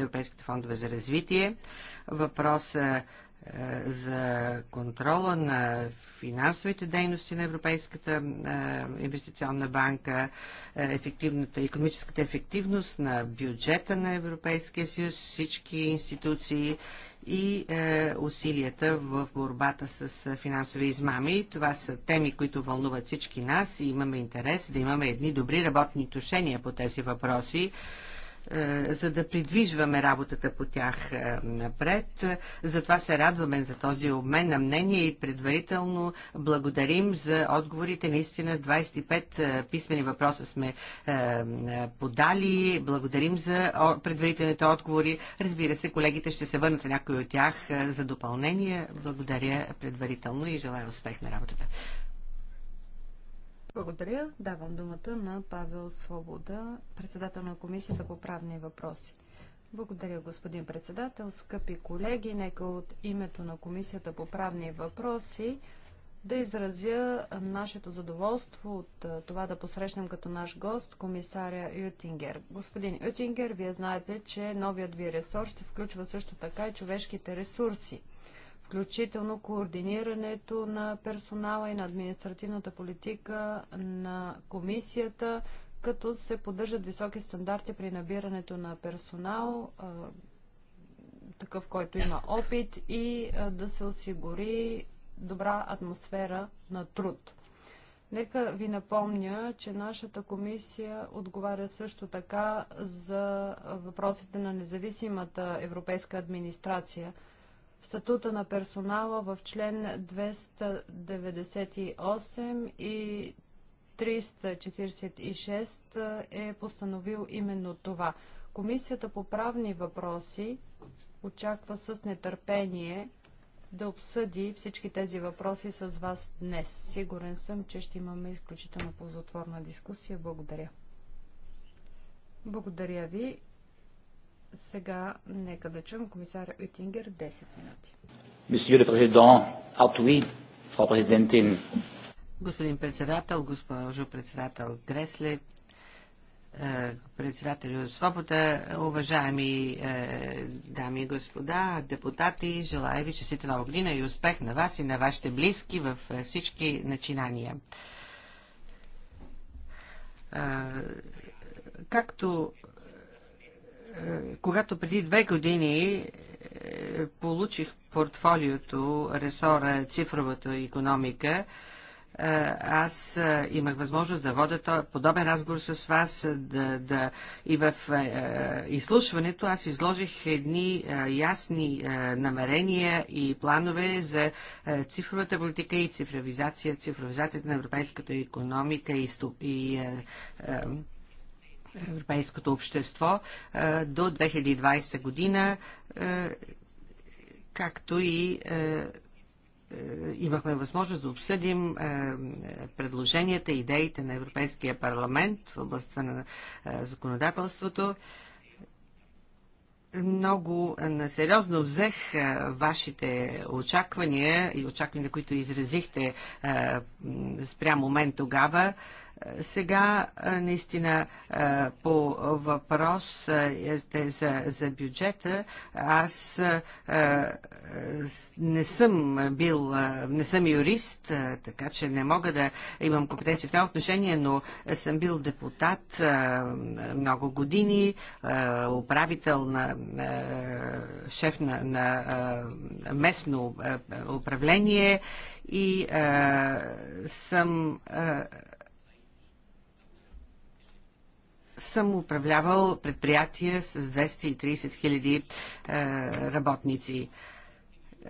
европейските фондове за развитие, въпроса е, за контрола на финансовите дейности на Европейската е, инвестиционна банка, е, ефективната, економическата ефективност на бюджета на Европейския съюз, всички институции и е, усилията в борбата с финансови измами. Това са теми, които вълнуват всички нас и имаме интерес да имаме едни добри работни отношения по тези въпроси е, за да придвижваме работата по тях е, напред. Затова се радваме за този обмен на мнение и предварително благодарим за отговорите. Наистина 25 е, писмени въпроса сме подали. Благодарим за предварителните отговори. Разбира се, колегите ще се върнат някои от тях за допълнение. Благодаря предварително и желая успех на работата. Благодаря. Давам думата на Павел Свобода, председател на Комисията по правни въпроси. Благодаря, господин председател. Скъпи колеги, нека от името на Комисията по правни въпроси да изразя нашето задоволство от това да посрещнем като наш гост комисаря Ютингер. Господин Ютингер, вие знаете, че новият ви ресурс ще включва също така и човешките ресурси включително координирането на персонала и на административната политика на комисията, като се поддържат високи стандарти при набирането на персонал, такъв, който има опит и да се осигури добра атмосфера на труд. Нека ви напомня, че нашата комисия отговаря също така за въпросите на независимата европейска администрация – статута на персонала в член 298 и 346 е постановил именно това. Комисията по правни въпроси очаква с нетърпение да обсъди всички тези въпроси с вас днес. Сигурен съм, че ще имаме изключително ползотворна дискусия. Благодаря. Благодаря ви. Сега нека да чуем комисаря Етингер, 10 минути. Месье президент, фра президентин. Господин председател, госпожо председател Гресле, от е, Свобода, уважаеми е, дами и господа, депутати, желая ви честита нова година и успех на вас и на вашите близки в е, всички начинания. както когато преди две години е, получих портфолиото, ресора цифровата економика, е, аз е, имах възможност да водя подобен разговор с вас да, да, и в изслушването аз изложих едни ясни намерения и планове за цифровата политика и цифровизация, цифровизацията на европейската економика и, и европейското общество до 2020 година, както и имахме възможност да обсъдим предложенията, идеите на Европейския парламент в областта на законодателството. Много сериозно взех вашите очаквания и очаквания, които изразихте спрямо мен тогава. Сега наистина по въпрос за, за бюджета, аз не съм бил, не съм юрист, така че не мога да имам компетенции в това отношение, но съм бил депутат много години, управител на шеф на, на местно управление и съм съм управлявал предприятие с 230 000 е, работници.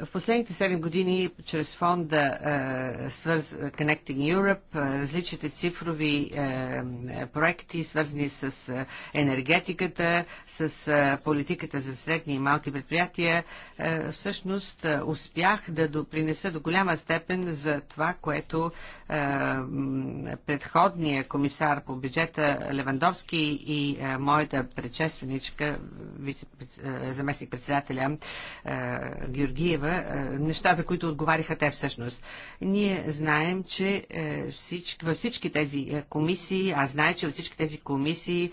В последните 7 години чрез фонда е, Connecting Europe, е, различните цифрови е, проекти, свързани с енергетиката, с политиката за средни и малки предприятия, всъщност успях да допринеса до голяма степен за това, което предходния комисар по бюджета Левандовски и моята предшественичка, заместник-председателя Георгиев, такива е, неща, за които отговаряха те всъщност. Ние знаем, че е, всички, във всички тези е, комисии, аз знае, че във всички тези комисии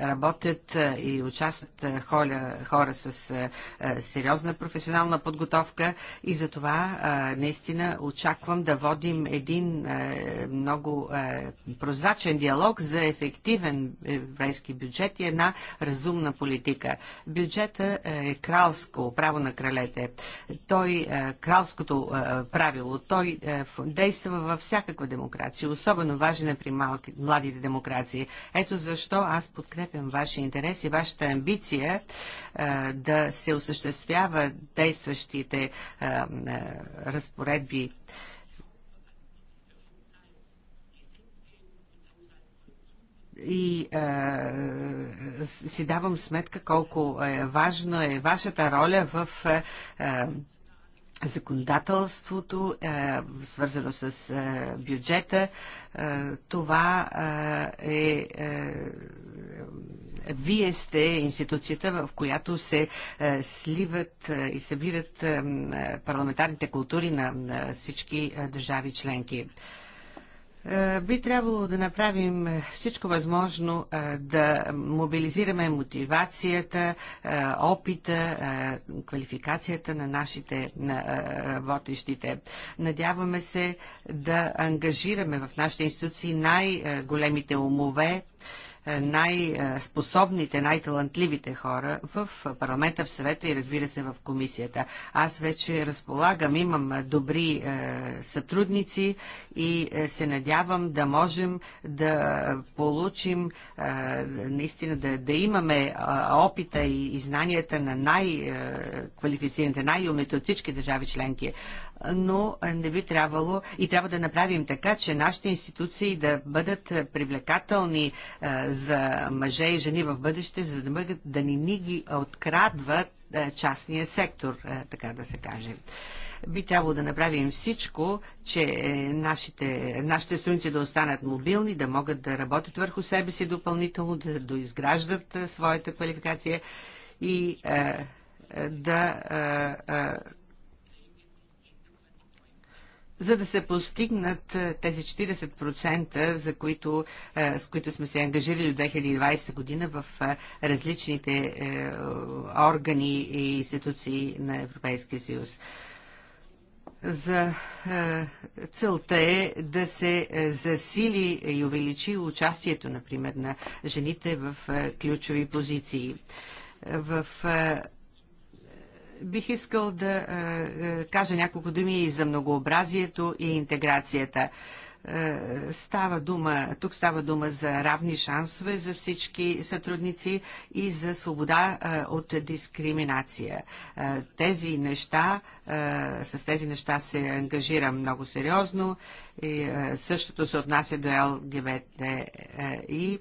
работят и участват хора, хора с сериозна професионална подготовка и за това наистина очаквам да водим един много прозрачен диалог за ефективен еврейски бюджет и една разумна политика. Бюджета е кралско право на кралско кралете. Той, е, кралското е, правило, той е, действа във всякаква демокрация, особено важен е при малки, младите демокрации. Ето защо аз подкрепям вашия интерес и вашата амбиция да се осъществява действащите разпоредби и а, е, си давам сметка колко е важна е вашата роля в а, е, е, законодателството, а, свързано с а, бюджета. А, това е, А, Вие сте институцията, в която се е, сливат е, и събират е, парламентарните култури на, на всички е, държави членки. Е, е, би трябвало да направим всичко възможно е, да мобилизираме мотивацията, е, опита, квалификацията на нашите работещите. Надяваме се да ангажираме в нашите институции най-големите умове, най-способните, най-талантливите хора в парламента, в съвета и разбира се в комисията. Аз вече разполагам, имам добри е, сътрудници и е, се надявам да можем да получим, е, наистина да, да имаме опита и, и знанията на най-квалифицираните, най-умните от всички държави членки но не би трябвало и трябва да направим така, че нашите институции да бъдат привлекателни за мъже и жени в бъдеще, за да, могат да ни, ни ги открадват частния сектор, така да се каже би трябвало да направим всичко, че е, нашите, нашите студенти да останат мобилни, да могат да работят върху себе си допълнително, да доизграждат своята квалификация и е, да е, е, за да се постигнат тези 40%, за които, с които сме се ангажирали в 2020 година в различните е, органи и институции на Европейския съюз за целта е да се е, засили и увеличи участието, например, на жените в е, ключови позиции. В Бих искал да е, е, кажа няколко думи и за многообразието и интеграцията е, става дума, тук става дума за равни шансове за всички сътрудници и за свобода от дискриминация. Тези неща, с тези неща се ангажирам много сериозно и, е, същото се отнася до ЛГБТ. И е,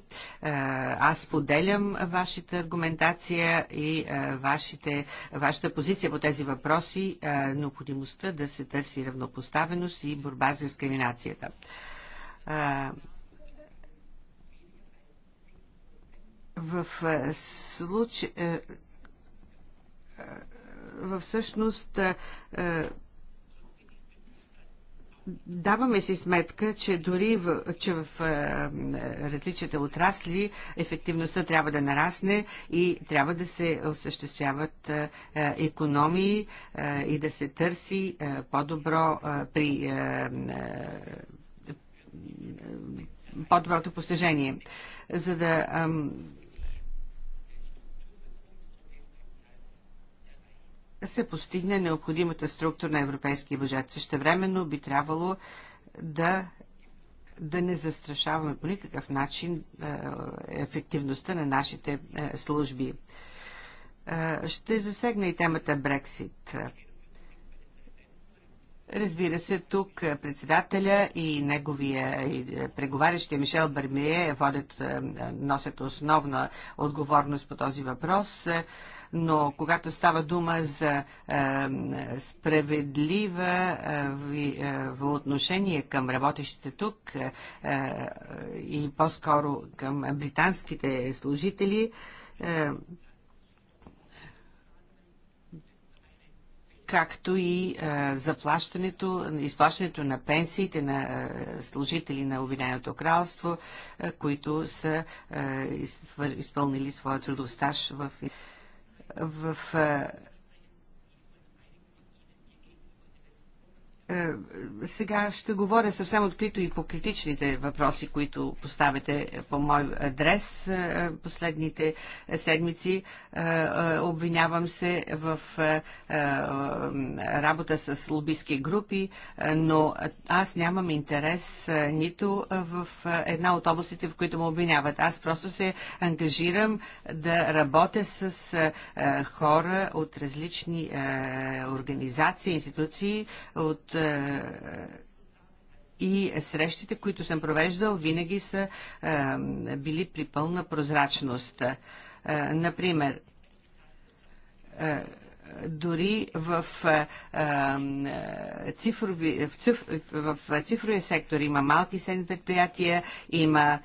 аз поделям вашата аргументация и е, вашите, вашата позиция по тези въпроси, необходимостта да се търси равнопоставеност и борба с дискриминацията. В случай Във всъщност даваме си сметка, че дори в, че в е, различните отрасли ефективността трябва да нарасне и трябва да се осъществяват е, е, економии и да се търси по-добро при по-доброто постижение. За да се постигне необходимата структура на европейския бюджет. Същевременно би трябвало да, да не застрашаваме по никакъв начин ефективността на нашите служби. Ще засегна и темата Брексит. Разбира се, тук председателя и неговия и преговарящия Мишел Бармие водят, носят основна отговорност по този въпрос, но когато става дума за справедлива отношение към работещите тук и по-скоро към британските служители, както и заплащането, изплащането на пенсиите на служители на Обединеното кралство, които са изпълнили своя трудов стаж в в Е, сега ще говоря съвсем открито и по критичните въпроси, които поставяте по мой адрес е, последните седмици. Е, обвинявам се в работа с лобистки групи, но аз нямам интерес нито в една от областите, в които ме обвиняват. Аз просто се ангажирам да работя с хора от различни организации, институции, от е, и срещите, които съм провеждал, винаги са е, били при пълна прозрачност. Е, например, дори в, цифрови, в, циф, в цифровия сектор има малки седни предприятия, има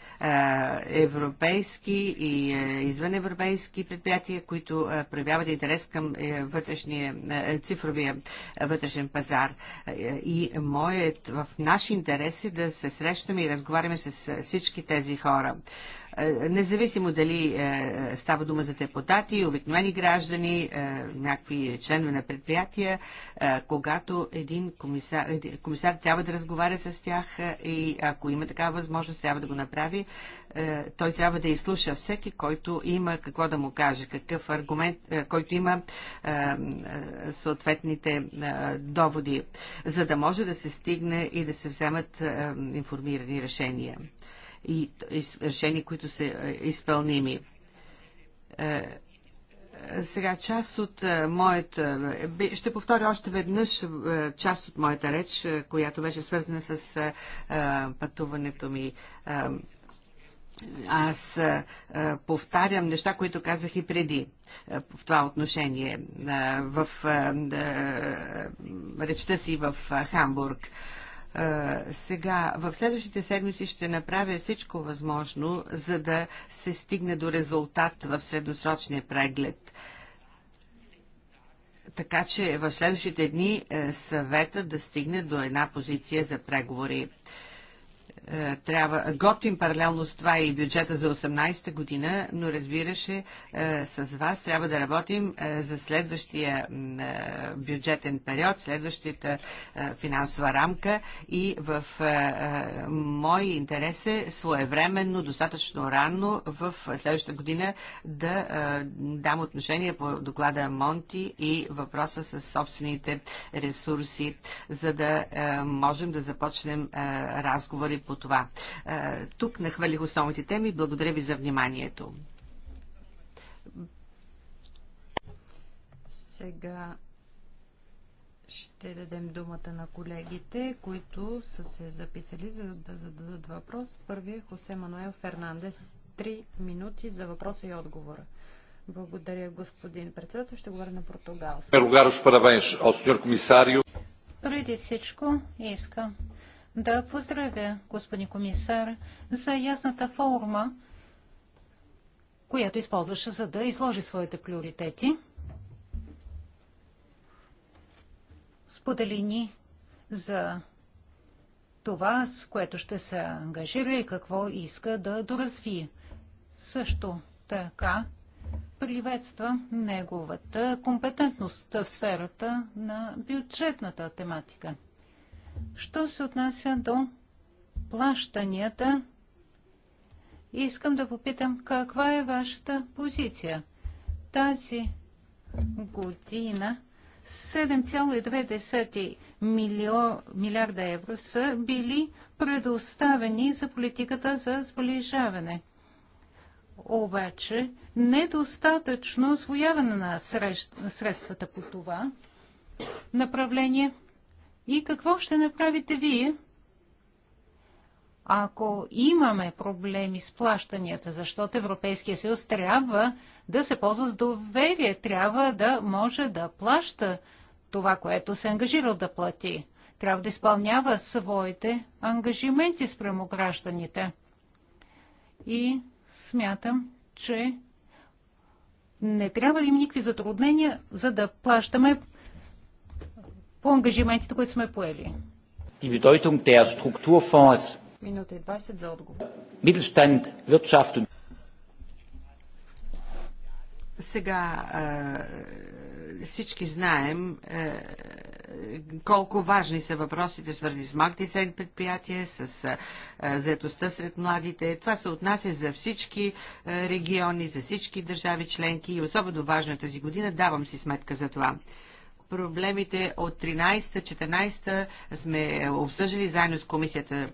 европейски и извъневропейски предприятия, които проявяват интерес към е, вътрешния, цифровия вътрешен пазар. И моят, в наш интерес е да се срещаме и разговаряме с всички тези хора. Е, независимо дали е, става дума за депутати, обикновени граждани, е, някакви членове на предприятия, когато един комисар, комисар трябва да разговаря с тях и ако има такава възможност, трябва да го направи, той трябва да изслуша всеки, който има какво да му каже, какъв аргумент, който има съответните доводи, за да може да се стигне и да се вземат информирани решения и решения, които са е, изпълними. Е, сега част от е, моята... Ще повторя още веднъж част от моята реч, която беше свързана с пътуването ми аз повтарям неща, които казах и преди в това отношение в речта си в Хамбург. Сега, в следващите седмици ще направя всичко възможно, за да се стигне до резултат в средносрочния преглед. Така че в следващите дни е, съвета да стигне до една позиция за преговори. Е, трябва, готвим паралелно с това и бюджета за 18-та година, но разбираше е, с вас трябва да работим е, за следващия бюджетен период, следващата финансова рамка и в мой интерес е своевременно, достатъчно рано в следващата година да дам отношение по доклада Монти и въпроса с собствените ресурси, за да можем да започнем разговори по това. Е, тук нахвалих основните теми. Благодаря ви за вниманието. Сега ще дадем думата на колегите, които са се записали за да зададат въпрос. Първият е Хосе Мануел Фернандес. Три минути за въпроса и отговора. Благодаря, господин председател. Ще говоря на португалски. Първите от комисарио. Преди всичко искам да поздравя господин комисар за ясната форма, която използваше, за да изложи своите приоритети. Сподели ни за това, с което ще се ангажира и какво иска да доразви. Също така приветства неговата компетентност в сферата на бюджетната тематика. Що се отнася до плащанията, искам да попитам каква е вашата позиция. Тази година 7,2 милиарда евро са били предоставени за политиката за сближаване. Обаче недостатъчно освояване на средствата по това направление – и какво ще направите вие? Ако имаме проблеми с плащанията, защото Европейския съюз трябва да се ползва с доверие, трябва да може да плаща това, което се е ангажирал да плати. Трябва да изпълнява своите ангажименти спрямо гражданите. И смятам, че не трябва да има никакви затруднения, за да плащаме по ангажиментите, които сме поели. Минута и 20 за отговор. Мидлштенд, Wirtschaft сега всички знаем колко важни са въпросите, свързани с малките средни предприятия, с заетостта сред младите. Това се отнася за всички региони, за всички държави членки и особено важно е тази година. Давам си сметка за това проблемите от 13-14 сме обсъждали заедно с комисията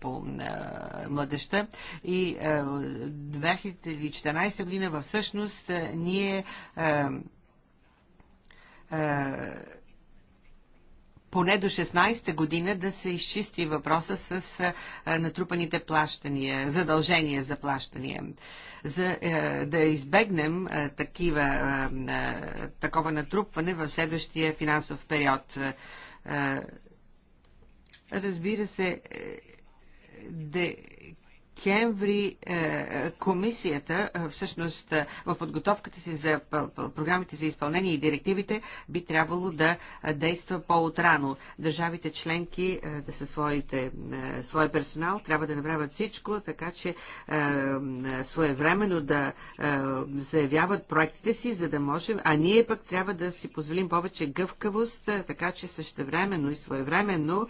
по младеща и 2014 година във всъщност ние поне до 16-та година да се изчисти въпроса с натрупаните плащания, задължения за плащания за е, да избегнем е, такива, е, такова натрупване в следващия финансов период. Разбира се, де, декември е, комисията, е, всъщност е, в подготовката си за програмите за изпълнение и директивите, би трябвало да действа по-отрано. Държавите членки да са своите, своя персонал, трябва да направят всичко, така че своевременно да заявяват проектите си, за да можем, а ние пък трябва да си позволим повече гъвкавост, така че същевременно и своевременно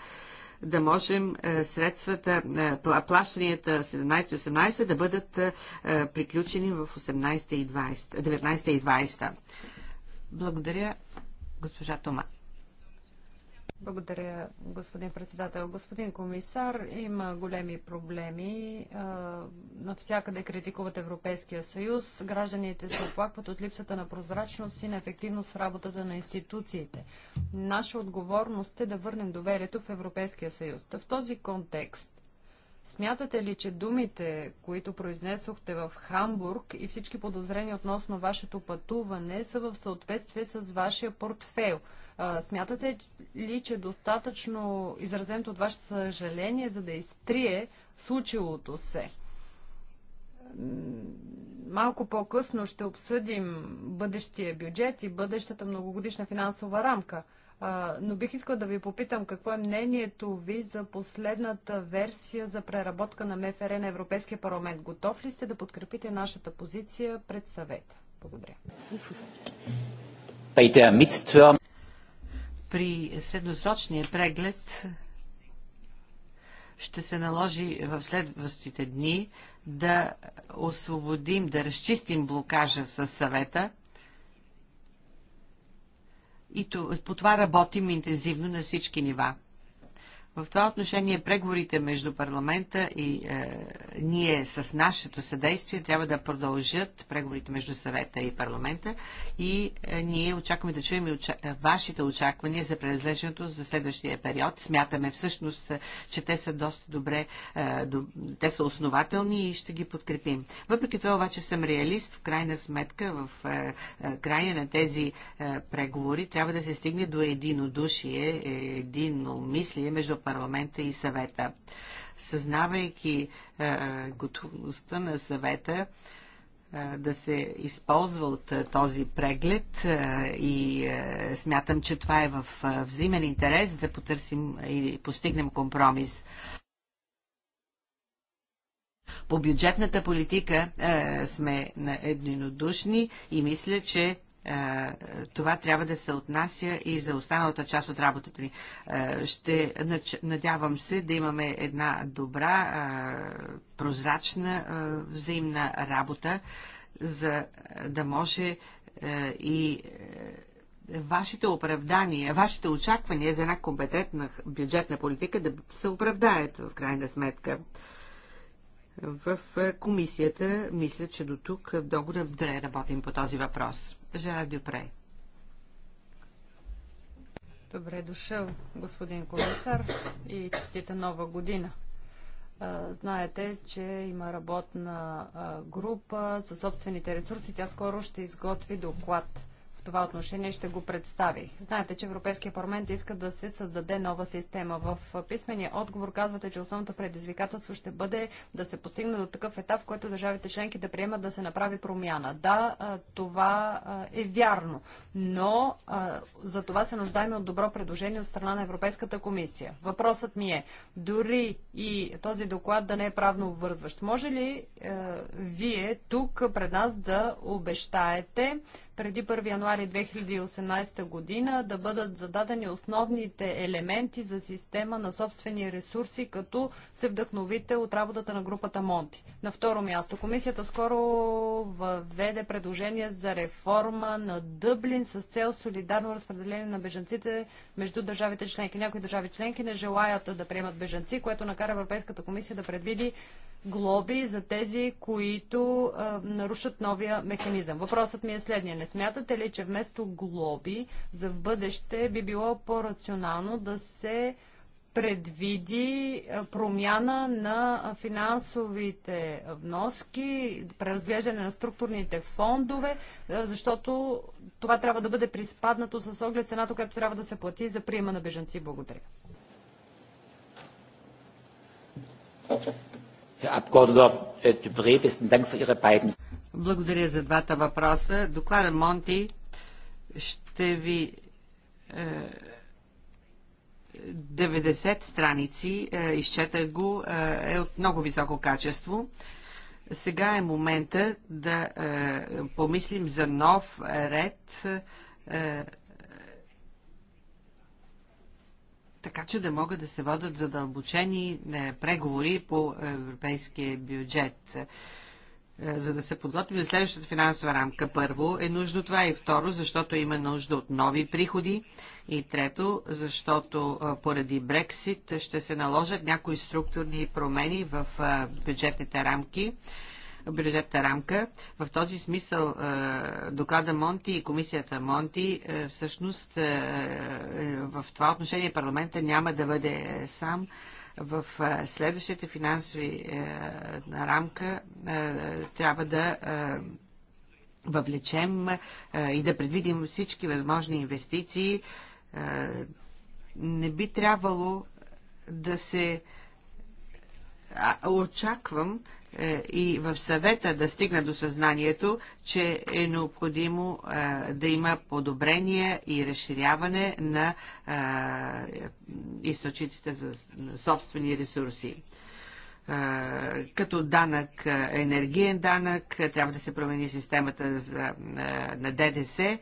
да можем е, средствата, е, плащанията 17-18 да бъдат е, приключени в 18 и 20, 19 и 20. Благодаря, госпожа Томат. Благодаря, господин председател. Господин комисар, има големи проблеми. Навсякъде критикуват Европейския съюз. Гражданите се оплакват от липсата на прозрачност и на ефективност в работата на институциите. Наша отговорност е да върнем доверието в Европейския съюз. В този контекст Смятате ли, че думите, които произнесохте в Хамбург и всички подозрения относно вашето пътуване са в съответствие с вашия портфейл? смятате ли, че достатъчно изразеното от ваше съжаление, за да изтрие случилото се? малко по-късно ще обсъдим бъдещия бюджет и бъдещата многогодишна финансова рамка. но бих искал да ви попитам какво е мнението ви за последната версия за преработка на МФР на Европейския парламент. Готов ли сте да подкрепите нашата позиция пред съвета? Благодаря при средносрочния преглед ще се наложи в следващите дни да освободим, да разчистим блокажа с съвета. И по това работим интензивно на всички нива. В това отношение преговорите между парламента и е, ние с нашето съдействие трябва да продължат преговорите между съвета и парламента и е, ние очакваме да чуем и е, вашите очаквания за преразлежното за следващия период. Смятаме всъщност, е, че те са доста добре, е, до... те са основателни и ще ги подкрепим. Въпреки това обаче съм реалист. В крайна сметка, в е, е, края на тези е, преговори трябва да се стигне до единодушие, е, единомислие между парламента и съвета. Съзнавайки е, готовността на съвета, е, да се използва от е, този преглед и смятам, че това е в взимен интерес да потърсим и постигнем компромис. По бюджетната политика е, сме единодушни и мисля, че е, това трябва да се отнася и за останалата част от работата ни. Е, ще надявам се да имаме една добра, е, прозрачна взаимна работа, за да може и вашите оправдания, вашите очаквания за една компетентна бюджетна политика да се оправдаят в крайна сметка в е, комисията. Мисля, че до тук е, много добре работим по този въпрос. Жерар Дюпре. Добре дошъл, господин комисар, и честита нова година. Знаете, че има работна група със собствените ресурси. Тя скоро ще изготви доклад това отношение ще го представи. Знаете, че Европейския парламент иска да се създаде нова система. В писмения отговор казвате, че основното предизвикателство ще бъде да се постигне до такъв етап, в който държавите членки да приемат да се направи промяна. Да, това е вярно, но за това се нуждаем от добро предложение от страна на Европейската комисия. Въпросът ми е, дори и този доклад да не е правно обвързващ, може ли е, вие тук пред нас да обещаете, преди 1 януари 2018 година да бъдат зададени основните елементи за система на собствени ресурси, като се вдъхновите от работата на групата Монти. На второ място, комисията скоро въведе предложение за реформа на Дъблин с цел солидарно разпределение на беженците между държавите членки. Някои държави членки не желаят да приемат беженци, което накара Европейската комисия да предвиди глоби за тези, които а, нарушат новия механизъм. Въпросът ми е следния. Не смятате ли, че вместо глоби за в бъдеще би било по-рационално да се предвиди промяна на финансовите вноски, преразглеждане на структурните фондове, защото това трябва да бъде приспаднато с оглед цената, която трябва да се плати за приема на бежанци. Благодаря. Äh, Благодаря за двата въпроса. Доклада Монти ще ви 90 е, страници, е, изчетах го, е, е от много високо качество. Сега е момента да помислим за нов ред така че да могат да се водят задълбочени е, преговори по европейския бюджет. Е, за да се подготвим за следващата финансова рамка, първо е нужно това и второ, защото има нужда от нови приходи и трето, защото е, поради Брексит ще се наложат някои структурни промени в бюджетните рамки бюджетна рамка. В този смисъл е, доклада Монти и комисията Монти е, всъщност е, в това отношение парламента няма да бъде сам в следващата финансови рамка трябва да въвлечем и да предвидим всички възможни инвестиции. Не би трябвало да се очаквам е, и в съвета да стигна до съзнанието, че е необходимо е, да има подобрение и разширяване на е, източниците за собствени ресурси като данък, енергиен данък, трябва да се промени системата за, на ДДС.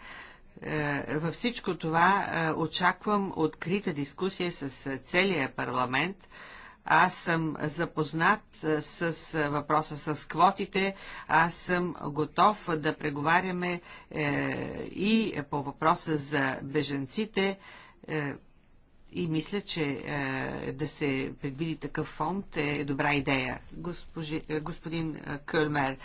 Във всичко това очаквам открита дискусия с целия парламент аз съм запознат с въпроса с квотите. Аз съм готов да преговаряме е, и по въпроса за беженците. Е, и мисля, че е, да се предвиди такъв фонд е добра идея. Госпожи, господин Кълмер,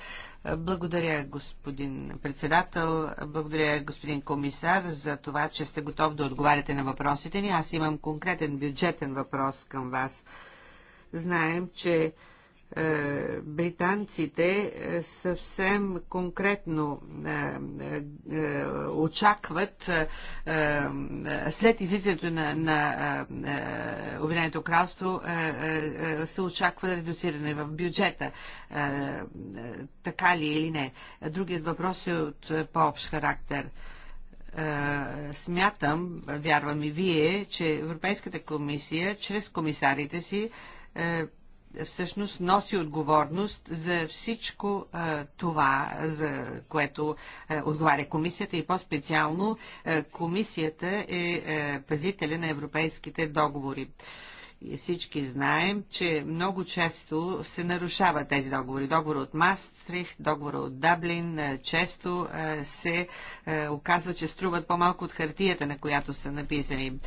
благодаря господин председател, благодаря господин комисар за това, че сте готов да отговаряте на въпросите ни. Аз имам конкретен бюджетен въпрос към вас. Знаем, че е, британците е, съвсем конкретно е, очакват след излизането на, на Обединеното кралство се очаква да редуциране в бюджета. Така ли или не? Другият въпрос е от по-общ характер смятам, вярвам и вие, че Европейската комисия чрез комисарите си е, всъщност носи отговорност за всичко е, това, за което е, отговаря комисията и по-специално комисията е пазителя на европейските договори. И всички знаем, че много често се нарушават тези договори. Договор от Мастрих, договор от Даблин често се оказва, че струват по-малко от хартията, на която са написани.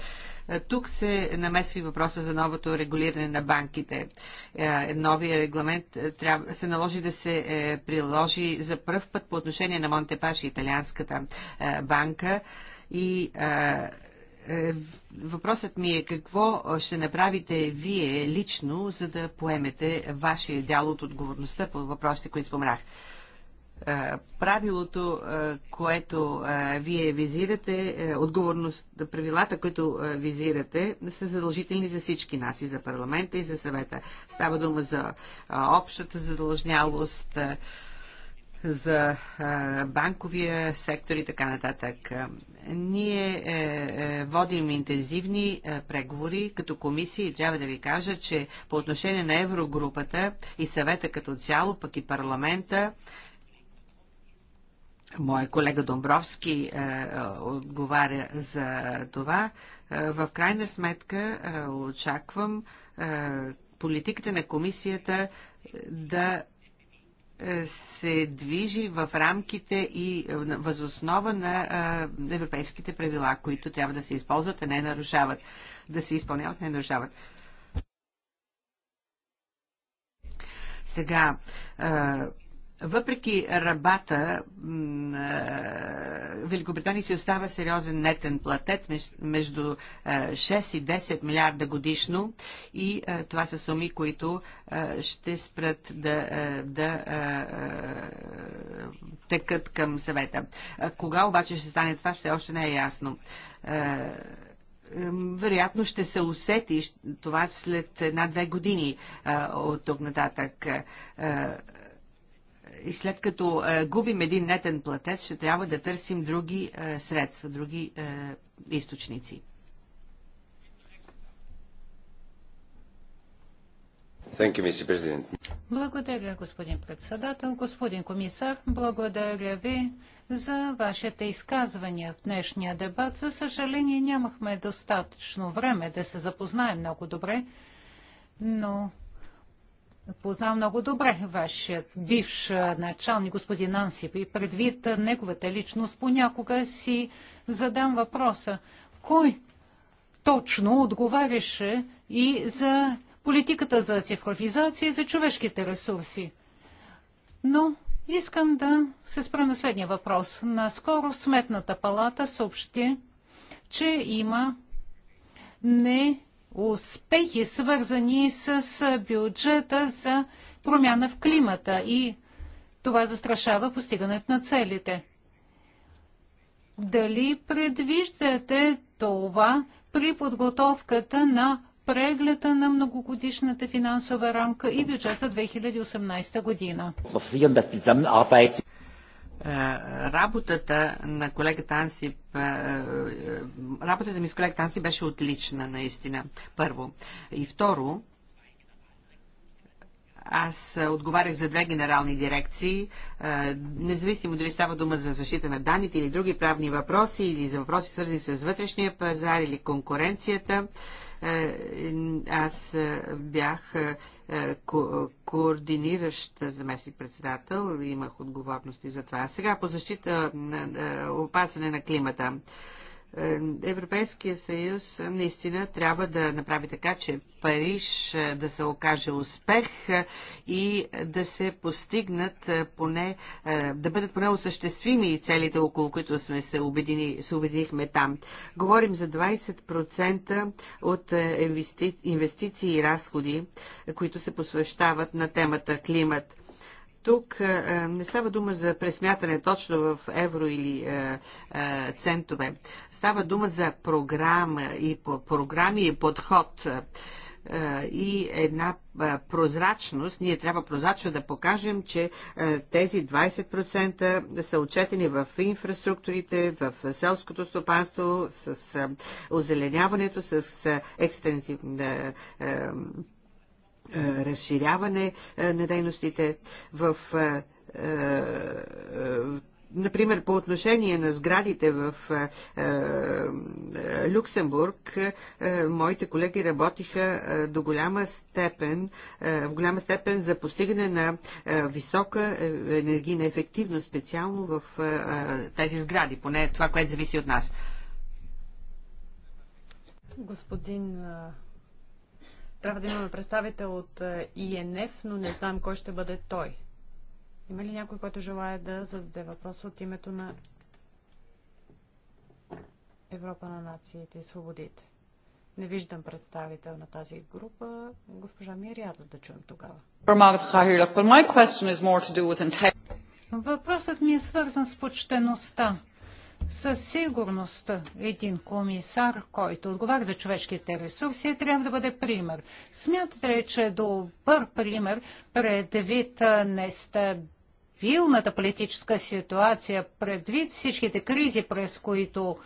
Е, тук се намесва и въпроса за новото регулиране на банките. Е, новия регламент е, трябва, се наложи да се приложи за първ път по отношение на Монтепаш и Италианската банка и Въпросът ми е какво ще направите вие лично, за да поемете вашия дял от отговорността по въпросите, които споменах правилото, което вие визирате, е, отговорност, правилата, които визирате, са задължителни за всички нас, и за парламента, и за съвета. Става дума за общата задължнявост, за банковия сектор и така нататък. Ние е, е, водим интензивни преговори като комисии и трябва да ви кажа, че по отношение на Еврогрупата и съвета като цяло, пък и парламента, Моя колега Домбровски е, е, отговаря за това. Е, в крайна сметка е, очаквам е, политиката на комисията е, да е, се движи в рамките и възоснова на европейските правила, които трябва да се използват, а не нарушават, да се изпълняват, не нарушават. Сега, въпреки рабата, Великобритания си остава сериозен нетен платец между 6 и 10 милиарда годишно и това са суми, които ще спрат да, да текат към съвета. Кога обаче ще стане това, все още не е ясно вероятно ще се усети това след една-две години от тук нататък и след като е, губим един нетен платец, ще трябва да търсим други е, средства, други е, източници. You, благодаря, господин председател. Господин комисар, благодаря ви за вашите изказвания в днешния дебат. За съжаление, нямахме достатъчно време да се запознаем много добре, но Познавам много добре вашият бивш началник, господин Ансип, и предвид неговата личност, понякога си задам въпроса, кой точно отговаряше и за политиката за цифровизация и за човешките ресурси. Но искам да се спра на следния въпрос. Наскоро Сметната палата съобщи, че има не успехи, свързани с бюджета за промяна в климата и това застрашава постигането на целите. Дали предвиждате това при подготовката на прегледа на многогодишната финансова рамка и бюджет за 2018 година? Е, работата на колегата Ансип, е, е, работата ми с колегата Анси беше отлична, наистина, първо. И второ, аз отговарях за две генерални дирекции, независимо дали става дума за защита на данните или други правни въпроси, или за въпроси свързани с вътрешния пазар или конкуренцията. Е, аз е, бях е, координиращ заместник-председател, имах отговорности за това. сега по защита, на опазване на климата. Е, Европейския съюз наистина трябва да направи така, че Париж е, да се окаже успех е, и да се постигнат поне, да бъдат поне осъществими и целите, около които сме се, обедини, се обединихме там. Говорим за 20% от инвести, инвестиции и разходи, които се посвещават на темата климат. Тук не става дума за пресмятане точно в евро или центове. Става дума за програма и програми и подход и една прозрачност. Ние трябва прозрачно да покажем, че тези 20% са отчетени в инфраструктурите, в селското стопанство, с озеленяването, с екстензивна е, разширяване е, на дейностите в е, например, по отношение на сградите в е, е, Люксембург, е, моите колеги работиха е, до голяма степен, е, в голяма степен за постигане на е, висока енергийна ефективност, специално в е, е, тези сгради, поне това, което зависи от нас. Господин трябва да имаме представител от е, ИНФ, но не знам кой ще бъде той. Има ли някой, който желая да зададе въпрос от името на Европа на нациите и свободите? Не виждам представител на тази група. Госпожа Мириада е да чуем тогава. Въпросът ми е свързан с почтеността. Със сигурност един комисар, който отговаря за човешките ресурси, трябва да бъде пример. Смятате ли, че е добър пример предвид нестабилната политическа ситуация, предвид всичките кризи, през които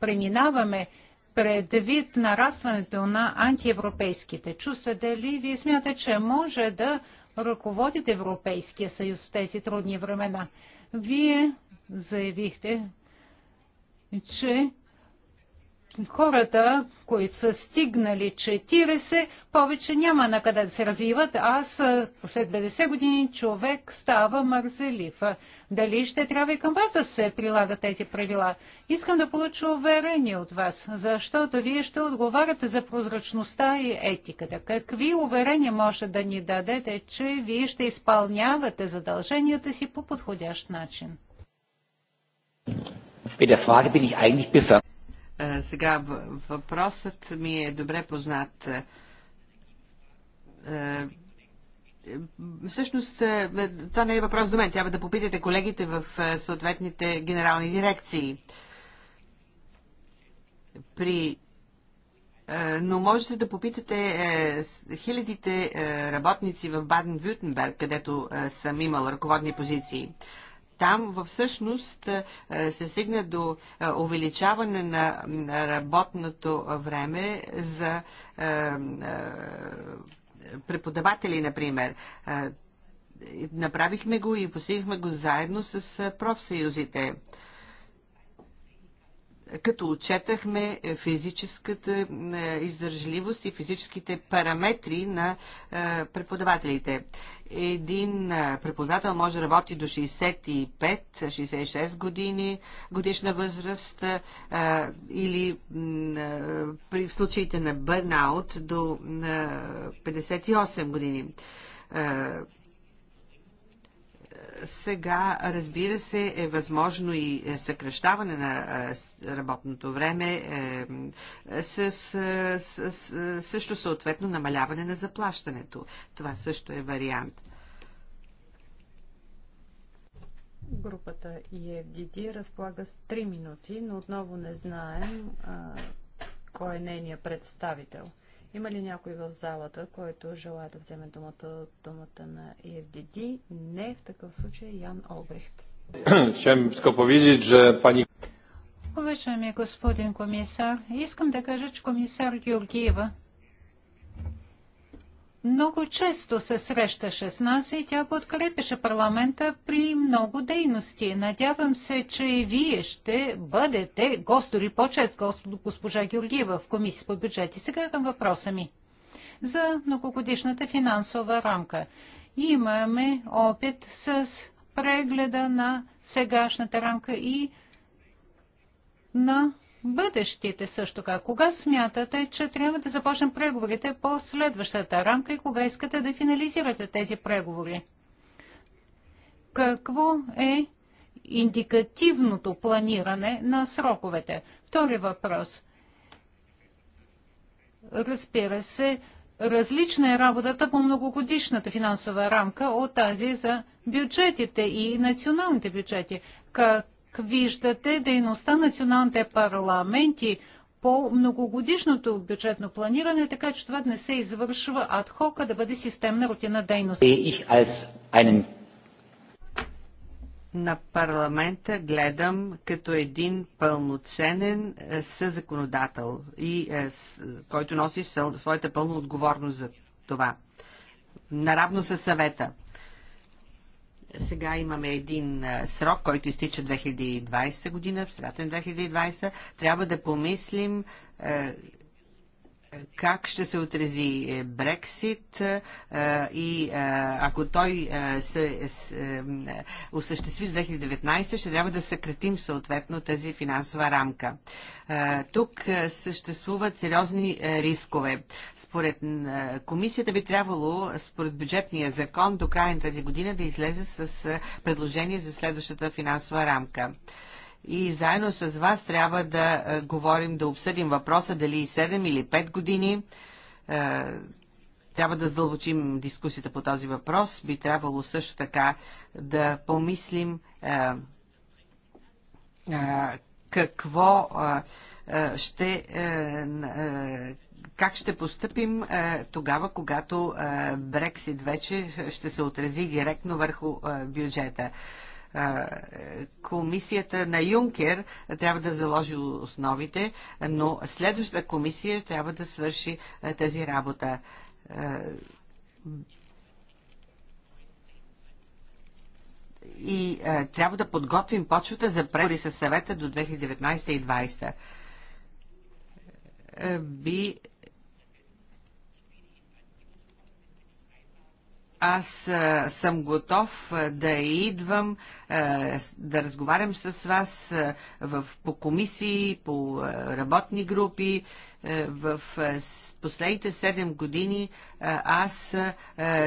преминаваме, предвид нарастването на антиевропейските чувства, дали вие смятате, че може да ръководите Европейския съюз в тези трудни времена? Вие заявихте че хората, които са стигнали 40, повече няма на къде да се развиват. Аз след 50 години човек става мързелив. Дали ще трябва и към вас да се прилагат тези правила? Искам да получа уверение от вас, защото вие ще отговаряте за прозрачността и етиката. Какви уверения може да ни дадете, че вие ще изпълнявате задълженията си по подходящ начин? Е, сега въпросът ми е добре познат. Е, е, всъщност, това не е въпрос до мен. Трябва да попитате колегите в съответните генерални дирекции. При но можете да попитате хилядите работници в Баден-Вютенберг, където съм имал ръководни позиции. Там всъщност е, е, се стигна до е, увеличаване на работното време за преподаватели, например. Направихме го и постигнахме го заедно с профсъюзите като отчетахме е, физическата е, издържливост и физическите параметри на е, преподавателите. Един преподавател може да работи до 65-66 години годишна възраст или при случаите на бърнаут до 58 години сега, разбира се, е възможно и е, съкръщаване на е, работното време е, с, с, с също съответно намаляване на заплащането. Това също е вариант. Групата EFDD разполага с 3 минути, но отново не знаем а, кой е нейният представител. Има ли някой в залата, който желая да вземе думата от думата на EFDD? Не, в такъв случай Ян Обрехт. Чем tylko powiedzieć, że Уважаеми господин комисар, искам да кажа, че комисар Георгиева много често се срещаше с нас и тя подкрепеше парламента при много дейности. Надявам се, че и вие ще бъдете гостори по-чест госпожа Георгиева в комисия по бюджет. И сега към въпроса ми за многогодишната финансова рамка. Имаме опит с прегледа на сегашната рамка и на бъдещите също така. Кога смятате, че трябва да започнем преговорите по следващата рамка и кога искате да финализирате тези преговори? Какво е индикативното планиране на сроковете? Втори въпрос. Разбира се, различна е работата по многогодишната финансова рамка от тази за бюджетите и националните бюджети. Как виждате дейността на националните парламенти по многогодишното бюджетно планиране, така че това не се извършва адхока, да бъде системна рутина дейност. Е, на парламента гледам като един пълноценен е, съзаконодател, и, е, който носи своята пълна отговорност за това. Наравно със съвета. Сега имаме един срок, който изтича 2020 година, в средата на 2020. Трябва да помислим как ще се отрези е, Брексит е, и е, ако той се осъществи до 2019, ще трябва да съкратим съответно тази финансова рамка. Тук съществуват сериозни рискове. Според комисията би трябвало, според бюджетния закон, до края на тази година да излезе с предложение за следващата финансова рамка и заедно с вас трябва да е, говорим, да обсъдим въпроса дали 7 или 5 години. Е, трябва да задълбочим дискусията по този въпрос. Би трябвало също така да помислим е, какво ще как ще постъпим тогава, когато Брексит вече ще се отрази директно върху бюджета комисията на Юнкер трябва да заложи основите, но следващата комисия трябва да свърши тази работа. И трябва да подготвим почвата за преговори с съвета до 2019 и 2020 би Аз а, съм готов а, да идвам, а, да разговарям с вас а, в, по комисии, по а, работни групи. А, е, в е, последните 7 години е, аз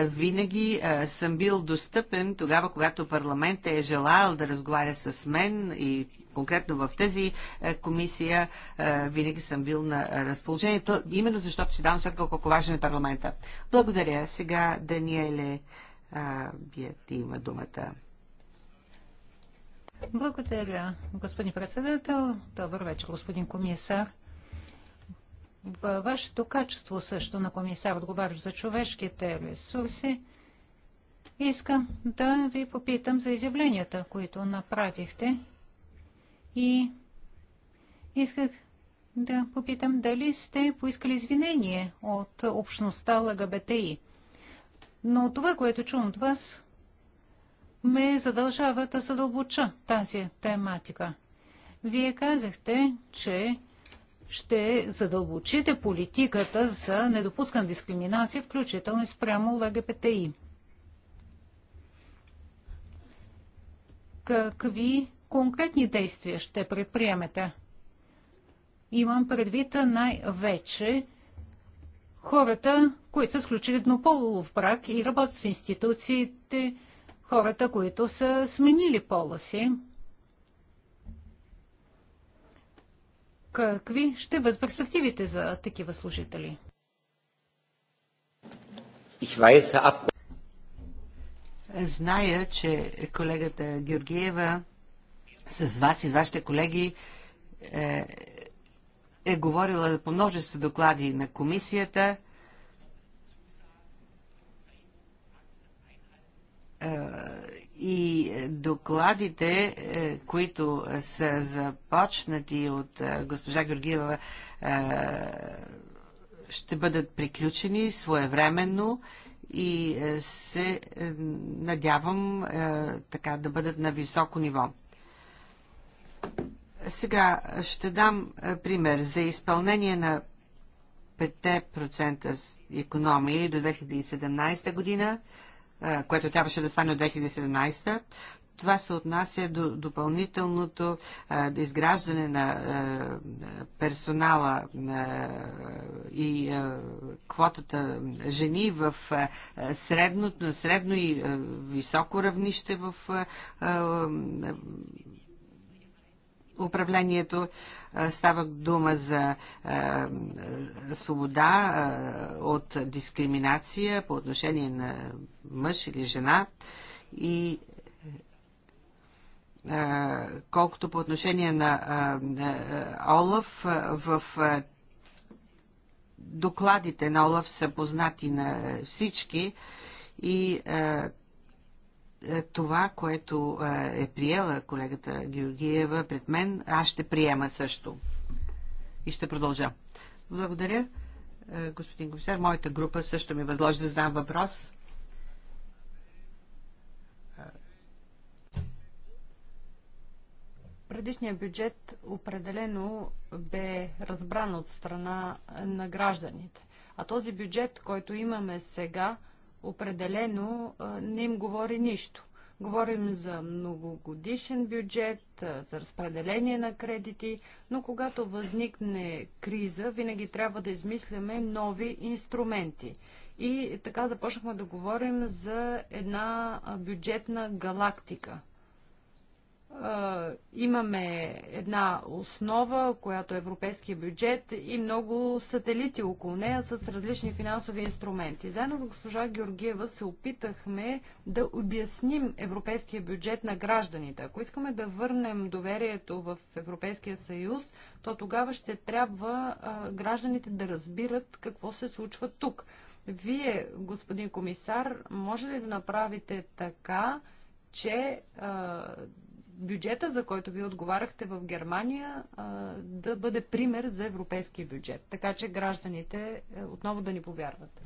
винаги съм бил достъпен тогава, когато парламентът е желал да разговаря с мен и конкретно в тази комисия винаги съм бил на разположение, именно защото си давам сметка колко важен е парламента. Благодаря. Сега Даниеле ти има думата. Благодаря, господин председател. Добър вечер, господин комисар вашето качество също на комисар, отговарящ за човешките ресурси, искам да ви попитам за изявленията, които направихте и исках да попитам дали сте поискали извинение от общността ЛГБТИ. Но това, което чувам от вас, ме задължава да задълбоча тази тематика. Вие казахте, че ще задълбочите политиката за недопускан дискриминация, включително и спрямо ЛГБТИ. Какви конкретни действия ще предприемете? Имам предвид най-вече хората, които са сключили еднополов брак и работят в институциите, хората, които са сменили пола си. какви ще бъдат перспективите за такива служители? Зная, че колегата Георгиева с вас и с вашите колеги е, е говорила по множество доклади на комисията. Е, и докладите, е, които са започнати от е, госпожа Георгиева, е, ще бъдат приключени своевременно и се надявам така да бъдат на високо ниво. Сега ще дам пример за изпълнение на 5% економии до 2017 година което трябваше да стане от 2017. Това се отнася до допълнителното а, изграждане на а, персонала а, и а, квотата жени в а, средно, средно и а, високо равнище в а, а, управлението. Става дума за свобода от дискриминация по отношение на мъж или жена и колкото по отношение на Олаф в докладите на Олаф са познати на всички и е, това, което е, е приела колегата Георгиева пред мен, аз ще приема също. И ще продължа. Благодаря, е, господин комисар. Моята група също ми възложи да задам въпрос. Предишният бюджет определено бе разбран от страна на гражданите. А този бюджет, който имаме сега, определено не им говори нищо. Говорим за многогодишен бюджет, за разпределение на кредити, но когато възникне криза, винаги трябва да измисляме нови инструменти. И така започнахме да говорим за една бюджетна галактика – имаме една основа, която е европейския бюджет и много сателити около нея с различни финансови инструменти. Заедно с госпожа Георгиева се опитахме да обясним европейския бюджет на гражданите. Ако искаме да върнем доверието в Европейския съюз, то тогава ще трябва гражданите да разбират какво се случва тук. Вие, господин комисар, може ли да направите така, че а, бюджета, за който ви отговаряхте в Германия, да бъде пример за европейския бюджет. Така че гражданите е, отново да ни повярват.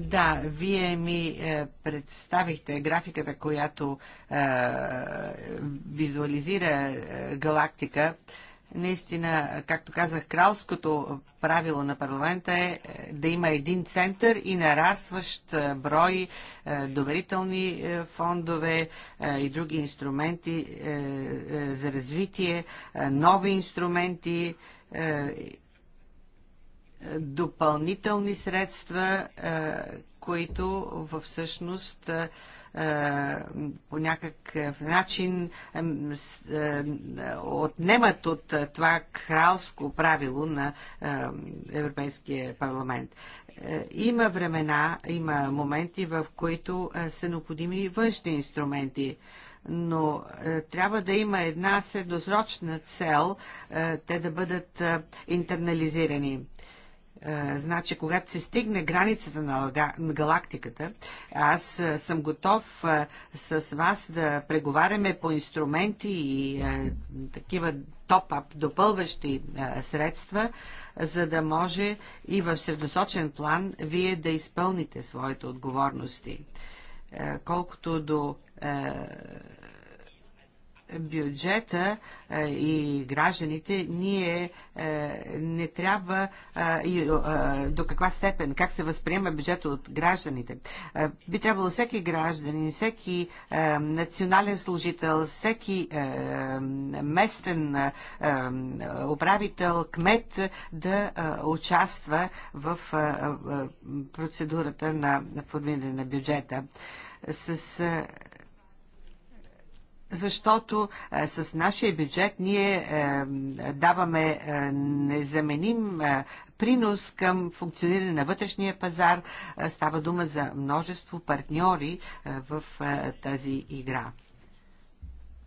Да, вие ми е, представихте графиката, която е, визуализира галактика. Наистина, както казах, кралското правило на парламента е, е да има един център и нарастващ е, брой е, доверителни фондове и други инструменти за развитие, нови инструменти, допълнителни средства, които всъщност всъщност по някакъв начин отнемат от това кралско правило на Европейския парламент. Е, има времена, има моменти, в които са необходими външни инструменти но трябва да има една средносрочна цел те да бъдат интернализирани. Е, значи, когато се стигне границата на галактиката, аз е, съм готов е, с вас да преговаряме по инструменти и такива топ-ап, допълващи средства, за да може и в средносочен план вие да изпълните своите отговорности. Колкото до бюджета е, и гражданите, ние е, не трябва е, до каква степен, как се възприема бюджета от гражданите. Би трябвало всеки гражданин, всеки национален служител, всеки местен управител, кмет да участва в процедурата на формиране на бюджета с защото а, е, с нашия бюджет ние а, е, даваме а, е, незаменим а, принос към функциониране на вътрешния пазар. А, става дума за множество партньори а, в а, тази игра.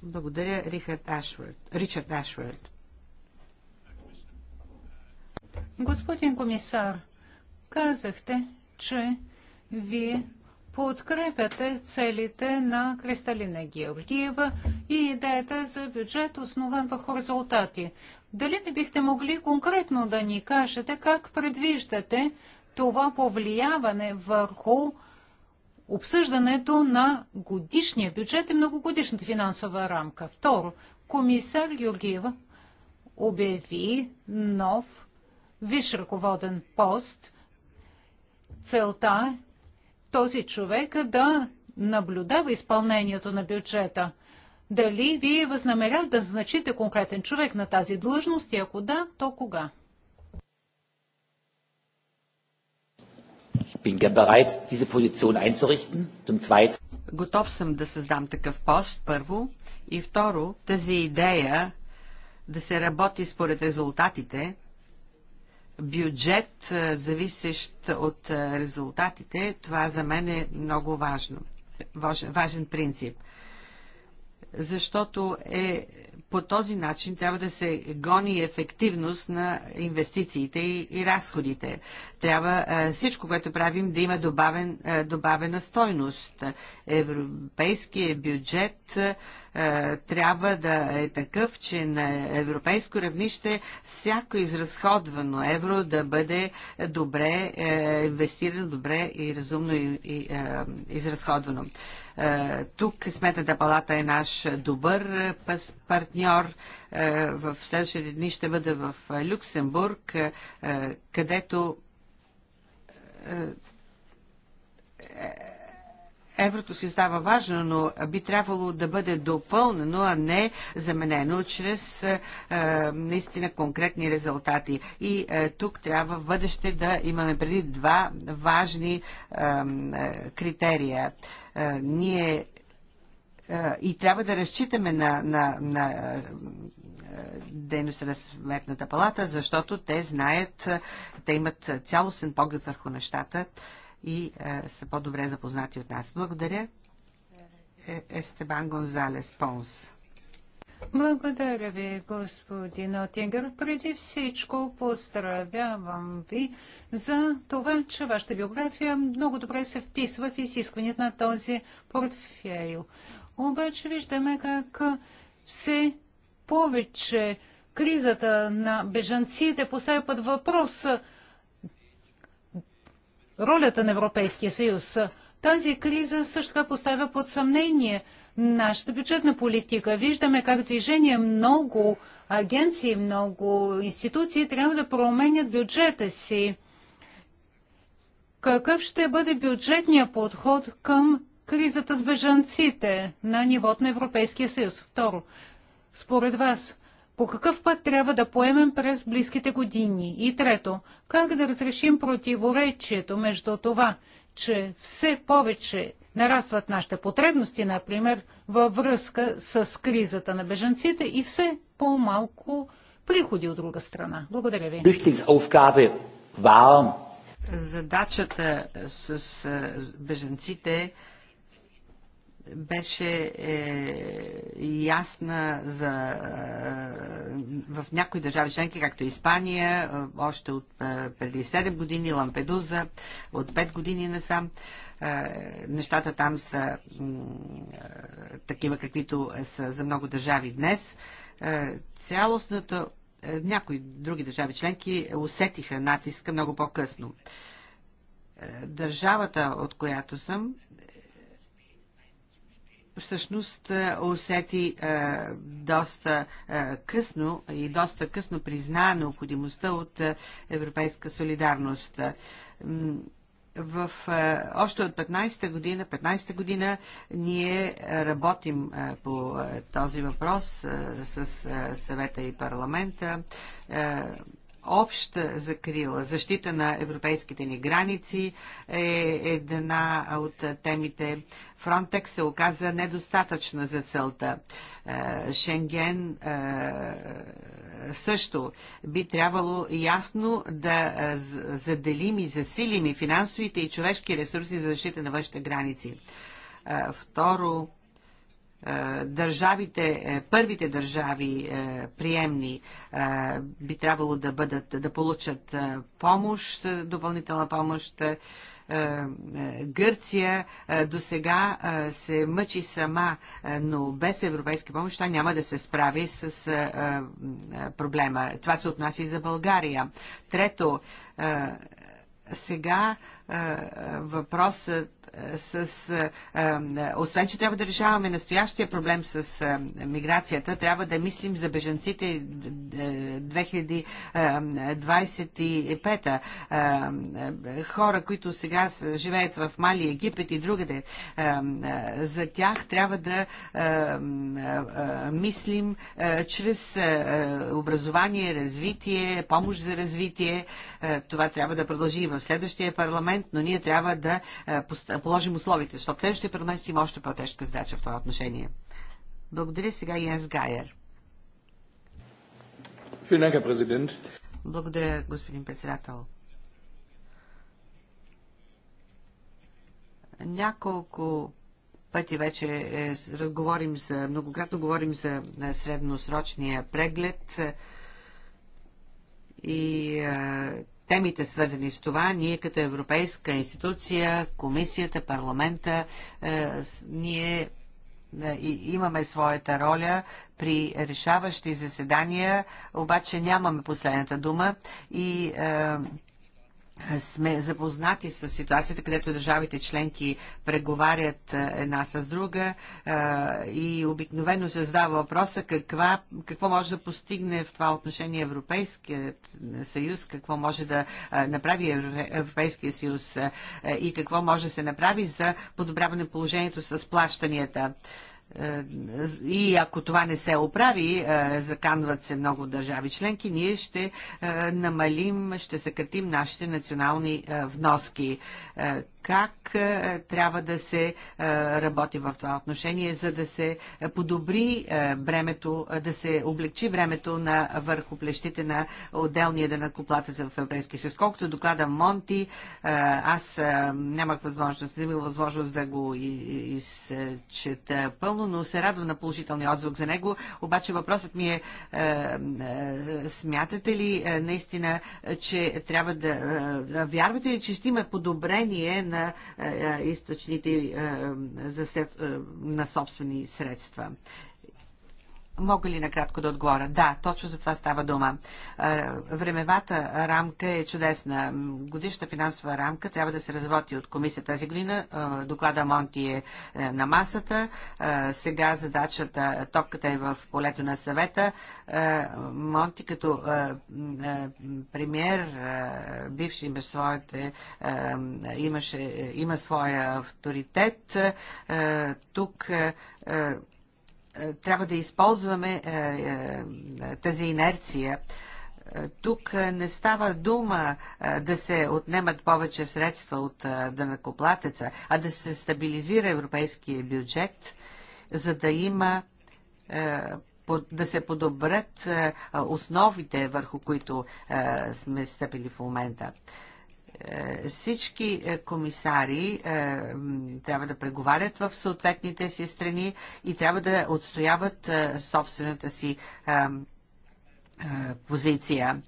Благодаря, Рихард Ашвард. Ричард Ашвард. Господин комисар, казахте, че вие подкрепяте целите на Кристалина Георгиева и идеята за бюджет, основан върху резултати. Дали не бихте могли конкретно да ни кажете как предвиждате това повлияване върху обсъждането на годишния бюджет и многогодишната финансова рамка? Второ, комисар Георгиева обяви нов виш ръководен пост. Целта е този човек да наблюдава изпълнението на бюджета. Дали вие възнамерят да значите конкретен човек на тази длъжност и ако да, то кога? Готов съм да създам такъв пост, първо. И второ, тази идея да се работи според резултатите – бюджет, зависещ от резултатите, това за мен е много важно, важен принцип. Защото е по този начин трябва да се гони ефективност на инвестициите и, и разходите. Трябва а, е, всичко, което правим, да има добавен, а, е, добавена стойност. Европейският бюджет а, е, трябва да е такъв, че на европейско равнище всяко изразходвано евро да бъде добре инвестирано, добре и разумно и, и, изразходвано. Е, тук Сметната палата е наш добър е, партньор. Е, в следващите дни ще бъда в Люксембург, където Еврото си става важно, но би трябвало да бъде допълнено, а не заменено чрез е, наистина конкретни резултати. И е, тук трябва в бъдеще да имаме преди два важни е, е критерия. Е, ние е, и трябва да разчитаме на, на, на дейността на Сметната палата, защото те знаят, те имат цялостен поглед върху нещата и е, са по-добре запознати от нас. Благодаря. Е, Естебан Гонзалес Понс. Благодаря ви, господин Отингер. Преди всичко поздравявам ви за това, че вашата биография много добре се вписва в изискванията на този портфейл. Обаче виждаме как все повече кризата на бежанците поставя под въпроса ролята на Европейския съюз. Тази криза също така поставя под съмнение нашата бюджетна политика. Виждаме как движение много агенции, много институции трябва да променят бюджета си. Какъв ще бъде бюджетният подход към кризата с бежанците на нивото на Европейския съюз? Второ, според вас, по какъв път трябва да поемем през близките години? И трето, как да разрешим противоречието между това, че все повече нарастват нашите потребности, например, във връзка с кризата на беженците и все по-малко приходи от друга страна. Благодаря ви. Задачата с е, беженците беше е, ясна за, е, в някои държави членки, както Испания, е, още от е, преди 7 години, Лампедуза, от 5 години насам. Е, нещата там са е, такива, каквито са за много държави днес. Е, цялостната, е, някои други държави членки усетиха натиска много по-късно. Е, държавата, от която съм, всъщност е, усети е, доста е, късно и доста късно призна необходимостта от европейска солидарност в, още от 15-та година, 15-та година ние работим по този въпрос с съвета и парламента обща закрила, защита на европейските ни граници е една от темите. Фронтекс се оказа недостатъчна за целта. Е, Шенген е, също би трябвало ясно да е, заделим и засилим и финансовите и човешки ресурси за защита на външните граници. Второ, държавите, е, първите държави е, приемни е, би трябвало да бъдат, да получат помощ, допълнителна помощ. Гърция до сега се мъчи сама, но без европейска помощ тя няма да се справи с проблема. Това се отнася и за България. Трето, сега въпросът с... Освен, че трябва да решаваме настоящия проблем с миграцията, трябва да мислим за беженците 2025 Хора, които сега живеят в Мали, Египет и другаде, за тях трябва да мислим чрез образование, развитие, помощ за развитие. Това трябва да продължи и в следващия парламент парламент, но ние трябва да е, положим условията, защото следващия парламент ще има още по-тежка задача в това отношение. Благодаря сега и Янс Гайер. Благодаря, господин председател. Няколко пъти вече е, говорим за, многократно говорим за е, средносрочния преглед е, и е, темите свързани с това, ние като европейска институция, комисията, парламента, е, ние е, имаме своята роля при решаващи заседания, обаче нямаме последната дума и е, сме запознати с ситуацията, където държавите членки преговарят една с друга и обикновено се задава въпроса каква, какво може да постигне в това отношение Европейският съюз, какво може да направи Европейския съюз и какво може да се направи за подобряване положението с плащанията. Е, и ако това не се оправи, е, заканват се много държави членки, ние ще е, намалим, ще съкратим нашите национални вноски как е, трябва да се е, работи в това отношение, за да се подобри е, бремето, да се облегчи времето на върху плещите на отделния денакоплата за Европейския съюз. Колкото доклада Монти, аз нямах възможност, не имах възможност да го изчета пълно, но се радвам на положителния отзвук за него. Обаче въпросът ми е, смятате ли наистина, че трябва да, вярвате ли, че ще има подобрение на е, е, източните е, на собствени средства. Мога ли накратко да отговоря? Да, точно за това става дума. Времевата рамка е чудесна. Годишната финансова рамка трябва да се разработи от комисията тази година. Доклада Монти е, е на масата. Сега задачата, топката е в полето на съвета. Монти като премьер, бивши има, своите, имаше, има своя авторитет. Тук трябва да използваме е, е, тази инерция. Е, тук не става дума да се отнемат повече средства от дънакоплатеца, а да се стабилизира европейския бюджет, за да има да се подобрят основите, върху които сме стъпили в момента. Е, всички е, комисари е, трябва да преговарят в съответните си страни и трябва да отстояват собствената си позиция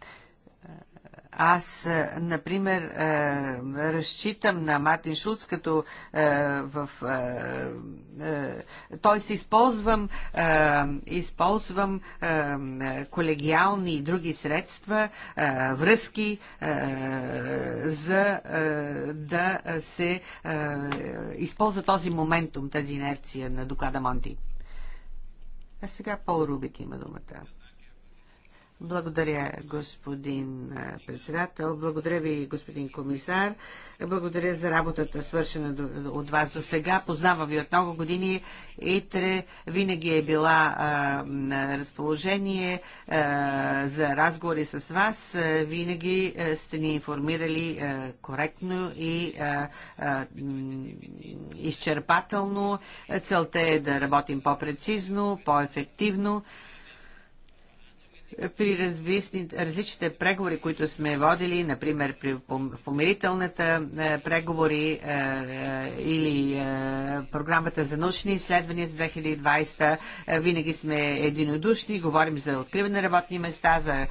аз, е, например, е, разчитам на Мартин Шуц, като е, в... Той се използвам, използвам колегиални и други средства, връзки, за да се използва този моментум, тази инерция на доклада Монти. А сега Пол Рубик има думата. Благодаря, господин председател. Благодаря ви, господин комисар. Благодаря за работата, свършена от вас до сега. Познавам ви от много години. ИТРЕ винаги е била на разположение за разговори с вас. Винаги сте ни информирали коректно и изчерпателно. Целта е да работим по-прецизно, по-ефективно при различните преговори, които сме водили, например при помирителната е, преговори е, е, или програмата за научни изследвания с 2020, винаги сме единодушни, говорим за откриване на работни места, за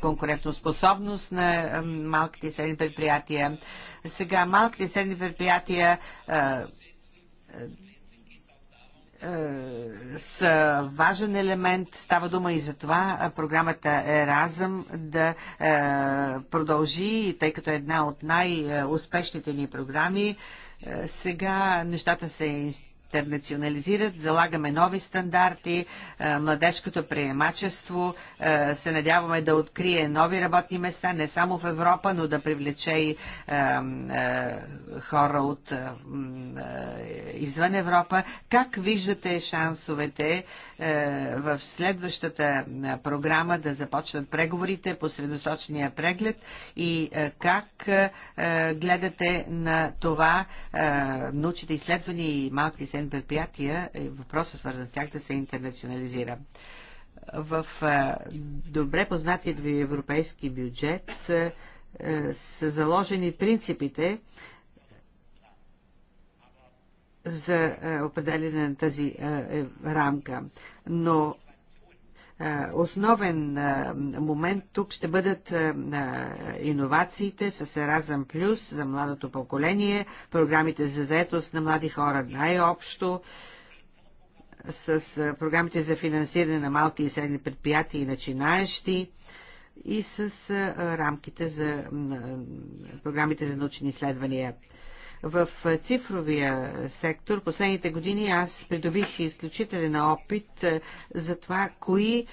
конкурентоспособност на малките и средни предприятия. Сега малките и средни предприятия е, са важен елемент. Става дума и за това програмата Еразъм да е, продължи, тъй като е една от най-успешните е, ни програми. Сега нещата се интернационализират, залагаме нови стандарти, е, младежкото приемачество, е, се надяваме да открие нови работни места, не само в Европа, но да привлече и е, хора от извън Европа. Как виждате шансовете в следващата програма да започнат преговорите по средосочния преглед и как гледате на това научите изследвания и малки и средни предприятия, е въпросът свързан с тях да се интернационализира. В добре познатият ви европейски бюджет са заложени принципите за определене на тази е, рамка. Но Основен момент тук ще бъдат иновациите с Еразъм Плюс за младото поколение, програмите за заетост на млади хора най-общо, с програмите за финансиране на малки и средни предприятия и начинаещи и с рамките за програмите за научни изследвания. В цифровия сектор последните години аз придобих изключителен опит за това, кои,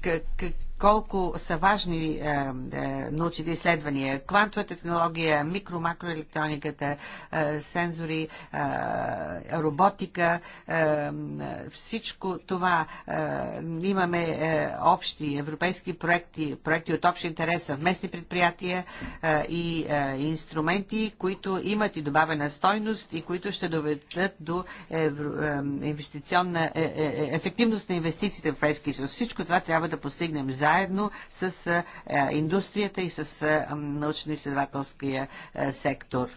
как, колко са важни е, е, научните изследвания. Квантовата технология, микро, макроелектрониката, е, сензори, е, роботика, е, всичко това е, имаме е, общи европейски проекти, проекти от общ интерес, съвместни предприятия е, и е, инструменти, които имат и добавена стойност и които ще доведат до е, е инвестиционна, е, е, е, ефективност на инвестициите в Европейския съюз. Всичко това трябва да постигнем заедно заедно с е, индустрията и с научно-изследователския сектор.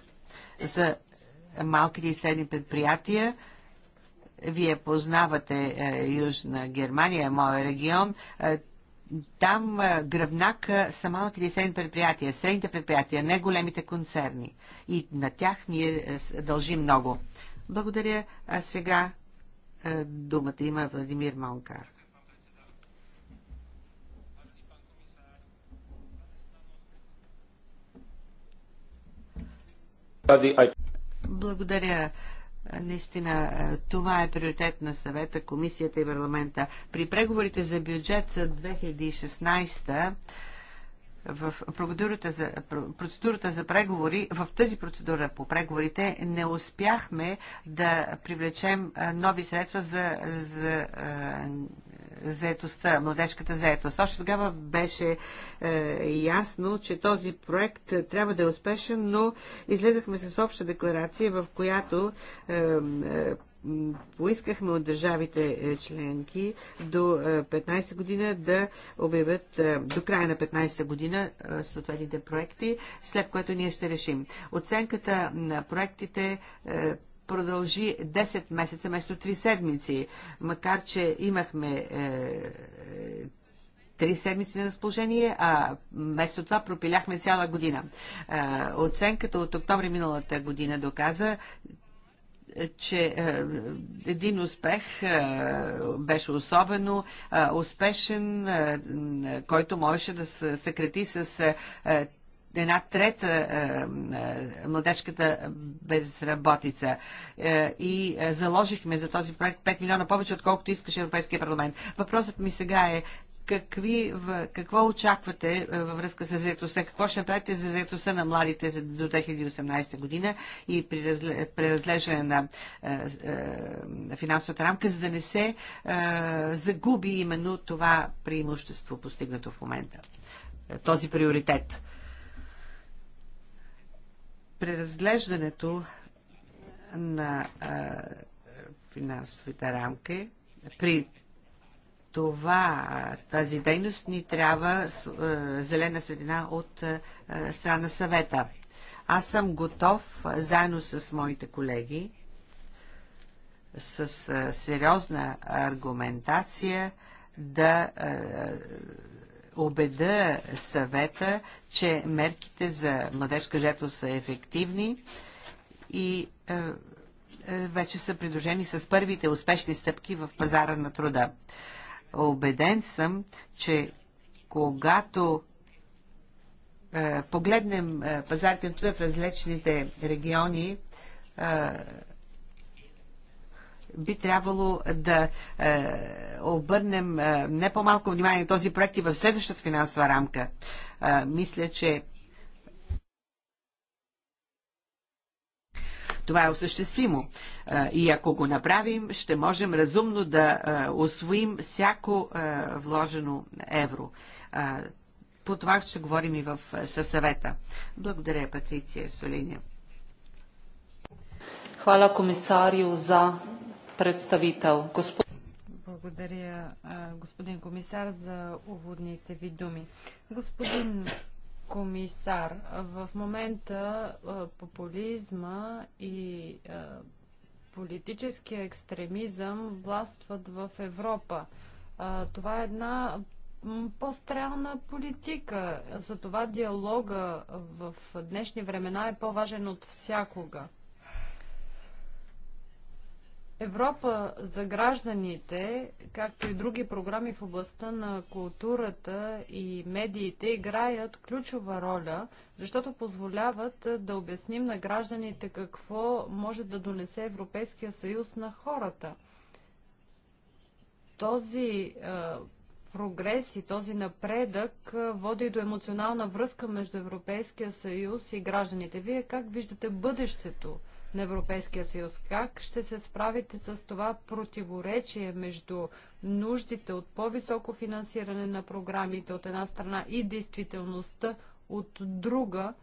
За малките и средни предприятия вие познавате е, Южна Германия, моя регион, е, там гръбнак са малките и средни предприятия, средните предприятия, не големите концерни. И на тях ние дължим много. Благодаря. А сега думата има Владимир Монкар. Благодаря. Наистина, е, това е приоритет на съвета, комисията и парламента. При преговорите за бюджет за 2016 в процедурата за, процедурата за преговори, в тази процедура по преговорите не успяхме да привлечем нови средства за, за заетостта, младежката заетост. Още тогава беше е, ясно, че този проект трябва да е успешен, но излезахме с обща декларация, в която е, е поискахме от държавите е, членки до 15 е, година да обявят е, до края на 15 година съответните проекти, след което ние ще решим. Оценката на проектите продължи 10 месеца вместо 3 седмици, макар че имахме три седмици на разположение, а вместо това пропиляхме цяла година. Оценката от октомври миналата година доказа, че е, един успех е, беше особено е, успешен, който можеше да се съкрати с една трета младежката безработица. и заложихме за този проект 5 милиона повече, отколкото искаше Европейския парламент. Въпросът ми сега е какви, какво очаквате е, във връзка с заедостта? Какво ще направите за заедостта на младите до 2018 година и при преразглеждане на е, е, финансовата рамка, за да не се загуби именно това преимущество, постигнато в момента? Този приоритет. Преразглеждането на финансовите рамки при това, тази дейност ни трябва е, зелена светлина от е, страна съвета. Аз съм готов, заедно с моите колеги, с е, сериозна аргументация да убеда съвета, че мерките за младежка жертва са ефективни и вече са придружени с първите успешни стъпки в пазара на труда. Обеден съм, че когато е, погледнем е, пазарите на в различните региони, е, би трябвало да е, обърнем е, не по-малко внимание на този проект и в следващата финансова рамка. Е, мисля, че Това е осъществимо. И ако го направим, ще можем разумно да освоим всяко вложено евро. По това ще говорим и в със съвета. Благодаря, Патриция Солиня. Хвала комисарю за представител. Господ... Благодаря, господин комисар, за уводните ви думи. Господин комисар, в момента популизма и политическия екстремизъм властват в Европа. Това е една по стрелна политика. Затова диалога в днешни времена е по-важен от всякога. Европа за гражданите, както и други програми в областта на културата и медиите, играят ключова роля, защото позволяват да обясним на гражданите какво може да донесе Европейския съюз на хората. Този е, прогрес и този напредък води до емоционална връзка между Европейския съюз и гражданите. Вие как виждате бъдещето? на Европейския съюз. Как ще се справите с това противоречие между нуждите от по-високо финансиране на програмите от една страна и действителността от друга?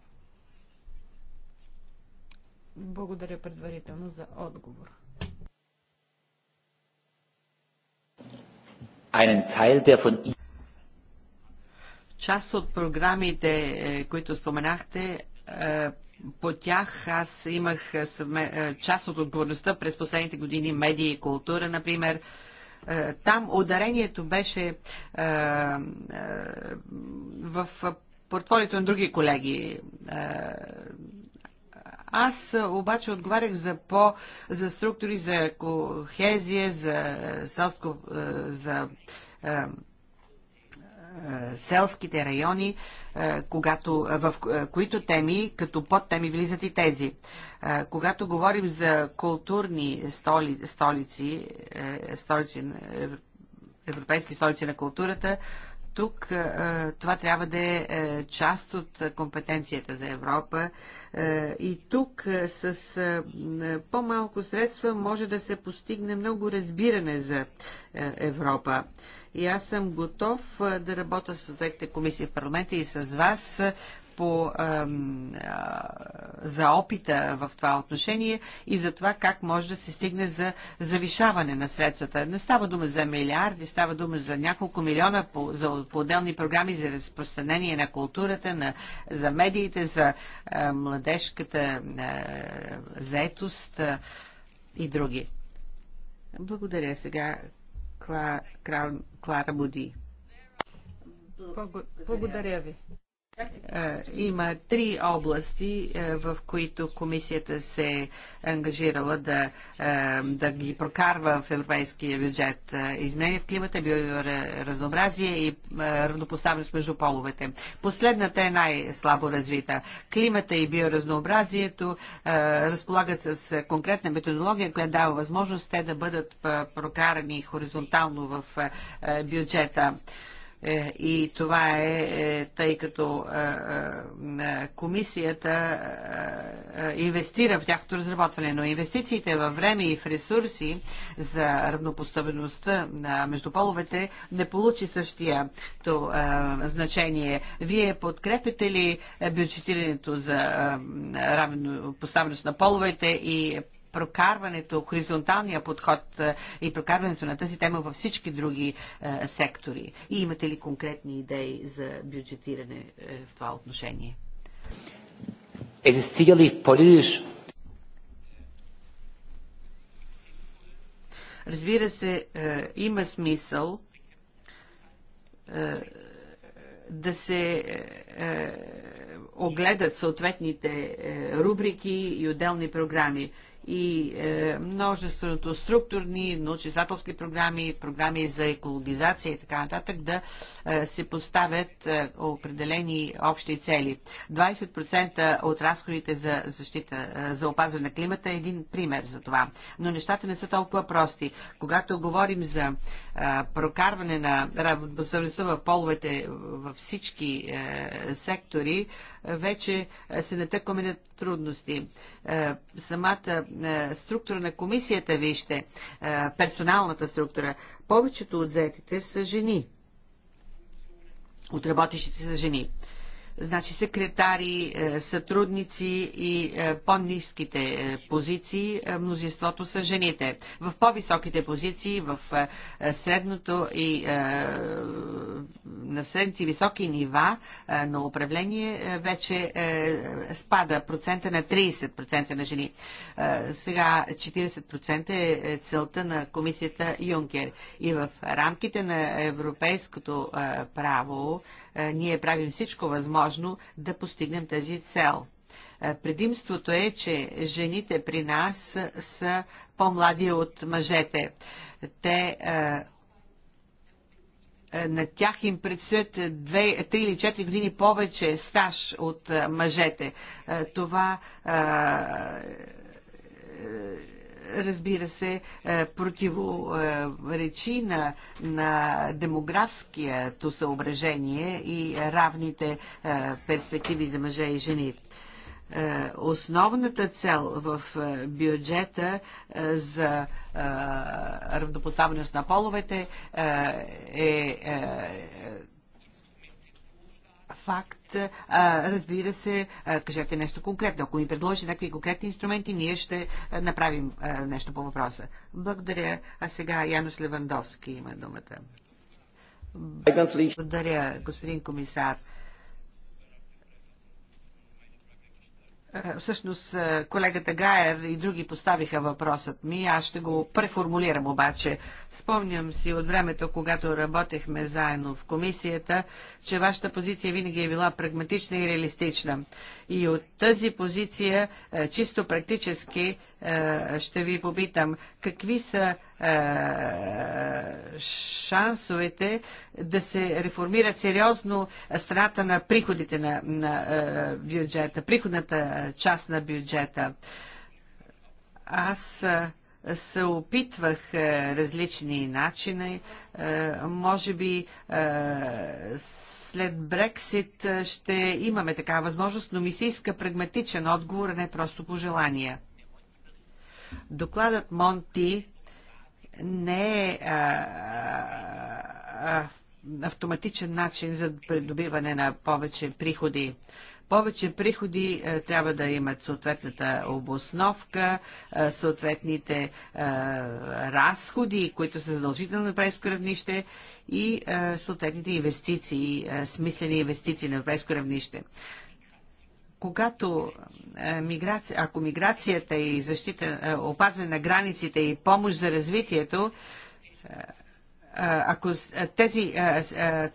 Благодаря предварително за отговор. Част от програмите, е, които споменахте, е, по тях аз имах съвме... част от отговорността през последните години медии и култура, например. Там ударението беше в портфолиото на други колеги. аз обаче отговарях за по, за структури, за кохезия, за селско, за селските райони, е, когато, е, в е, които теми, като подтеми влизат и тези. Когато говорим за културни столи, столици, столици, европейски столици на културата, тук това трябва да е част от компетенцията за Европа. И тук с по-малко средства може да се постигне много разбиране за Европа. И аз съм готов да работя с съответните комисии в парламента и с вас по, а, а, за опита в това отношение и за това как може да се стигне за завишаване на средствата. Не става дума за милиарди, става дума за няколко милиона по, за, по отделни програми за разпространение на културата, на, за медиите, за а, младежката а, заетост а, и други. Благодаря сега Кла, Кра, Клара Буди. Благодаря ви. Е, има три области, е, в които комисията се е ангажирала да, е, да ги прокарва в европейския бюджет. Изменение в климата, биоразнообразие и равнопоставеност между половете. Последната е най-слабо развита. Климата и биоразнообразието разполагат с конкретна методология, която дава възможност те да бъдат прокарани хоризонтално в бюджета. Е, и това е, е тъй като е, комисията инвестира в тяхното разработване, но инвестициите във време и в ресурси за равнопоставеността на междуполовете не получи същия то, значение. Вие подкрепите ли бюджетирането за равнопоставеност на половете и прокарването, хоризонталния подход е, и прокарването на тази тема във всички други е, сектори? И имате ли конкретни идеи за бюджетиране е, в това отношение? Es ist sicherlich politisch Разбира се, има смисъл да се огледат съответните рубрики и отделни програми и е, множеството структурни, научно-изследователски програми, програми за екологизация и така нататък да е, се поставят е, определени общи цели. 20% от разходите за защита, е, за опазване на климата е един пример за това. Но нещата не са толкова прости. Когато говорим за е, прокарване на равнопоставеността в половете във всички е, сектори, е, вече е, се натъкваме на трудности. Е, самата е, структура на комисията, вижте, е, персоналната структура, повечето от заетите са жени. От работещите са жени значи секретари, е, сътрудници и е, по-низките е, позиции, мнозинството са жените. В по-високите позиции, в средното и на средните високи нива на управление вече спада процента на 30% на жени. Сега 40% е целта на комисията Юнкер. И в рамките на европейското право, ние правим всичко възможно да постигнем тази цел. Предимството е, че жените при нас са по-млади от мъжете. Те на тях им предстоят 2, 3 или 4 години повече стаж от мъжете. Това разбира се, е, противоречи на, на демографското съображение и равните е, перспективи за мъже и жени е, основната цел в бюджета за равнопоставеност на половете е факт, разбира се, кажете нещо конкретно. Ако ми предложи някакви конкретни инструменти, ние ще направим нещо по въпроса. Благодаря. А сега Януш Левандовски има думата. Благодаря, господин комисар. Всъщност колегата Гайер и други поставиха въпросът ми. Аз ще го преформулирам обаче. Спомням си от времето, когато работехме заедно в комисията, че вашата позиция винаги е била прагматична и реалистична. И от тази позиция, е, чисто практически, е, ще ви попитам, какви са е, шансовете да се реформира сериозно страната на приходите на, на бюджета, приходната част на бюджета? Аз се опитвах е, различни начини. Е, може би е, след Брексит ще имаме такава възможност, но ми се иска прагматичен отговор, а не просто пожелания. Докладът Монти не е автоматичен начин за придобиване на повече приходи. Повече приходи е, трябва да имат съответната обосновка, е, съответните е, разходи, които са задължителни на европейско равнище и съответните инвестиции, смислени инвестиции на европейско равнище когато миграция, ако миграцията и защита, опазване на границите и помощ за развитието ако тези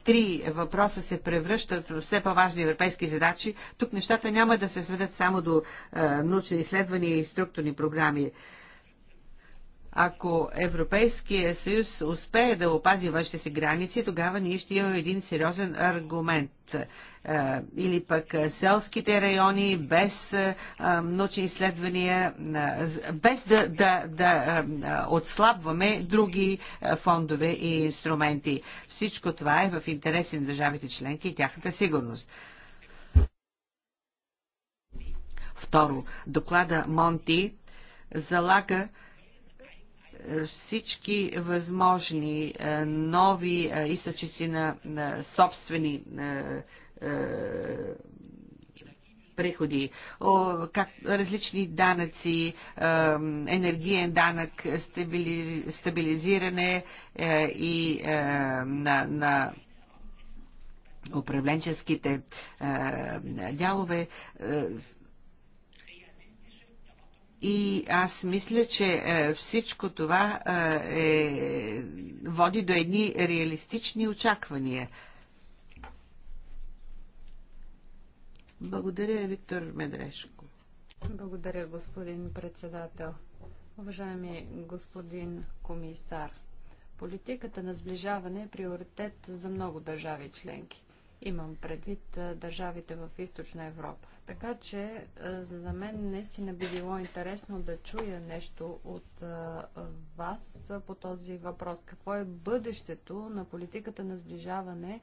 три въпроса се превръщат в все по-важни европейски задачи, тук нещата няма да се сведат само до научни изследвания и структурни програми. Ако Европейския съюз успее да опази вашите си граници, тогава ние ще имаме един сериозен аргумент. Е, или пък е, селските райони без е, научни изследвания, без да, да, да отслабваме други фондове и инструменти. Всичко това е в интереси на държавите членки и тяхната сигурност. Второ, доклада Монти залага всички възможни е, нови е, източници на, собствени е, приходи, как, различни данъци, енергиен данък, стабилизиране и на, на управленческите дялове. И аз мисля, че е, всичко това е, е, води до едни реалистични очаквания. Благодаря, Виктор Медрешко. Благодаря, господин председател. Уважаеми господин комисар, политиката на сближаване е приоритет за много държави членки. Имам предвид държавите в Източна Европа. Така че за мен наистина би било интересно да чуя нещо от вас по този въпрос. Какво е бъдещето на политиката на сближаване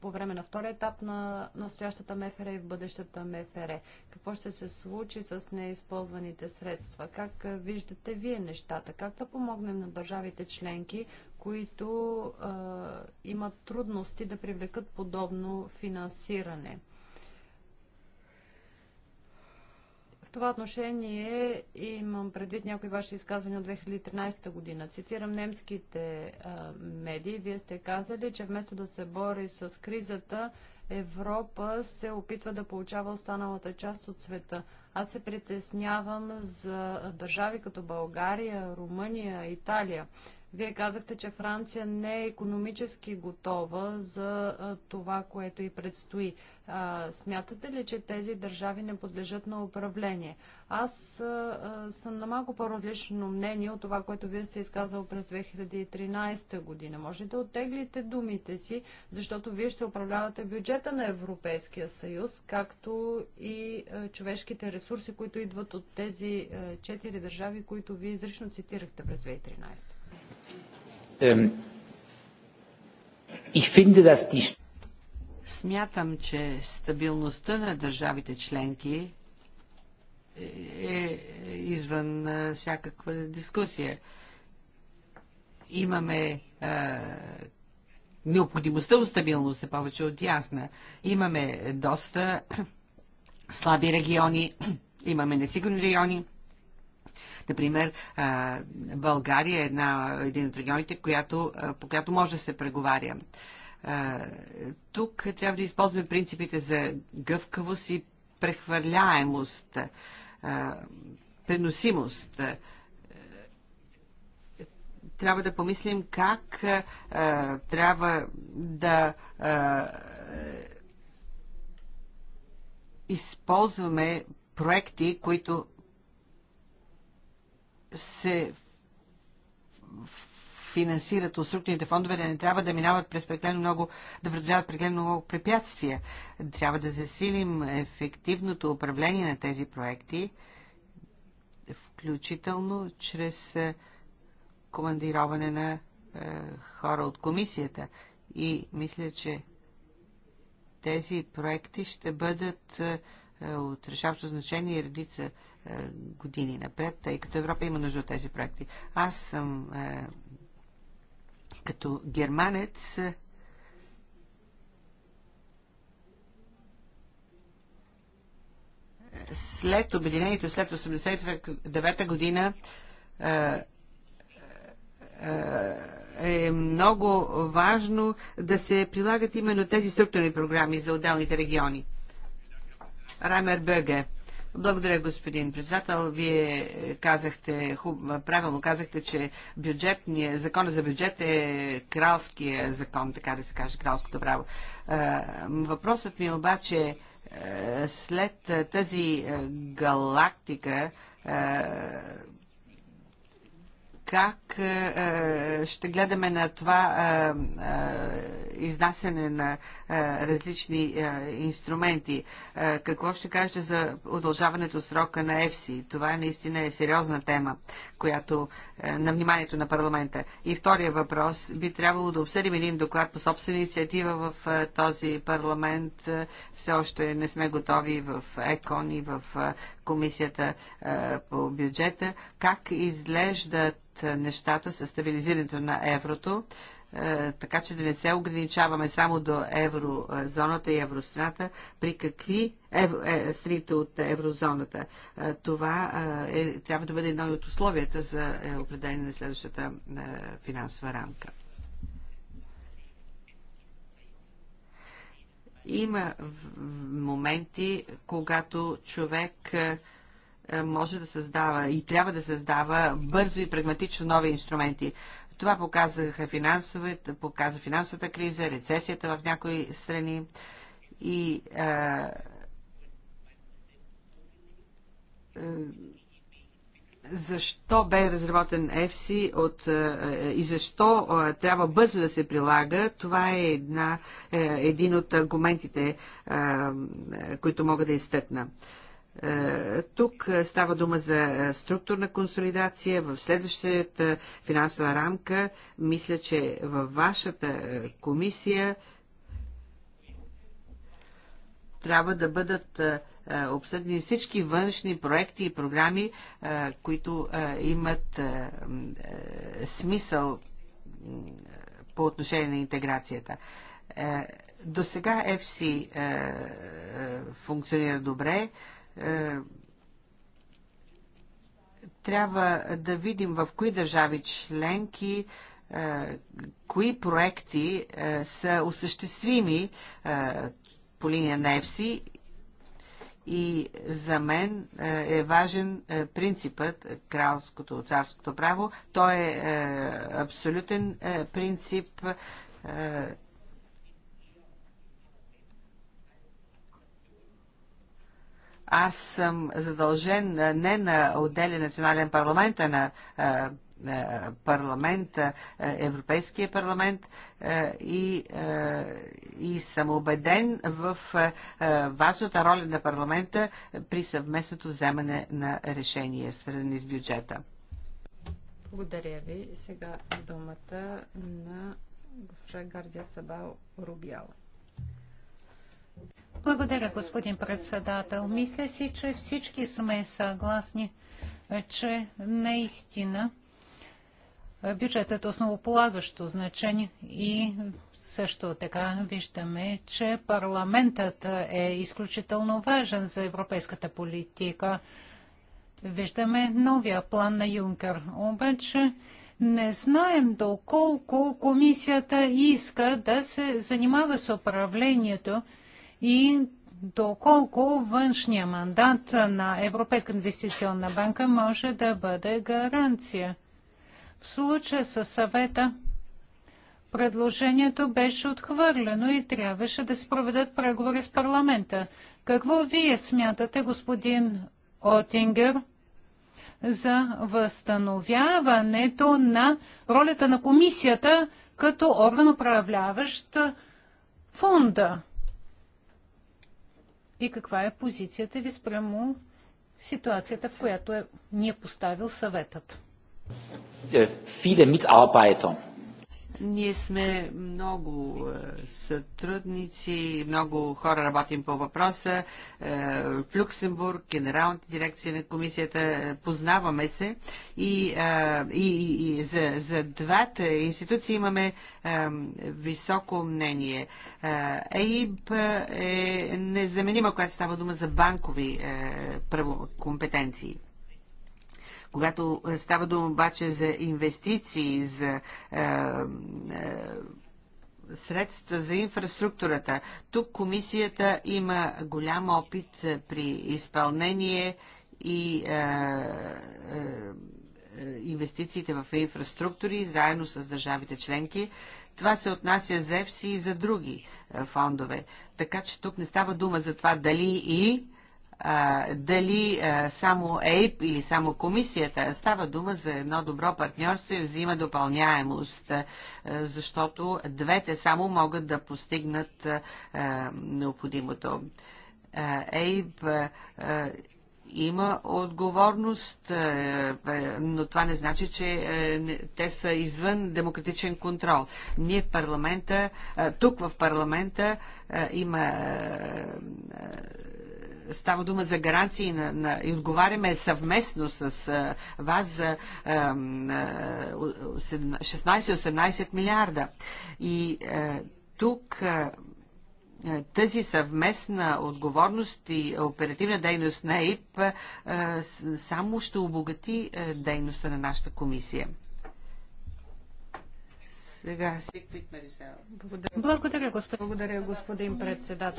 по време на втория етап на настоящата МФР и в бъдещата МФР. Какво ще се случи с неизползваните средства? Как виждате вие нещата? Как да помогнем на държавите членки, които а, имат трудности да привлекат подобно финансиране? В това отношение имам предвид някои ваши изказвания от 2013 година. Цитирам немските а, медии. Вие сте казали, че вместо да се бори с кризата, Европа се опитва да получава останалата част от света. Аз се притеснявам за държави като България, Румъния, Италия. Вие казахте, че Франция не е економически готова за това, което и предстои. смятате ли, че тези държави не подлежат на управление? Аз съм на малко по-различно мнение от това, което вие сте изказал през 2013 година. Може да оттеглите думите си, защото вие ще управлявате бюджета на Европейския съюз, както и човешките ресурси, които идват от тези четири държави, които вие изрично цитирахте през 2013. Смятам, че стабилността на държавите членки е, е извън всякаква дискусия. Имаме а, необходимостта от стабилност е повече от ясна. Имаме доста слаби региони, имаме несигурни региони, Например, България е една, един от регионите, която, по която може да се преговаря. Тук трябва да използваме принципите за гъвкавост и прехвърляемост, преносимост трябва да помислим как трябва да използваме проекти, които се финансират от структурните фондове, да не трябва да минават през преклено много, да преодоляват преклено много препятствия. Трябва да засилим ефективното управление на тези проекти, включително чрез е, командироване на е, хора от комисията. И мисля, че тези проекти ще бъдат е, от решаващо значение и редица е, години напред, тъй като Европа има нужда от тези проекти. Аз съм е, като германец след обединението, след 89-та година е, е много важно да се прилагат именно тези структурни програми за отделните региони. Раймер Бърге. Благодаря, господин председател. Вие казахте, хуб, правилно казахте, че бюджетния, закона за бюджет е кралския закон, така да се каже, кралското право. Е, въпросът ми е обаче е, след е, тази галактика как е, е, ще гледаме на това е, изнасяне на различни инструменти? Какво ще кажете за удължаването срока на ЕФСИ? Това наистина е сериозна тема която е, на вниманието на парламента. И втория въпрос, би трябвало да обсъдим един доклад по собствена инициатива в е, този парламент. Е, все още не сме готови в ЕКОН и в е, комисията е, по бюджета. Как изглеждат е, нещата с стабилизирането на еврото? Е, е, така че да не се ограничаваме само до еврозоната е, и евространата, при какви ев, е, страните от еврозоната. Е, това е, трябва да бъде едно от условията за определение на следващата финансова рамка. Има моменти, когато човек може да създава и трябва да създава бързо и прагматично нови инструменти. Това показаха финансовата, показа финансовата криза, рецесията в някои страни и а, а, защо бе разработен ЕФСИ от, и защо трябва бързо да се прилага, това е една, е, един от аргументите, които мога да изтъкна. Е, тук е, става дума за е, структурна консолидация в следващата финансова рамка. Мисля, че във вашата комисия трябва да бъдат обсъдени всички външни проекти и програми, които имат смисъл по отношение на интеграцията. До сега FC функционира добре е, трябва да видим в кои държави членки е, кои проекти е, са осъществими по линия на ЕФСИ и за мен е важен принципът кралското царското право. Той е абсолютен принцип аз съм задължен не на отделен национален парламент, а на парламент, Европейския парламент и, и съм убеден в важната роля на парламента при съвместното вземане на решения, свързани с бюджета. Благодаря ви. Сега думата на госпожа Гардия Сабал Рубяла. Благодаря, господин председател. Мисля си, че всички сме съгласни, че наистина бюджетът е основополагащо значение и също така виждаме, че парламентът е изключително важен за европейската политика. Виждаме новия план на Юнкер. Обаче не знаем доколко комисията иска да се занимава с управлението и доколко външния мандат на Европейска инвестиционна банка може да бъде гаранция. В случая със съвета предложението беше отхвърлено и трябваше да се проведат преговори с парламента. Какво вие смятате, господин Отингер, за възстановяването на ролята на комисията като орган управляващ фонда? и каква е позицията ви спрямо ситуацията, в която е, ни е поставил съветът. Viele е, Mitarbeiter ние сме много е, сътрудници, много хора работим по въпроса. Е, в Люксембург, Генералната дирекция на комисията, е, познаваме се и, и, и за, за двата институции имаме високо мнение. ЕИБ е незаменима, когато става дума за банкови компетенции. Когато е, става дума обаче за инвестиции, за е, е, средства за инфраструктурата, тук комисията има голям опит е, при изпълнение и е, е, е, инвестициите в инфраструктури заедно с държавите членки. Това се отнася за ЕФСИ и за други фондове. Така че тук не става дума за това дали и а, дали а, само ЕИП или само комисията. Става дума за едно добро партньорство и взима допълняемост, а, защото двете само могат да постигнат а, необходимото. ЕИП има отговорност, но това не значи, че те са извън демократичен контрол. Ние в парламента, тук в парламента има става дума за гаранции на, на, и отговаряме съвместно с а, вас за а, 16-18 милиарда. И а, тук а, тази съвместна отговорност и оперативна дейност на ЕИП а, само ще обогати а, дейността на нашата комисия. Сега. Благодаря, господин, благодаря, господин председател.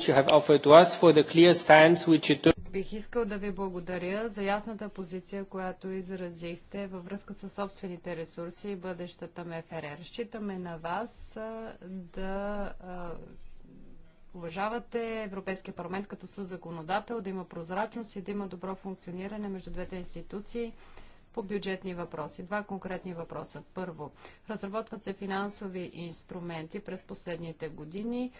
Бих искал да ви благодаря за ясната позиция, която изразихте във връзка с собствените ресурси и бъдещата МФР. Разчитаме на вас да уважавате Европейския парламент като със законодател, да има прозрачност и да има добро функциониране между двете институции по бюджетни въпроси. Два конкретни въпроса. Първо, разработват се финансови инструменти през последните години,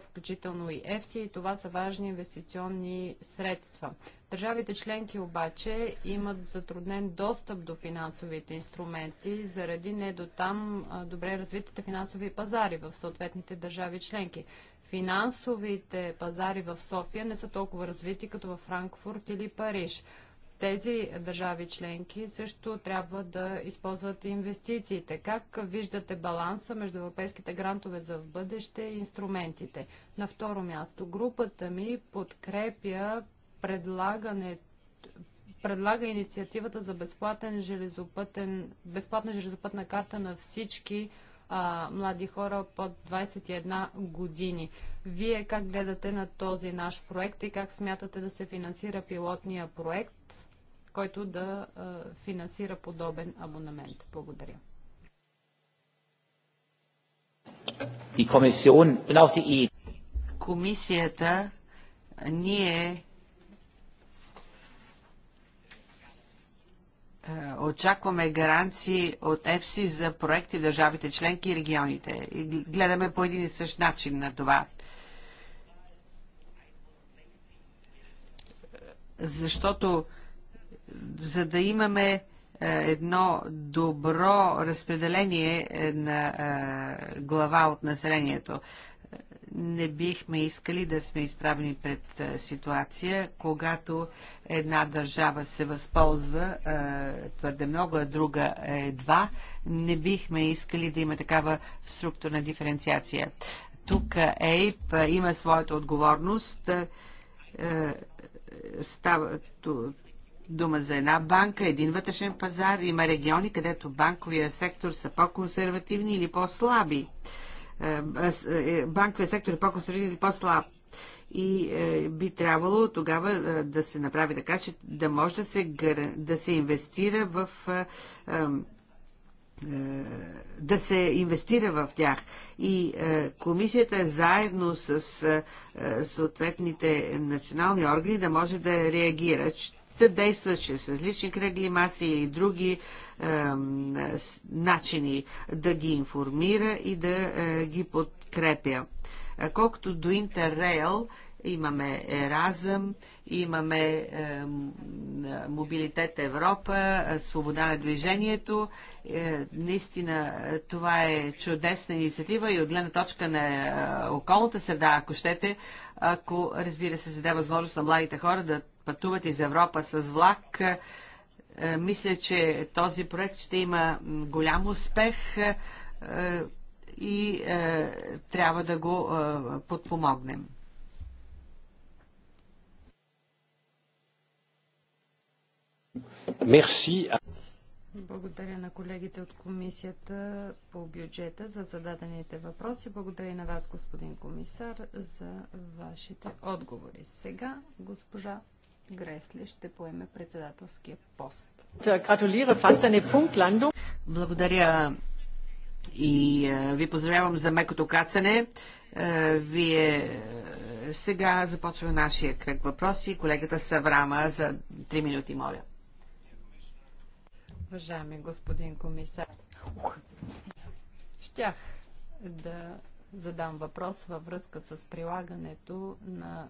включително и ЕФСИ, и това са важни инвестиционни средства. Държавите членки обаче имат затруднен достъп до финансовите инструменти заради не до там добре развитите финансови пазари в съответните държави членки. Финансовите пазари в София не са толкова развити като в Франкфурт или Париж. Тези държави членки също трябва да използват инвестициите. Как виждате баланса между европейските грантове за в бъдеще и инструментите? На второ място, групата ми подкрепя предлагане, предлага инициативата за безплатен железопътен, безплатна железопътна карта на всички а, млади хора под 21 години. Вие как гледате на този наш проект и как смятате да се финансира пилотния проект? който да финансира подобен абонамент. Благодаря. E Комисията ние очакваме гаранции от ЕФСИ за проекти в държавите членки и регионите. И гледаме по един и същ начин на това. Защото за да имаме е, едно добро разпределение е, на е, глава от населението. Не бихме искали да сме изправени пред ситуация, когато една държава се възползва твърде много, а друга едва. Не бихме искали да има такава структурна диференциация. Тук ЕИП има своята отговорност става, дума за една банка, един вътрешен пазар. Има региони, където банковия сектор са по-консервативни или по-слаби. Е, е, е, банковия сектор е по-консервативен или по-слаб и би трябвало тогава да се направи така, че да може да се, да се инвестира в. да се инвестира в тях. И е, комисията заедно с е, съответните национални органи да може да реагира те действат чрез различни кръгли маси или други е, начини да ги информира и да е, ги подкрепя. Колкото до Интеррейл, имаме Еразъм, имаме е, Мобилитет Европа, Свобода на движението. Е, наистина е, това е чудесна инициатива и от гледна точка на е, околната среда, ако щете, ако разбира се, се даде възможност на младите хора да пътуват из Европа с влак, е, мисля, че този проект ще има голям успех е, и е, трябва да го подпомогнем. Мерси. Благодаря на колегите от комисията по бюджета за зададените въпроси. Благодаря и на вас, господин комисар, за вашите отговори. Сега госпожа Гресли ще поеме председателския пост. Е, Благодаря и е, ви поздравявам за мекото кацане. Е, вие сега започва нашия кръг въпроси. Колегата Саврама за 3 минути, моля. Уважаеми господин комисар, щях да задам въпрос във връзка с прилагането на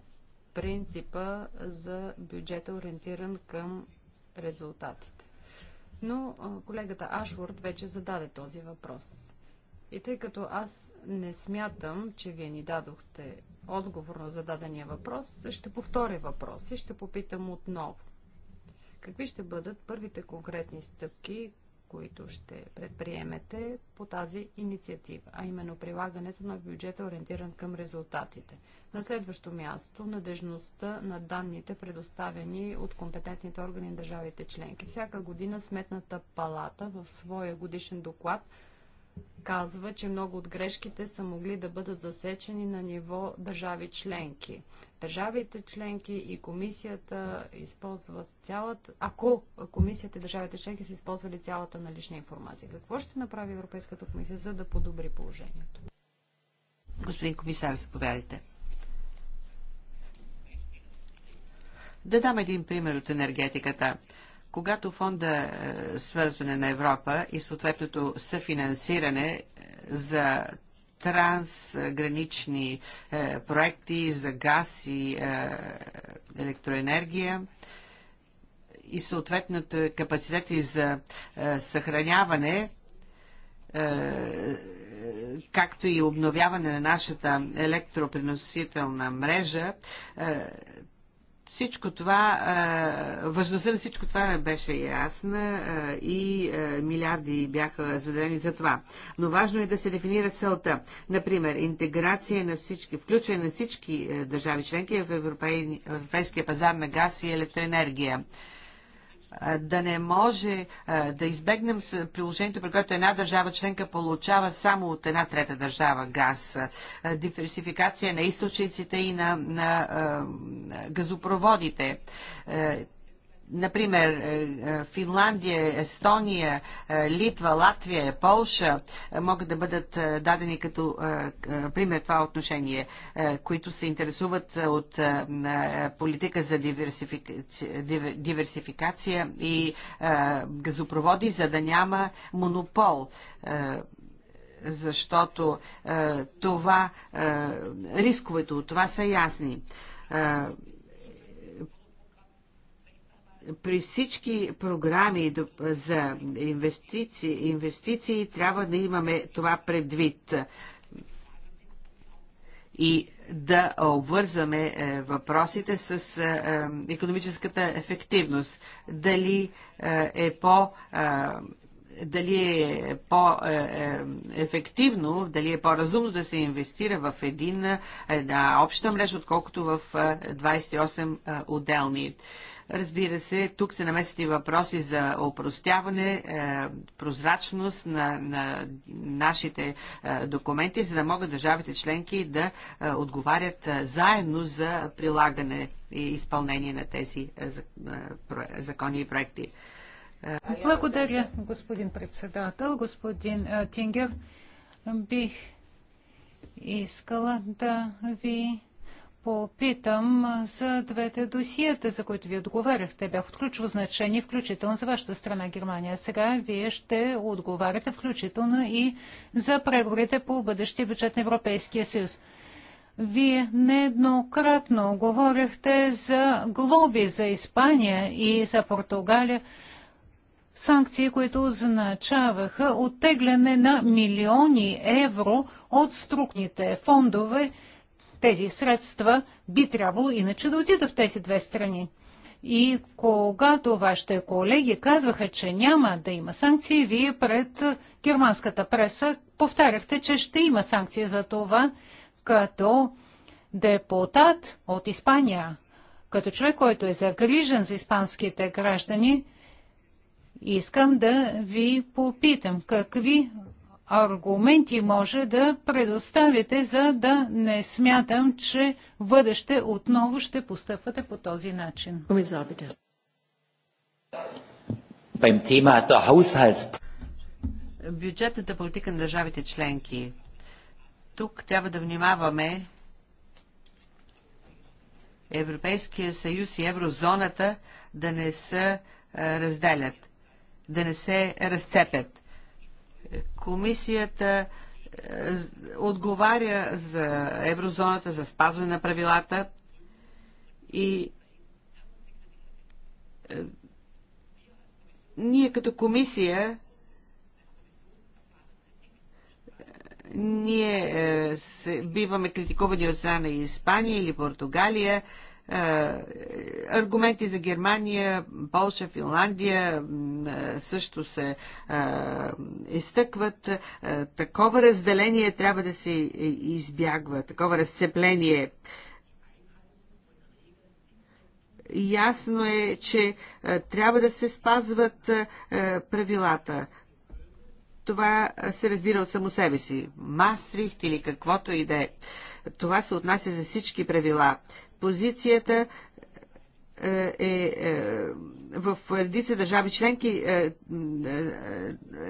принципа за бюджета ориентиран към резултатите. Но колегата Ашворд вече зададе този въпрос. И тъй като аз не смятам, че вие ни дадохте отговор на зададения въпрос, ще повторя въпрос и ще попитам отново. Какви ще бъдат първите конкретни стъпки, които ще предприемете по тази инициатива, а именно прилагането на бюджета ориентиран към резултатите. На следващо място, надежността на данните, предоставени от компетентните органи на държавите членки. Всяка година Сметната палата в своя годишен доклад казва, че много от грешките са могли да бъдат засечени на ниво държави членки. Държавите членки и комисията използват цялата... Ако комисията и държавите членки са използвали цялата налична информация, какво ще направи Европейската комисия, за да подобри положението? Господин комисар, заповядайте. Да дам един пример от енергетиката. Когато фонда е, свързване на Европа и съответното съфинансиране е, за трансгранични е, проекти за газ и е, електроенергия и съответната е капацитети за е, съхраняване, както и обновяване на нашата електропреносителна мрежа, всичко това, е, важността на всичко това беше ясна е, и е, милиарди бяха зададени за това. Но важно е да се дефинира целта. Например, интеграция на всички, включване на всички държави членки в Европейския пазар на газ и електроенергия да не може да избегнем приложението, при което една държава членка получава само от една трета държава газ. Диверсификация на източниците и на, на газопроводите. Например, е, е, Финландия, Естония, е, Литва, Латвия, Полша могат да бъдат дадени като пример това отношение, които се интересуват от политика за диверсификация и газопроводи, за да няма монопол защото е, това, е, рисковете от това са ясни. Е, при всички програми за инвестиции, инвестиции трябва да имаме това предвид и да обвързваме е, въпросите с економическата е, ефективност. Дали е, е по дали е по-ефективно, дали е по-разумно да се инвестира в един, една обща мрежа, отколкото в 28 отделни. Разбира се, тук се намесят и въпроси за опростяване, е, прозрачност на, на нашите е, документи, за да могат държавите членки да е, отговарят заедно за прилагане и изпълнение на тези закони и проекти. Благодаря, господин председател. Господин Тингер, бих искала да ви попитам за двете досиета, за които вие отговаряхте. Те бяха от ключово значение, включително за вашата страна Германия. Сега вие ще отговаряте включително и за преговорите по бъдещия бюджет на Европейския съюз. Вие нееднократно говорихте за глоби за Испания и за Португалия, санкции, които означаваха оттегляне на милиони евро от струкните фондове, тези средства би трябвало иначе да отидат в тези две страни. И когато вашите колеги казваха, че няма да има санкции, вие пред германската преса повтаряхте, че ще има санкции за това, като депутат от Испания, като човек, който е загрижен за испанските граждани, искам да ви попитам какви аргументи може да предоставите, за да не смятам, че бъдеще отново ще постъпвате по този начин? Бюджетната политика на държавите членки. Тук трябва да внимаваме Европейския съюз и еврозоната да не се разделят, да не се разцепят комисията е, отговаря за еврозоната, за спазване на правилата и е, ние като комисия е, ние биваме критикувани от страна на Испания или Португалия е, аргументи за Германия, Полша, Финландия е, също се е, изтъкват. Такова разделение трябва да се избягва, такова разцепление ясно е, че трябва да се спазват правилата. Това се разбира от само себе си. Мастрихт или каквото и да е. Това се отнася за всички правила позицията е, е, е, в редица държави членки, е, е,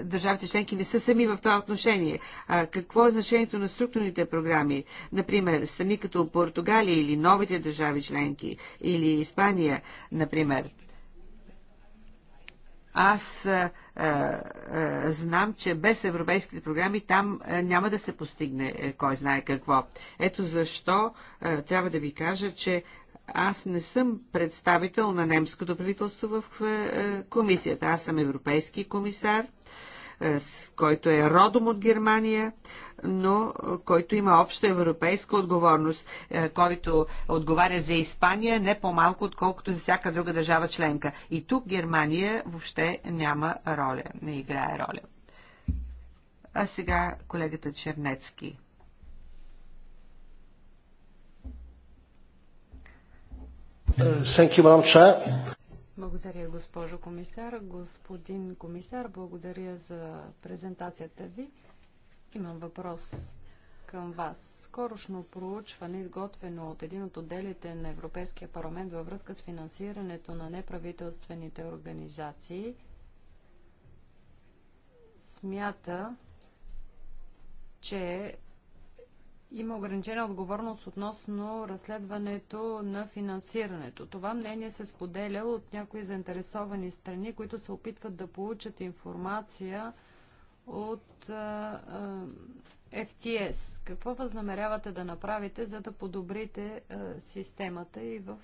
държавите членки не са сами в това отношение. А какво е значението на структурните програми? Например, страни като Португалия или новите държави членки, или Испания, например. Аз а, е, знам, че без европейските програми там няма да се постигне е, кой знае какво. Ето защо трябва да ви кажа, че аз не съм представител на немското правителство в комисията. Аз съм европейски комисар е, който е родом от Германия, но е, който има обща европейска отговорност, е, който отговаря за Испания не по-малко, отколкото за всяка друга държава членка. И тук Германия въобще няма роля, не играе роля. А сега колегата Чернецки. Thank you, благодаря, госпожо комисар. Господин комисар, благодаря за презентацията ви. Имам въпрос към вас. Скорошно проучване, изготвено от един от отделите на Европейския парламент във връзка с финансирането на неправителствените организации, смята, че има ограничена отговорност относно разследването на финансирането. Това мнение се споделя от някои заинтересовани страни, които се опитват да получат информация от а, а, FTS. Какво възнамерявате да направите, за да подобрите а, системата и в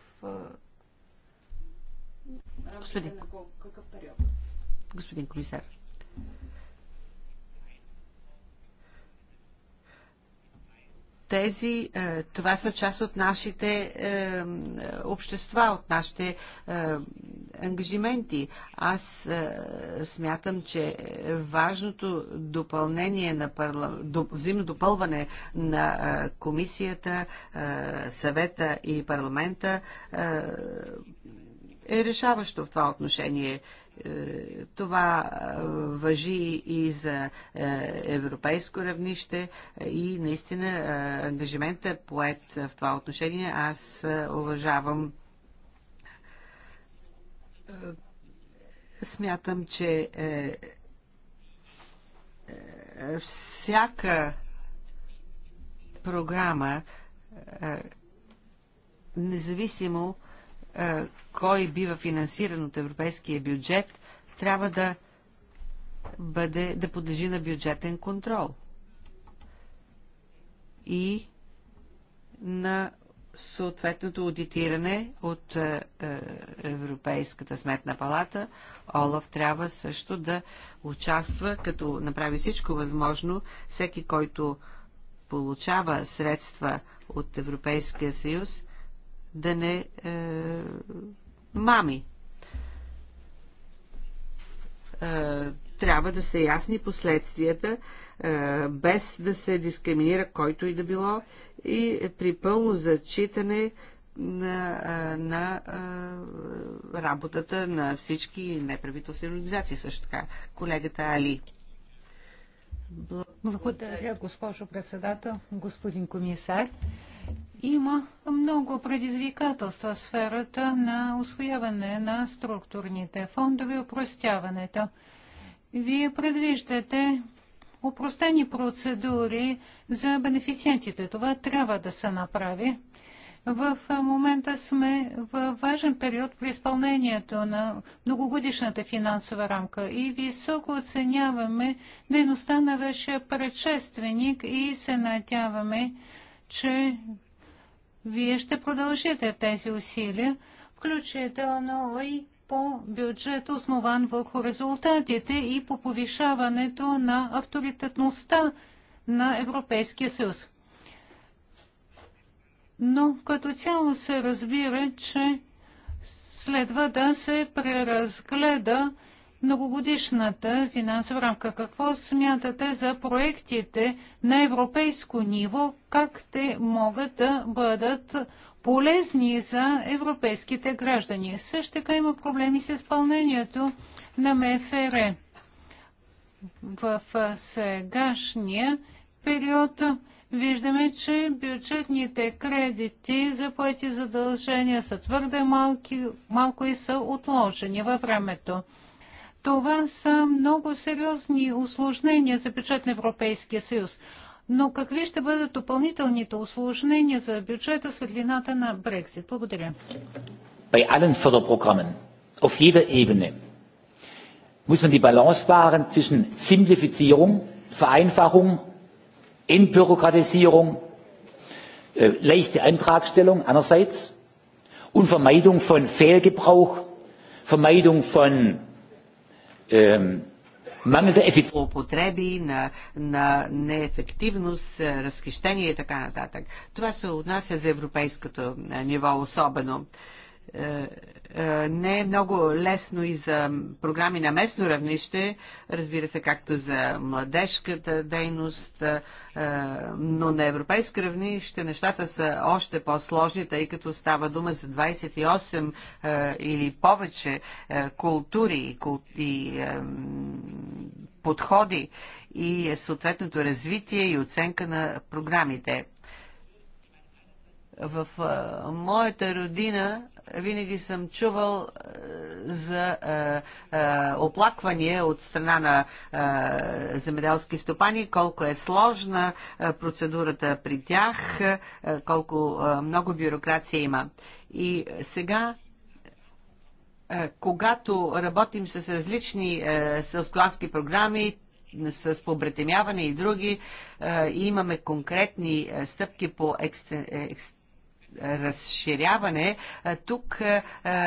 Господин. на какъв период? Господин Комисар. тези, е, това са част от нашите е, общества, от нашите е, ангажименти. Аз смятам, че важното допълнение на парла... взаимно допълване на комисията, съвета и парламента е решаващо в това отношение. Е, това е, въжи и за е, европейско равнище и наистина ангажимента поет в това отношение. Аз уважавам смятам, че всяка програма, независимо е, кой бива финансиран от европейския бюджет, трябва да бъде, да подлежи на бюджетен контрол и на съответното аудитиране от е, е, Европейската сметна палата. Олаф трябва също да участва, като направи всичко възможно, всеки, който получава средства от Европейския съюз, да не е, мами. Е, трябва да са ясни последствията, е, без да се дискриминира който и да било и при пълно зачитане на, е, на а, е, работата на всички неправителствени организации, също така. Колегата Али. Благодаря, госпожо председател, господин комисар. Има много предизвикателства в сферата на освояване на структурните фондове и упростяването. Вие предвиждате упростени процедури за бенефициентите. Това трябва да се направи. В момента сме в важен период при изпълнението на многогодишната финансова рамка и високо оценяваме дейността на вашия предшественик и се надяваме, че вие ще продължите тези усилия, включително и по бюджет, основан върху резултатите и по повишаването на авторитетността на Европейския съюз. Но като цяло се разбира, че следва да се преразгледа многогодишната финансова рамка. Какво смятате за проектите на европейско ниво? Как те могат да бъдат полезни за европейските граждани? Също така има проблеми с изпълнението на МФР. В сегашния период виждаме, че бюджетните кредити за поети задължения са твърде малки, малко и са отложени във времето. Това са много сериозни осложнения за бюджет на Европейския съюз. Но какви ще бъдат допълнителните осложнения за бюджета светлината на Брексит? Благодаря. Bei allen Förderprogrammen auf jeder Ebene muss man die Balance wahren zwischen Simplifizierung, Vereinfachung, Entbürokratisierung, leichte Antragstellung einerseits und Vermeidung von Fehlgebrauch, Vermeidung von е употреби на, на неефективност, е, разхищение и така нататък. Това се отнася за европейското е, ниво особено. Е, е, не е много лесно и за програми на местно равнище, разбира се, както за младежката дейност, е, но на европейско равнище нещата са още по-сложни, тъй като става дума за 28 или повече култури и подходи и съответното развитие и оценка на програмите. В а, моята родина винаги съм чувал а, за а, а, оплаквания от страна на а, земеделски стопани, колко е сложна а, процедурата при тях, а, колко а, много бюрокрация има. И сега когато работим с различни е, програми, с побретемяване и други, е, имаме конкретни стъпки по екстен, екстен разширяване, тук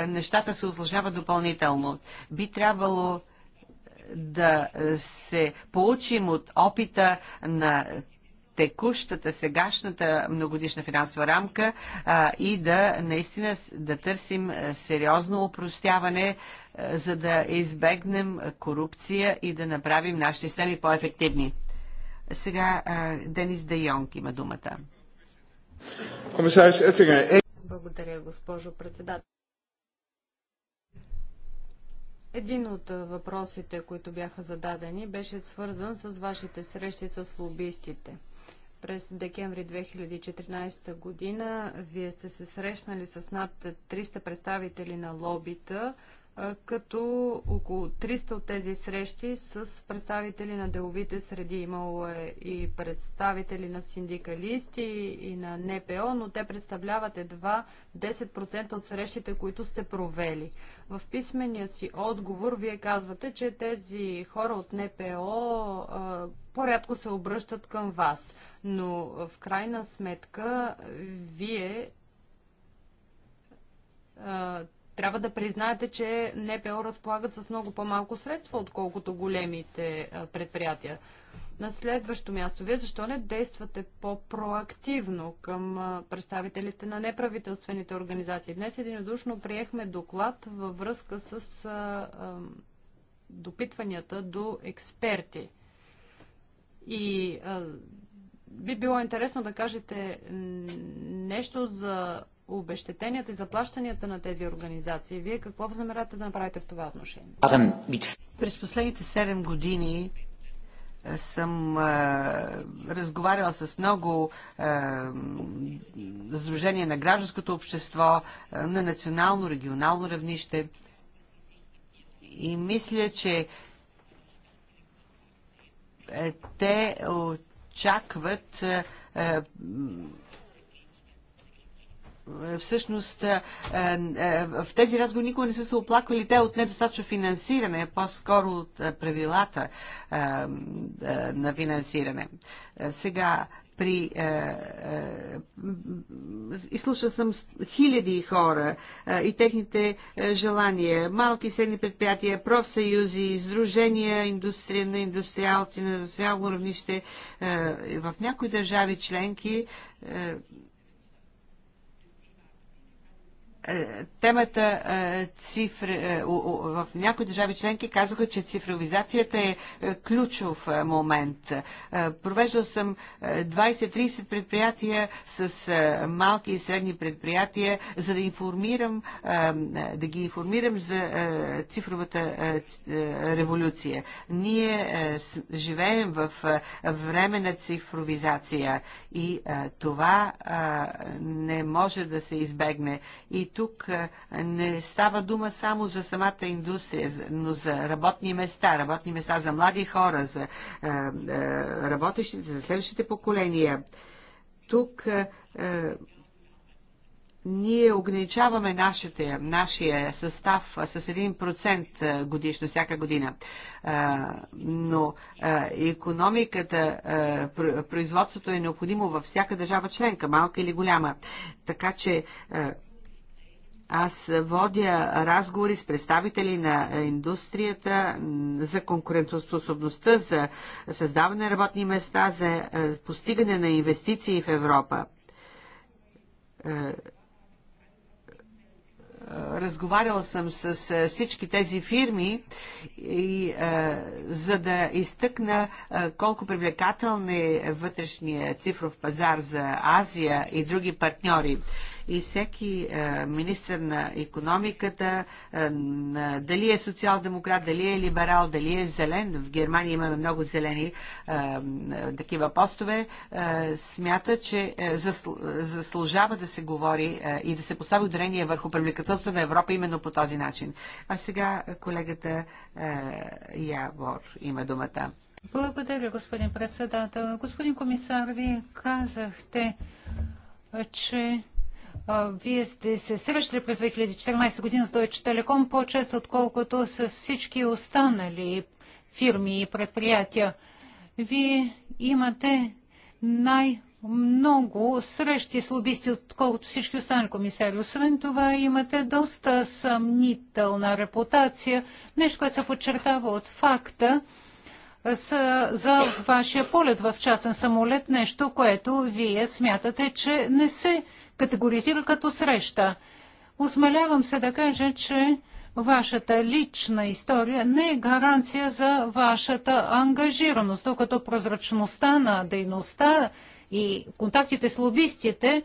нещата се осложняват допълнително. Би трябвало да се получим от опита на текущата, сегашната многодишна финансова рамка а, и да наистина да търсим сериозно упростяване, а, за да избегнем корупция и да направим нашите системи по-ефективни. Сега а, Денис Дайонг има думата. Комисарис Благодаря, госпожо председател. Един от въпросите, които бяха зададени, беше свързан с вашите срещи с лобистите. През декември 2014 година вие сте се срещнали с над 300 представители на лобита като около 300 от тези срещи с представители на деловите среди. Имало е и представители на синдикалисти и на НПО, но те представляват едва 10% от срещите, които сте провели. В писмения си отговор вие казвате, че тези хора от НПО по-рядко се обръщат към вас, но в крайна сметка вие трябва да признаете, че НПО разполагат с много по-малко средства, отколкото големите предприятия. На следващо място, вие защо не действате по-проактивно към представителите на неправителствените организации? Днес единодушно приехме доклад във връзка с допитванията до експерти. И би било интересно да кажете нещо за обещетенията и заплащанията на тези организации. Вие какво замерате да направите в това отношение? През последните 7 години е, съм а, е, разговаряла с много а, е, сдружения на гражданското общество а, на национално, регионално равнище и мисля, че те очакват а, е, всъщност е, е, в тези разговори никога не са се оплаквали те от недостатъчно финансиране, по-скоро от правилата на финансиране. Сега при... Е, е, изслушал съм хиляди хора е, и техните е, желания. Малки и средни предприятия, профсъюзи, издружения индустрия на индустриалци, на индустриално равнище. Е, в някои държави членки е, е, темата е, цифри, е, в някои държави членки казаха, че цифровизацията е ключов момент. Провеждал съм 20-30 предприятия с малки и средни предприятия, за да информирам, да ги информирам за цифровата революция. Ние живеем в време на цифровизация и това не може да се избегне. И тук не става дума само за самата индустрия, но за работни места, работни места за млади хора, за работещите, за следващите поколения. Тук ние ограничаваме нашите, нашия състав с 1% годишно, всяка година. Но економиката, производството е необходимо във всяка държава членка, малка или голяма. Така че аз водя разговори с представители на индустрията за конкурентоспособността, за създаване на работни места, за е, постигане на инвестиции в Европа е, разговарял съм с е, всички тези фирми и а, за да изтъкна а, колко привлекателен е вътрешния цифров пазар за Азия и други партньори и всеки е, министр на економиката, е, дали е социал-демократ, дали е либерал, дали е зелен, в Германия имаме много зелени е, такива постове, смята, че заслужава да се говори и да се постави ударение върху привлекателството на Европа именно по този начин. А сега колегата Явор има думата. Благодаря, господин председател. Господин комисар, вие казахте, че вие сте се срещали през 2014 година с Deutsche Telekom по-често, отколкото с всички останали фирми и предприятия. Вие имате най-много срещи с лобисти, отколкото всички останали комисари. Освен това, имате доста съмнителна репутация, нещо, което се подчертава от факта, за вашия полет в частен самолет, нещо, което вие смятате, че не се категоризира като среща. Осмелявам се да кажа, че вашата лична история не е гаранция за вашата ангажираност, докато прозрачността на дейността и контактите с лобистите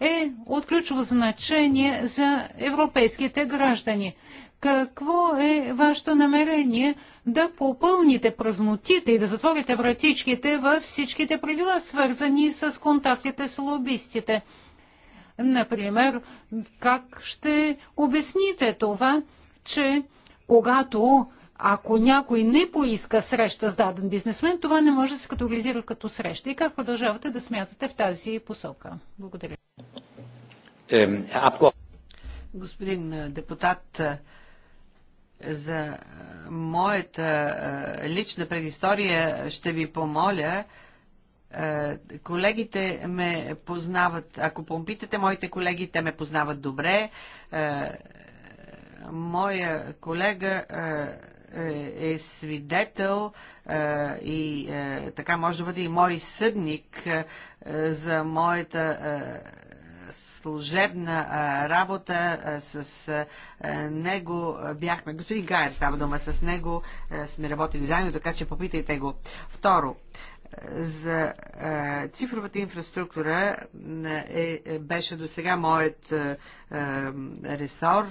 е от ключово значение за европейските граждани. Какво е вашето намерение да попълните празнотите и да затворите вратичките във всичките правила, свързани с контактите с лобистите? Например, как ще обясните това, че когато ако някой не поиска среща с даден бизнесмен, това не може да се категоризира като среща. И как продължавате да смятате в тази посока? Благодаря. Господин е, депутат, е, за е, моята лична предистория ще ви помоля е, колегите ме познават, ако помпитате моите колеги, те ме познават добре. Е, моя колега е, е свидетел и така може да бъде и мой съдник за моята служебна работа с него бяхме. Господин Гайер става дума, с него сме работили заедно, така че попитайте го. Второ, за цифровата инфраструктура е, беше до сега моят ресор.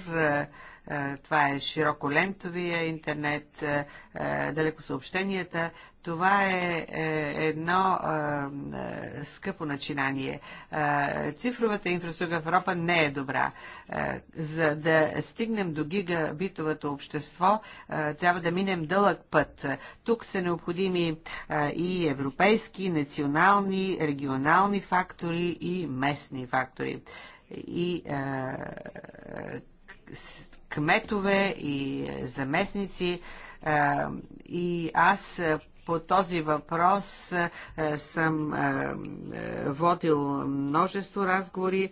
Е, това е широколентовия интернет, е, е, далекосъобщенията. Това е едно скъпо начинание. Цифровата инфраструктура в Европа не е добра. За да стигнем до гигабитовото общество, трябва да минем дълъг път. Тук са необходими и европейски, национални, регионални фактори и местни фактори. И кметове и е, заместници. Е, и аз е, по този въпрос съм водил множество разговори,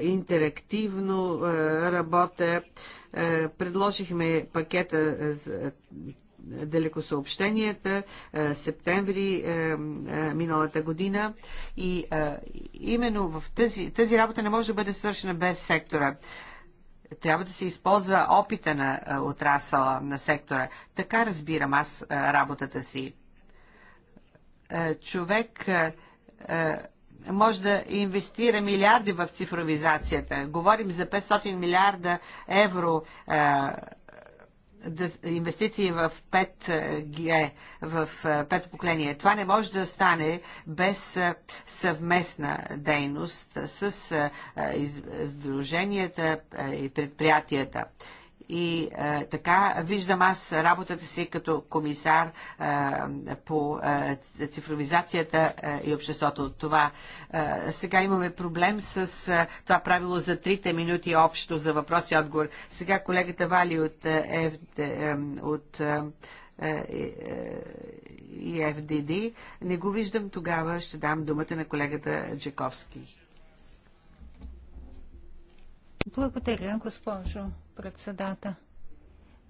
интерактивно работя. Предложихме пакета за далекосъобщенията септември миналата година и именно в тази, тази работа не може да бъде свършена без сектора трябва да се използва опита на отрасъла, на сектора. Така разбирам аз работата си. Човек може да инвестира милиарди в цифровизацията. Говорим за 500 милиарда евро инвестиции в 5G, в пето поколение. Това не може да стане без съвместна дейност с издруженията и предприятията и а, е, така виждам аз работата си като комисар а, е, по а, е, цифровизацията а, и обществото от това. А, сега имаме проблем с а, това правило за трите минути общо за въпрос и отговор. Сега колегата Вали от, е, е, от а, и ФДД. Не го виждам тогава. Ще дам думата на колегата Джаковски. Благодаря, госпожо председател.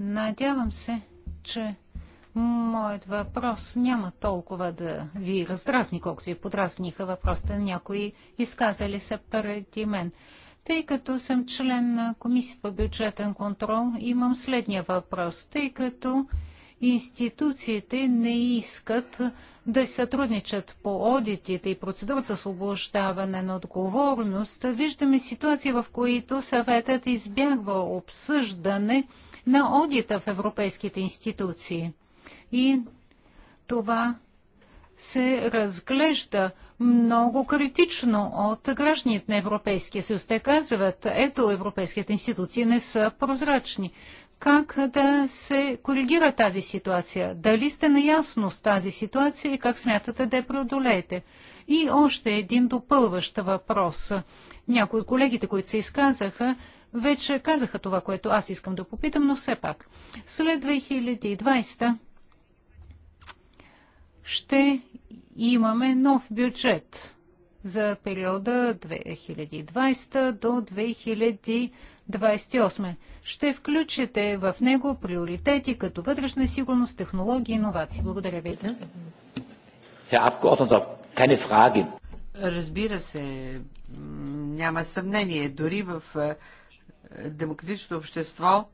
Надявам се, че моят въпрос няма толкова да ви раздразни, колкото ви подразниха въпросите на някои изказали се преди мен. Тъй като съм член на Комисията по бюджетен контрол, имам следния въпрос. Тъй като институциите не искат да сътрудничат по одитите и процедурата за освобождаване на отговорност, виждаме ситуации, в които съветът избягва обсъждане на одита в европейските институции. И това се разглежда много критично от гражданите на Европейския съюз. Те казват, ето, европейските институции не са прозрачни как да се коригира тази ситуация? Дали сте наясно с тази ситуация и как смятате да я преодолеете? И още един допълващ въпрос. Някои колегите, които се изказаха, вече казаха това, което аз искам да попитам, но все пак. След 2020 ще имаме нов бюджет за периода 2020 до 2020 28. Ще включите в него приоритети като вътрешна сигурност, технологии и иновации. Благодаря ви. Разбира се, няма съмнение. Дори в демократичното общество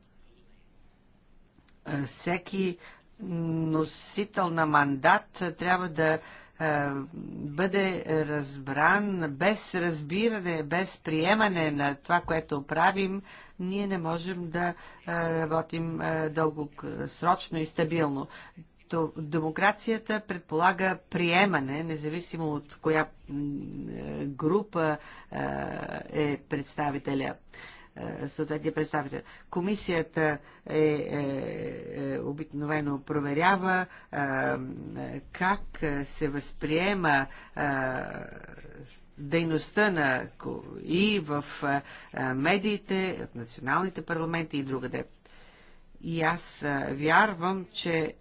всеки носител на мандат трябва да е, бъде разбран без разбиране, без приемане на това, което правим, ние не можем да е, работим е, дългосрочно и стабилно. Демокрацията предполага приемане, независимо от коя група е представителя. Е, съответния представител. Комисията е, е, е, обикновено проверява е, как се възприема е, дейността на и в е, медиите, в националните парламенти и другаде. И аз е, вярвам, че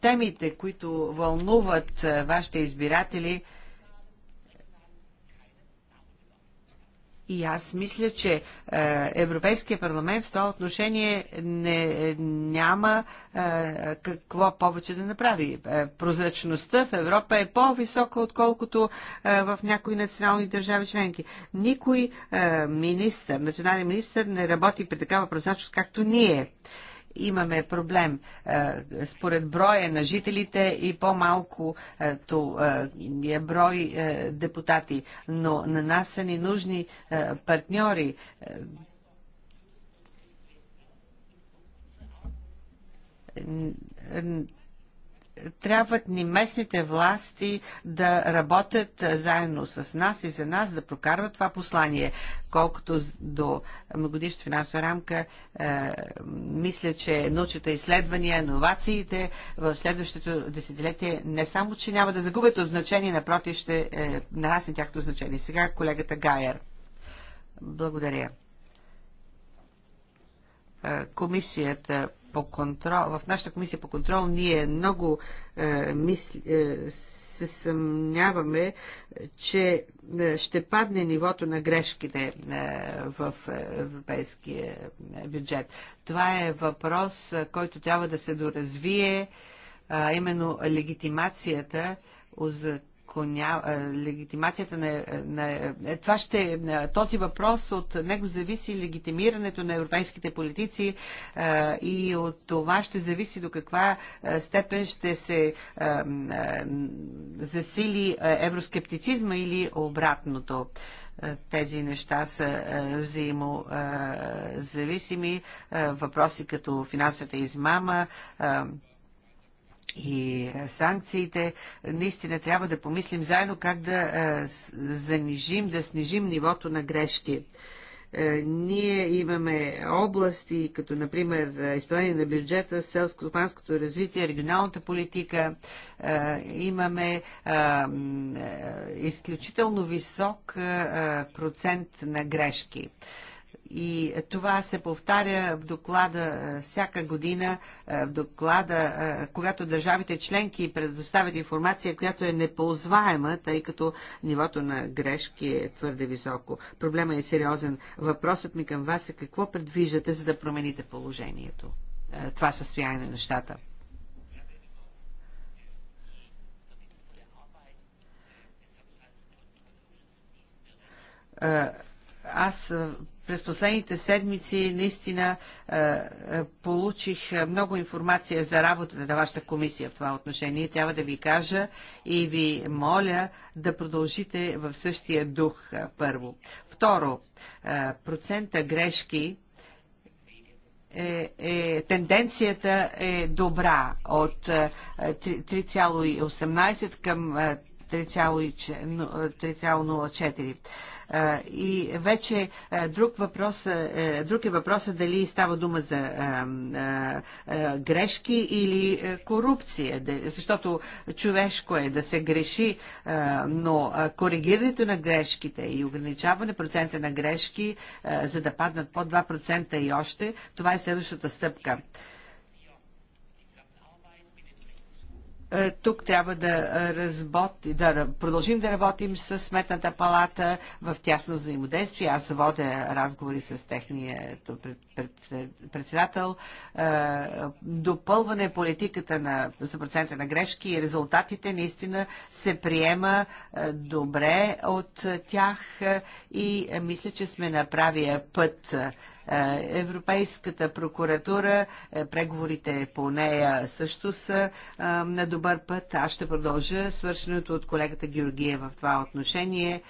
темите, които вълнуват е, вашите избиратели, е, И аз мисля, че е, Европейския парламент в това отношение не, няма е, какво повече да направи. Е, прозрачността в Европа е по-висока, отколкото е, в някои национални държави членки. Никой е, министр, национален министр не работи при такава прозрачност, както ние. Е, имаме проблем е, според броя на жителите и по-малко е, е, е брой депутати, но на нас са ни нужни партньори трябват ни местните власти да работят заедно с нас и за нас да прокарват това послание. Колкото до многодишната финансова рамка, е, мисля, че научните изследвания, иновациите в следващото десетилетие не само, че няма да загубят от значение, напротив, ще е, нарасне тяхното значение. Сега колегата Гайер. Благодаря. Е, комисията по контрол, в нашата комисия по контрол ние много е, мисли, е, се съмняваме, че е, ще падне нивото на грешките е, в е, европейския бюджет. Това е въпрос, който трябва да се доразвие, а именно легитимацията, отклоня, легитимацията на, на е, това ще, е, този въпрос от него зависи легитимирането на европейските политици а, е, и от това ще зависи до каква степен ще се а, засили евроскептицизма или обратното тези неща са взаимозависими. Въпроси като финансовата измама, и е, санкциите, наистина трябва да помислим заедно как да е, занижим, да снижим нивото на грешки е, ние имаме области, като например изпълнение на бюджета, селско-стопанското развитие, регионалната политика, имаме изключително висок процент на грешки. И това се повтаря в доклада всяка година, в доклада, когато държавите членки предоставят информация, която е неползваема, тъй като нивото на грешки е твърде високо. Проблема е сериозен. Въпросът ми към вас е какво предвиждате, за да промените положението, това състояние на нещата? Аз през последните седмици наистина е, е, получих е, много информация за работата на вашата комисия в това отношение. Трябва да ви кажа и ви моля да продължите в същия дух първо. Второ, процента грешки е, е, тенденцията е добра от 3,18 към 3,04. И вече друг, въпрос, е, друг е въпросът дали става дума за грешки или корупция, защото човешко е да се греши, но коригирането на грешките и ограничаване процента на грешки, за да паднат по 2% и още, това е следващата стъпка. Е, тук трябва да, разботи, да продължим да работим с Сметната палата в тясно взаимодействие. Аз водя разговори с техния председател. Е, допълване политиката на, за процента на грешки и резултатите наистина се приема е, добре от тях и мисля, че сме на правия път е, Европейската прокуратура, е, преговорите по нея също са е, на добър път. Аз ще продължа свършеното от колегата Георгия в това отношение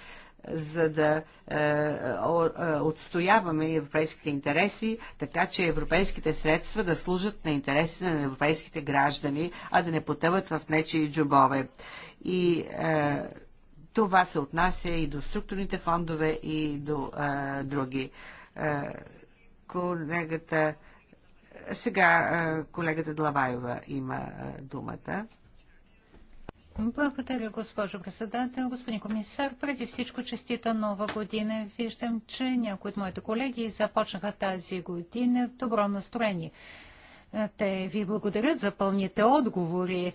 за да отстояваме европейските интереси, така че европейските средства да служат на интересите на европейските граждани, а да не потъват в нечи джобове. И това се отнася и до структурните фондове, и до други. Колегата сега колегата Длаваева има думата. Благодаря, госпожо председател. Господин комисар, преди всичко честита нова година. Виждам, че някои от моите колеги започнаха тази година в добро настроение. Те ви благодарят за пълните отговори,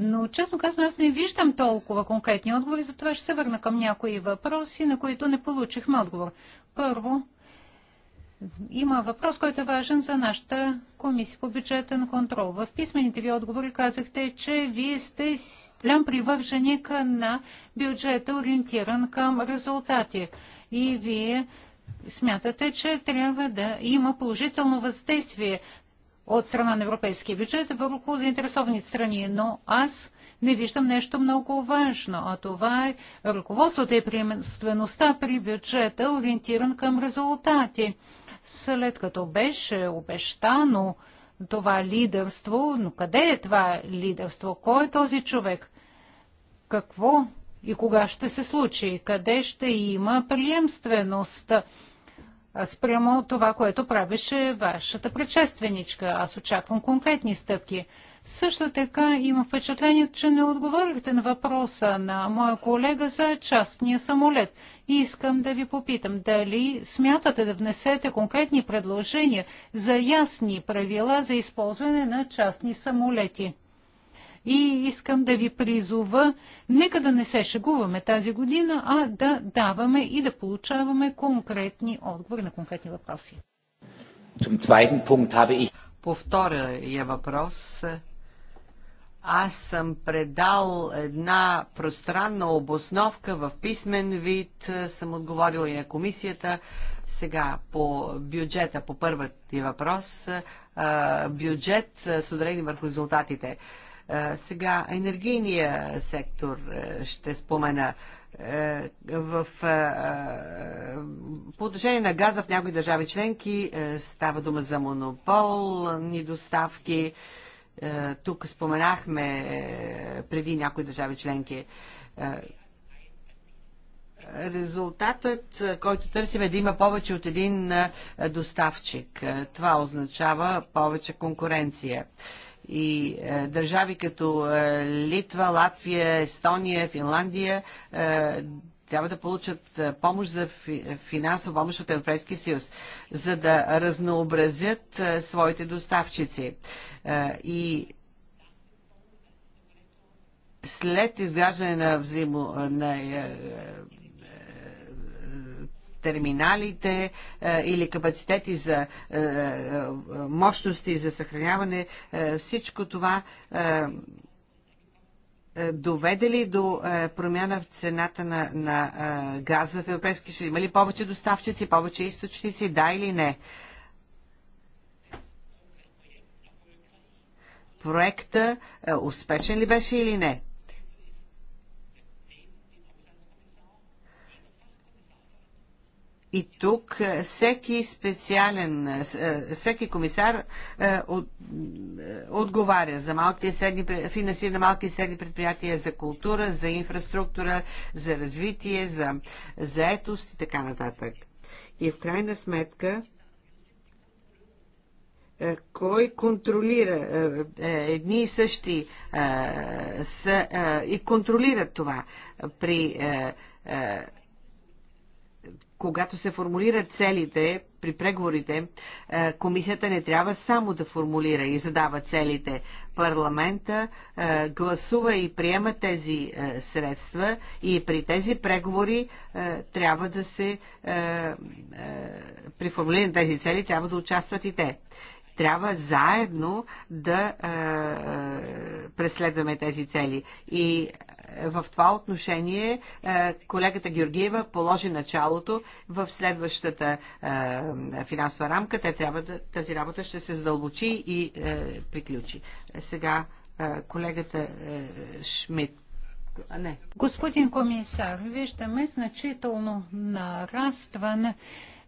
но честно казвам, аз не виждам толкова конкретни отговори, затова ще се върна към някои въпроси, на които не получихме отговор. Първо, има въпрос, който е важен за нашата комисия по бюджетен контрол. В писмените ви отговори казахте, че вие сте голям привърженик на бюджета, ориентиран към резултати. И вие смятате, че трябва да има положително въздействие от страна на европейския бюджет върху заинтересованите страни. Но аз не виждам нещо много важно, а това е ръководството и приемствеността при бюджета, ориентиран към резултати. След като беше обещано това лидерство, но къде е това лидерство? Кой е този човек? Какво и кога ще се случи? Къде ще има приемственост? спрямо това, което правеше вашата предшественичка. Аз очаквам конкретни стъпки. Също така има впечатление, че не отговорихте на въпроса на моя колега за частния самолет. И искам да ви попитам, дали смятате да внесете конкретни предложения за ясни правила за използване на частни самолети? И искам да ви призова, нека да не се шегуваме тази година, а да даваме и да получаваме конкретни отговори на конкретни въпроси. По втория е въпрос, аз съм предал една пространна обосновка в писмен вид, съм отговорила и на комисията. Сега по бюджета, по първият въпрос, бюджет с ударение върху резултатите. Сега енергийния сектор ще спомена в, по на газа в някои държави членки става дума за монопол, доставки. Тук споменахме преди някои държави членки. Резултатът, който търсим е да има повече от един доставчик. Това означава повече конкуренция и е, държави като е, Литва, Латвия, Естония, Финландия е, трябва да получат е, помощ за фи, финансова помощ от Европейския съюз, за да разнообразят е, своите доставчици. Е, и след изграждане на, взаимо, на е, терминалите е, или капацитети за е, е, мощности за съхраняване, всичко това доведе ли до промяна в цената на, на газа в Европейски съюз? Има ли повече доставчици, повече източници, да или не? Проекта успешен ли беше или не? И тук е, всеки специален, е, е, всеки комисар отговаря за малки и средни, финансиране на малки и средни предприятия, за култура, за инфраструктура, за развитие, за заетост и така нататък. И в крайна сметка, кой контролира едни и същи са, и контролира това при когато се формулират целите при преговорите, е, комисията не трябва само да формулира и задава целите. Парламента е, гласува и приема тези е, средства и при тези преговори трябва да се, при формулиране на тези цели трябва да участват и те трябва заедно да преследваме тези цели. И в това отношение е, колегата Георгиева положи началото в следващата е, финансова рамка. Те трябва да, тази работа ще се задълбочи и е, приключи. Сега колегата Шмидт. Не. Господин комисар, виждаме значително нарастване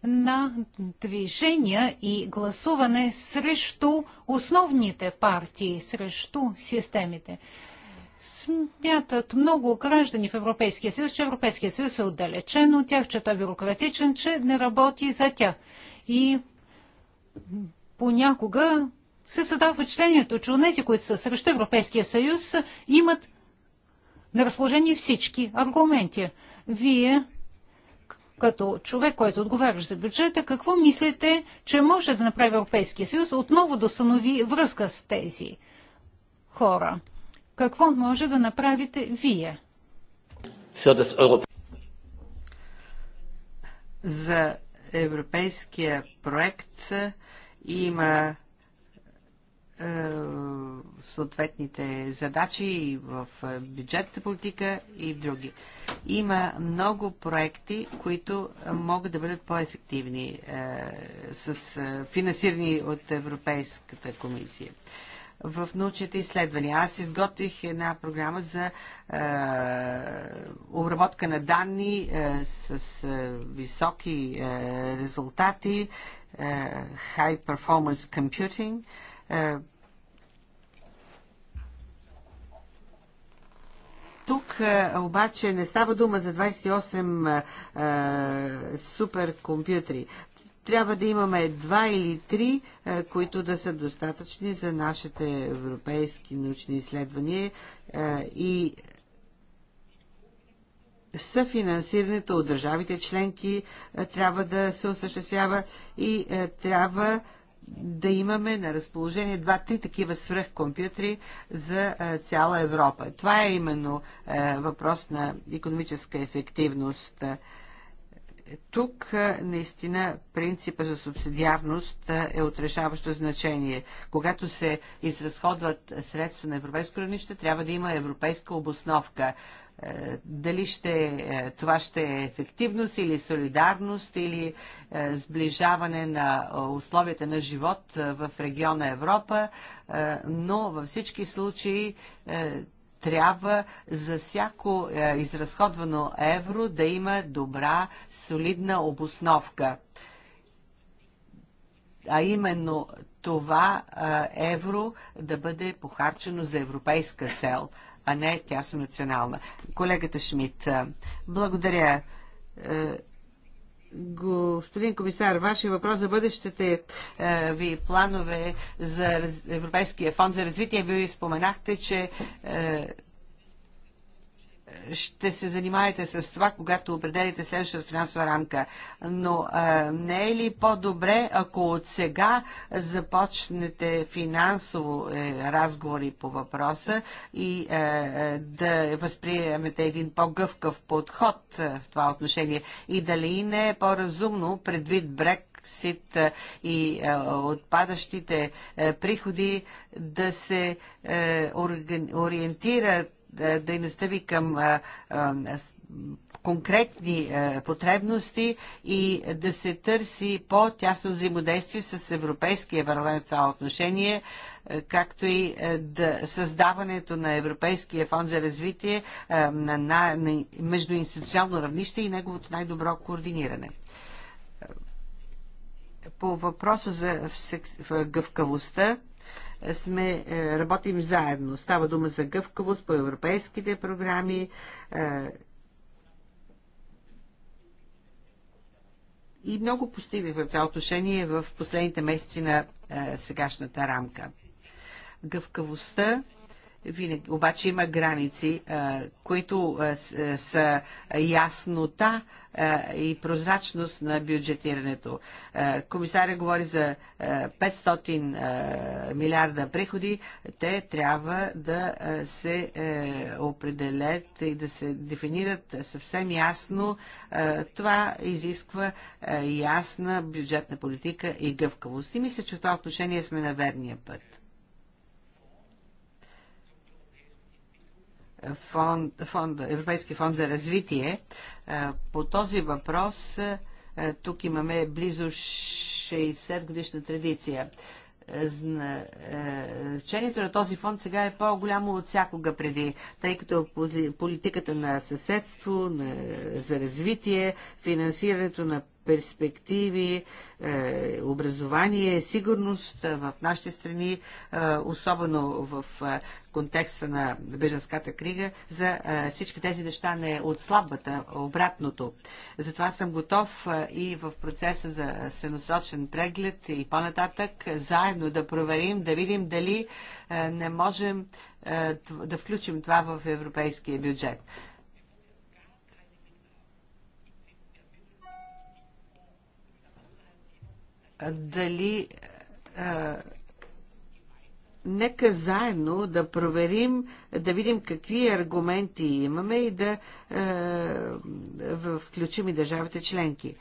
на движения и гласуване срещу основните партии, срещу системите смятат много граждани в Европейския съюз, че Европейския съюз е отдалечен от тях, че той е бюрократичен, че не работи за тях. И понякога се създава впечатлението, че онези, които са срещу Европейския съюз, имат на разположение всички аргументи. Вие, като човек, който отговаряш за бюджета, какво мислите, че може да направи Европейския съюз отново да установи връзка с тези хора? Какво може да направите вие? За европейския проект има е, съответните задачи в бюджетната политика и в други. Има много проекти, които могат да бъдат по-ефективни, е, с, е, финансирани от Европейската комисия в научните изследвания. Аз изготвих една програма за е, обработка на данни е, с е, високи е, резултати, е, High Performance Computing. Е, Тук е, обаче не става дума за 28 е, е, суперкомпютри. Трябва да имаме два или три, е, които да са достатъчни за нашите европейски научни изследвания е, и съфинансирането от държавите членки е, трябва да се осъществява и трябва да имаме на разположение два-три такива свръхкомпютри за цяла Европа. Това е именно въпрос на економическа ефективност тук наистина принципа за субсидиарност е отрешаващо значение. Когато се изразходват средства на европейско равнище, трябва да има европейска обосновка. Е, дали ще, е, това ще е ефективност или солидарност или е, сближаване на условията на живот в региона Европа, но във всички случаи трябва за всяко е, изразходвано евро да има добра, солидна обосновка. А именно това е, евро да бъде похарчено за европейска цел, а не тясно национална. Колегата Шмидт, е, благодаря. Господин комисар, вашия въпрос за бъдещите е, ви планове за Европейския фонд за развитие, вие споменахте, че е, ще се занимаете с това, когато определите следващата финансова рамка. Но а, не е ли по-добре, ако от сега започнете финансово е, разговори по въпроса и е, е да възприемете един по-гъвкав подход е, в това отношение? И дали не е по-разумно, предвид брек, Сит е, и е, отпадащите е, приходи да се е, ориентират е, дейността ви към е, е, конкретни потребности и да се търси по-тясно взаимодействие с Европейския парламент в това отношение, както и да създаването на Европейския фонд за развитие на, на, на междуинституционално равнище и неговото най-добро координиране по въпроса за гъвкавостта, сме, е, работим заедно. Става дума за гъвкавост по европейските програми е, и много постигнахме в това отношение в последните месеци на е, сегашната рамка. Гъвкавостта винаги, обаче има граници, които са яснота и прозрачност на бюджетирането. Комисаря говори за 500 милиарда приходи. Те трябва да се е, определят и да се дефинират съвсем ясно. Това изисква ясна бюджетна политика и гъвкавост. И мисля, че в това отношение сме на верния път. фонд, фонд, Европейски фонд за развитие. По този въпрос тук имаме близо 60 годишна традиция. Значението на този фонд сега е по-голямо от всякога преди, тъй като политиката на съседство, на, за развитие, финансирането на перспективи, е, образование, сигурност е, в нашите страни, е, особено в контекста на Бежанската книга, за всички тези неща не отслабвата, обратното. Затова съм готов и в процеса за средносрочен преглед и по-нататък заедно да проверим, да видим дали не можем да включим това в европейския бюджет. дали нека заедно да проверим, да видим какви аргументи имаме и да а, включим и държавите членки.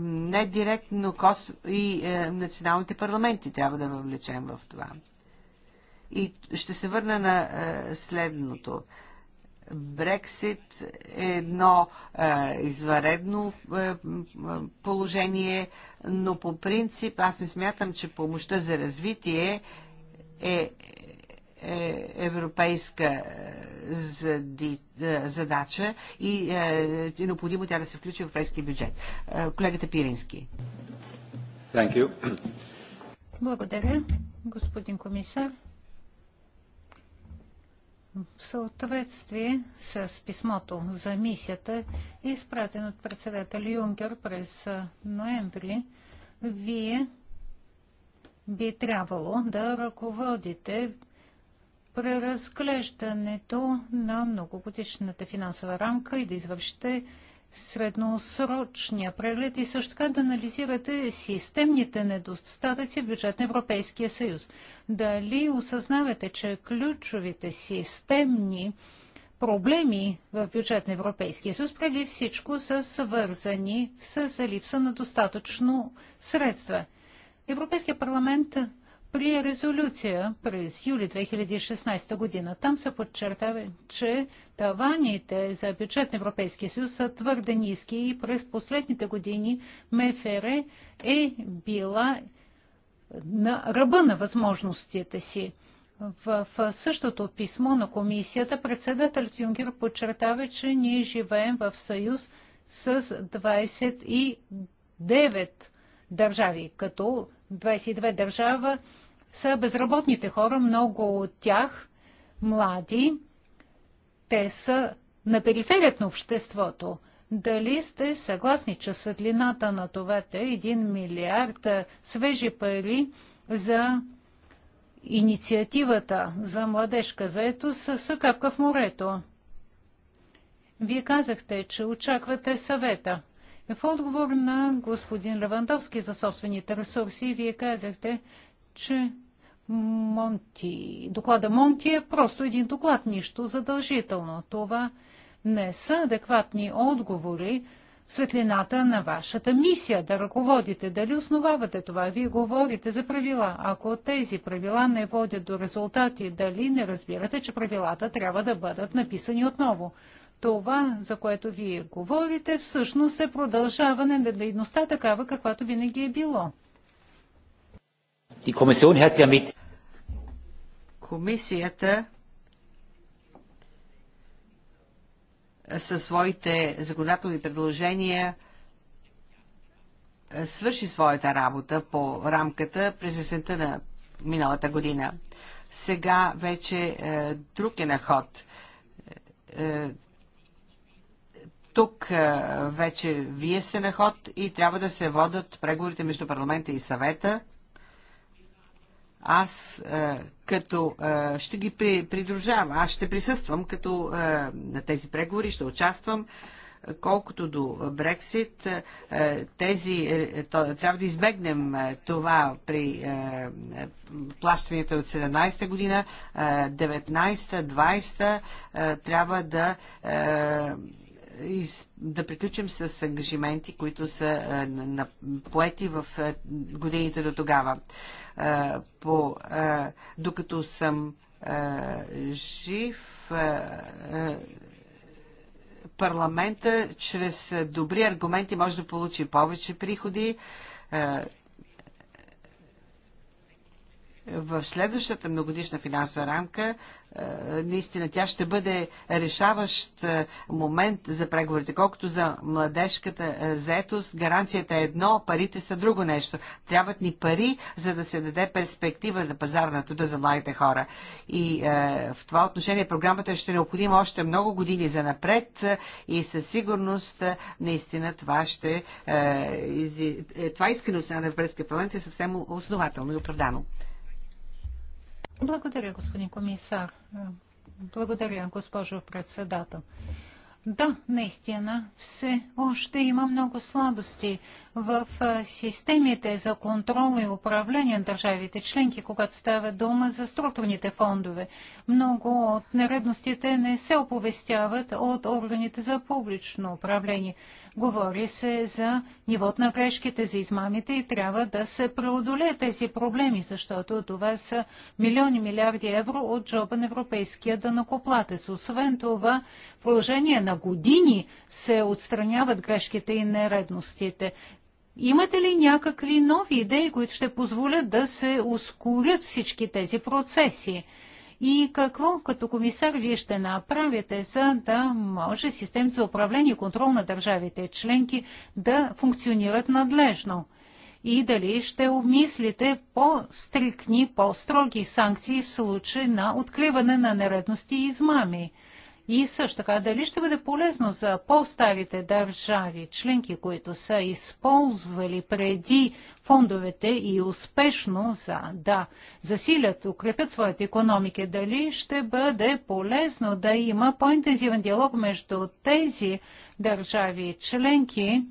не директно кос... и е, националните парламенти трябва да въвлечем в това. И ще се върна на е, следното. Е, Брексит е едно е, изваредно е, положение, но по принцип аз не смятам, че помощта за развитие е, е европейска е, зади, е, задача и е, е необходимо тя да се включи в европейския бюджет. Е, колегата Пирински. Thank you. Благодаря, господин комисар. В съответствие с писмото за мисията, изпратено от председател Юнкер през ноември, вие би трябвало да ръководите преразглеждането на многогодишната финансова рамка и да извършите средносрочния преглед и също така да анализирате системните недостатъци в бюджет на Европейския съюз. Дали осъзнавате, че ключовите системни проблеми в бюджет на Европейския съюз преди всичко са свързани с липса на достатъчно средства. Европейския парламент при резолюция през юли 2016 година. Там се подчертава, че таваните за бюджет на Европейския съюз са твърде ниски и през последните години МФР е била на ръба на възможностите си. В същото писмо на комисията председателят Юнгер подчертава, че ние живеем в съюз с 29 държави, като 22 държава са безработните хора, много от тях млади. Те са на периферията на обществото. Дали сте съгласни, че светлината на това е 1 милиард свежи пари за инициативата за младежка заето с са капка в морето? Вие казахте, че очаквате съвета. Е, в отговор на господин Левандовски за собствените ресурси, вие казахте, че Монти, доклада Монти е просто един доклад, нищо задължително. Това не са адекватни отговори в светлината на вашата мисия да ръководите. Дали основавате това? Вие говорите за правила. Ако тези правила не водят до резултати, дали не разбирате, че правилата трябва да бъдат написани отново? това, за което вие говорите, всъщност е продължаване на дейността такава, каквато винаги е било. Комисията със своите законодателни предложения свърши своята работа по рамката през есента на миналата година. Сега вече е, друг е на ход. Е, е тук вече вие сте на ход и трябва да се водат преговорите между парламента и съвета. Аз като ще ги придружавам, аз ще присъствам като на тези преговори, ще участвам колкото до Брексит, тези, е, трябва да избегнем това при плащанията от 17-та година, 19-та, 20-та, трябва да да приключим с ангажименти, които са поети в годините до тогава. По, докато съм жив, парламента чрез добри аргументи може да получи повече приходи. В следващата многодишна финансова рамка е, наистина тя ще бъде решаващ е, момент за преговорите. Колкото за младежката е, заетост, гаранцията е едно, парите са друго нещо. Трябват ни пари, за да се даде перспектива на на труда за младите хора. И е, в това отношение програмата ще е необходима още много години за напред и със сигурност наистина това ще е, е това искане от страна на Европейския парламент е съвсем основателно и оправдано. Благодаря, господин комисар. Благодаря, госпожо председател. Да, наистина, все още има много слабости в системите за контрол и управление на държавите членки, когато става дума за структурните фондове. Много от нередностите не се оповестяват от органите за публично управление. Говори се за нивото на грешките, за измамите и трябва да се преодолее тези проблеми, защото това са милиони милиарди евро от джоба на европейския данакоплатец. Освен това, в продължение на години се отстраняват грешките и нередностите. Имате ли някакви нови идеи, които ще позволят да се ускорят всички тези процеси? И какво като комисар вие ще направите, за да може системите за управление и контрол на държавите членки да функционират надлежно? И дали ще обмислите по-стрикни, по-строги санкции в случай на откриване на нередности и измами? И също така, дали ще бъде полезно за по-старите държави, членки, които са използвали преди фондовете и успешно за да засилят, укрепят своите економики, дали ще бъде полезно да има по-интензивен диалог между тези държави членки,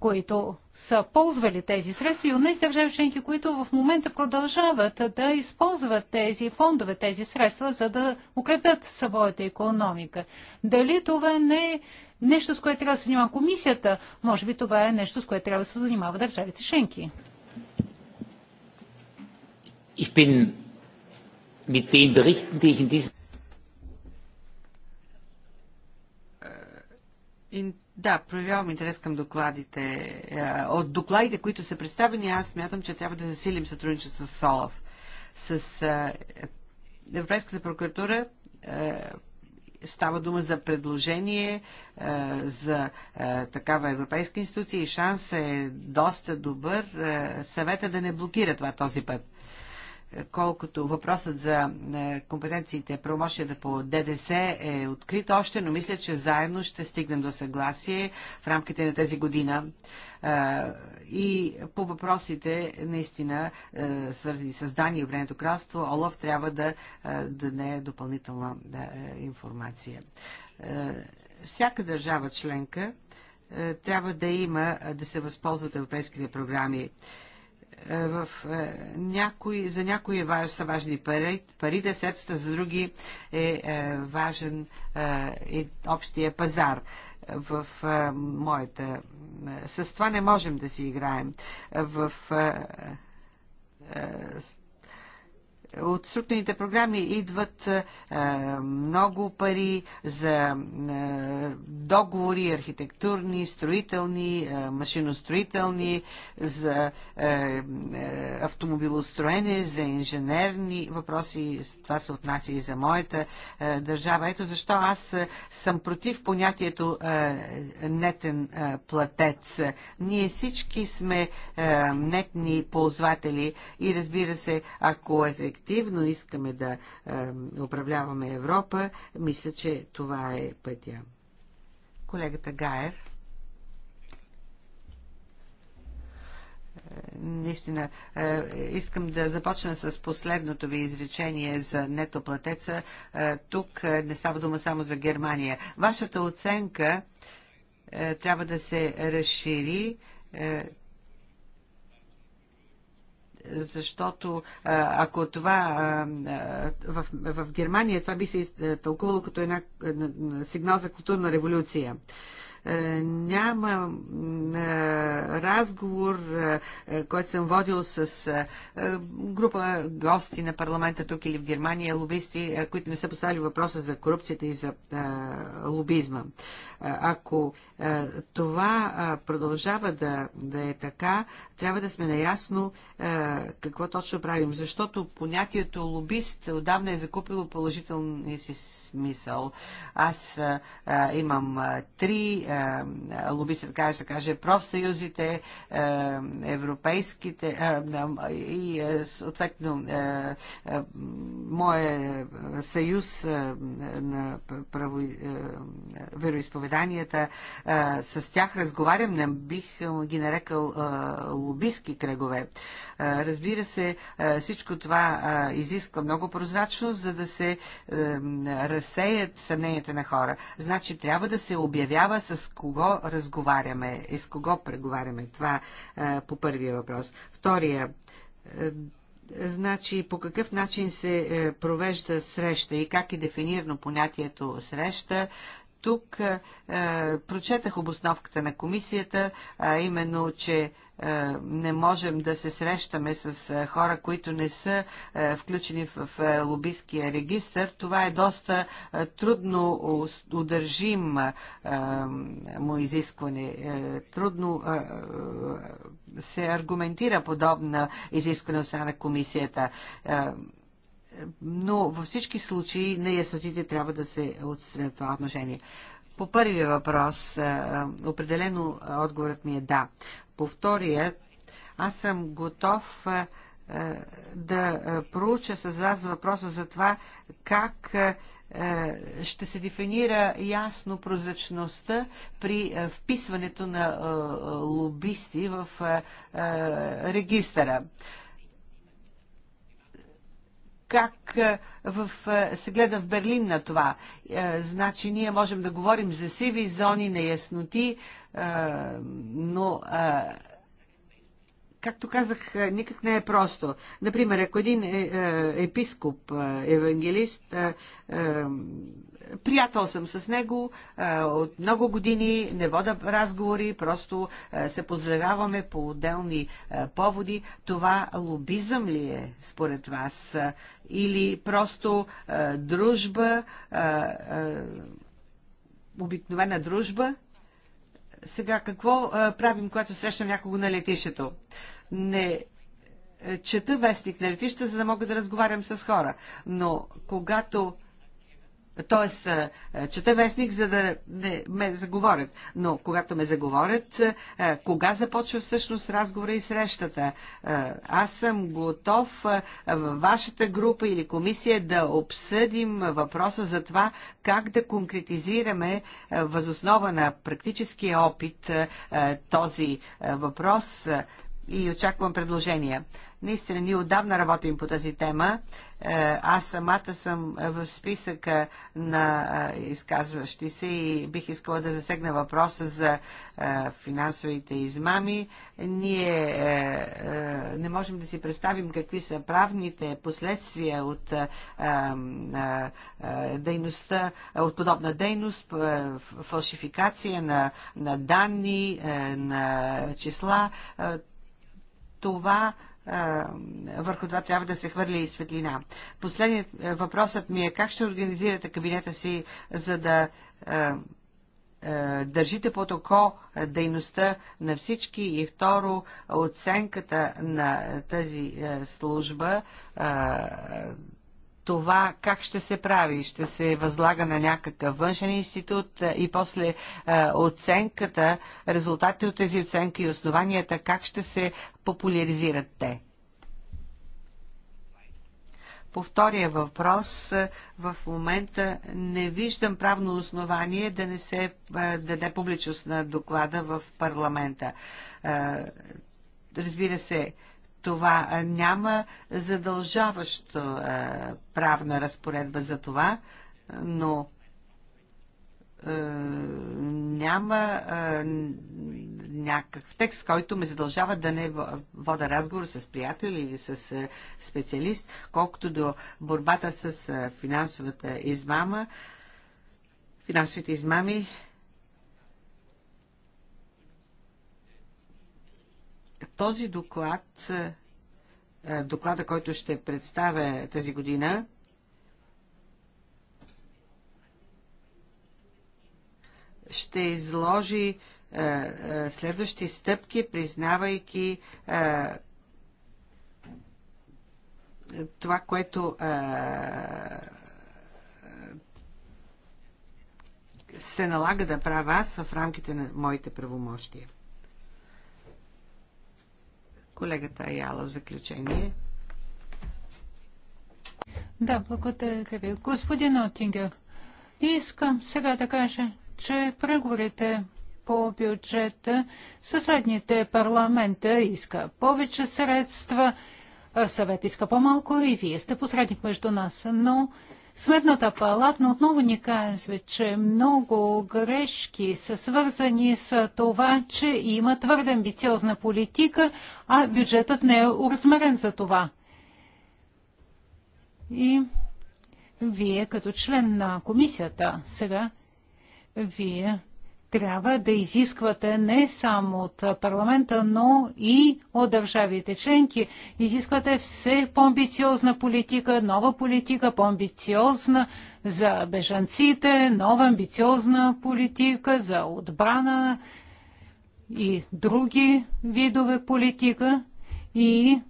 които са ползвали тези средства и от тези държави членки, които в момента продължават да използват тези фондове, тези средства, за да укрепят своята економика. Дали това не е нещо, с което трябва да се занимава комисията, може би това е нещо, с което трябва да се занимава държавите членки. Интересно. Да, проявявам интерес към докладите. Е, от докладите, които са представени, аз смятам, че трябва да засилим сътрудничество с ОЛАФ. С е, Европейската прокуратура е, става дума за предложение за такава европейска институция и шанс е доста добър съвета да не блокира това този път колкото въпросът за е, компетенциите, промощията по ДДС е открит още, но мисля, че заедно ще стигнем до съгласие в рамките на тази година. Е, и по въпросите, наистина, е, свързани с Дания и Обреното кралство, Олаф трябва да даде допълнителна информация. Всяка държава членка трябва да има, да се възползват европейските програми. Е, в е, някои, за някои е важ, са важни пари, парите, средствата за други е, е важен е, общия пазар в е, моята. С това не можем да си играем. В е, от структурните програми идват е, много пари за е, договори, архитектурни, строителни, е, машиностроителни, за автомобилостроене, за инженерни въпроси. Това се отнася и за моята държава. Ето защо аз съм против понятието нетен платец. Ние всички сме нетни ползватели и разбира се, ако ефективно ефективно искаме да управляваме Европа, мисля, че това е пътя. Колегата Гаер. Е, наистина, е, искам да започна с последното ви изречение за нетоплатеца. Е, тук не става дума само за Германия. Вашата оценка трябва да се разшири защото ако това в, в Германия това би се е, тълкувало като една е, сигнал за културна революция. Е, няма е, разговор, е, който съм водил с група гости на парламента тук или в Германия, лобисти, които не са поставили въпроса за корупцията и за лобизма. Ако това продължава да, да е така, трябва да сме наясно какво точно правим, защото понятието лобист отдавна е закупило положителни си смисъл. Аз а, имам а, три а, лобисти, така да каже, профсъюзите, а, европейските а, и съответно моят съюз а, на право, а, вероисповеданията, а, с тях разговарям, не бих ги нарекал а, лобистки кръгове. Разбира се, всичко това изисква много прозрачност, за да се разсеят съмненията на хора. Значи трябва да се обявява с кого разговаряме и с кого преговаряме. Това по първия въпрос. Втория е, значи по какъв начин се е, провежда среща и как е дефинирано понятието среща, тук е, е, прочетах обосновката на комисията, а именно, че е, не можем да се срещаме с е, хора, които не са е, включени в, в е, лобистския регистр. Това е доста е, трудно удържим е, му изискване. Е, трудно е, е, се аргументира подобна изискване от страна на комисията. Е, но във всички случаи неяснотите трябва да се отстранят това отношение. По първия въпрос, определено отговорът ми е да. По втория, аз съм готов да проуча с вас въпроса за това как ще се дефинира ясно прозрачността при вписването на лобисти в регистъра как е, в, е, се гледа в Берлин на това. Е, значи ние можем да говорим за сиви зони, неясноти, но както казах, никак не е просто. Например, ако един епископ, евангелист, приятел съм с него от много години, не вода разговори, просто се поздравяваме по отделни поводи. Това лобизъм ли е според вас? Или просто дружба, обикновена дружба? Сега какво правим, когато срещам някого на летището? Не, чета вестник на летища, за да мога да разговарям с хора. Но когато Тоест, чета вестник, за да не ме заговорят. Но когато ме заговорят, кога започва всъщност разговора и срещата? Аз съм готов във вашата група или комисия да обсъдим въпроса за това как да конкретизираме възоснова на практическия опит този въпрос и очаквам предложения. Наистина, ние отдавна работим по тази тема. Е, аз самата съм в списъка на е, изказващи се и бих искала да засегна въпроса за е, финансовите измами. Ние не можем да си представим какви са правните последствия от дейността, от подобна дейност, фалшификация на, на данни, на числа това върху това трябва да се хвърли и светлина. Последният въпросът ми е как ще организирате кабинета си, за да държите под око дейността на всички и второ оценката на тази служба това как ще се прави. Ще се възлага на някакъв външен институт и после оценката, резултатите от тези оценки и основанията, как ще се популяризират те. По втория въпрос, в момента не виждам правно основание да не се даде публичност на доклада в парламента. Разбира се, това. Няма задължаващо правна разпоредба за това, но няма някакъв текст, който ме задължава да не вода разговор с приятел или с специалист, колкото до борбата с финансовата измама. Финансовите измами Този доклад, е, е, доклада, който ще представя тази година, ще изложи е, следващи стъпки, признавайки това, което се налага да правя аз в рамките на моите правомощия. Колегата Аяла в заключение. Да, благодаря ви. Господин Отингер, искам сега да кажа, че преговорите по бюджета съседните парламента иска повече средства, съвет иска по-малко и вие сте посредник между нас. Но Сметната палатна отново ни казва, че много грешки са свързани с това, че има твърде амбициозна политика, а бюджетът не е уразмерен за това. И вие като член на комисията сега, вие трябва да изисквате не само от парламента, но и от държавите членки. Изисквате все по-амбициозна политика, нова политика, по-амбициозна за бежанците, нова амбициозна политика за отбрана и други видове политика. И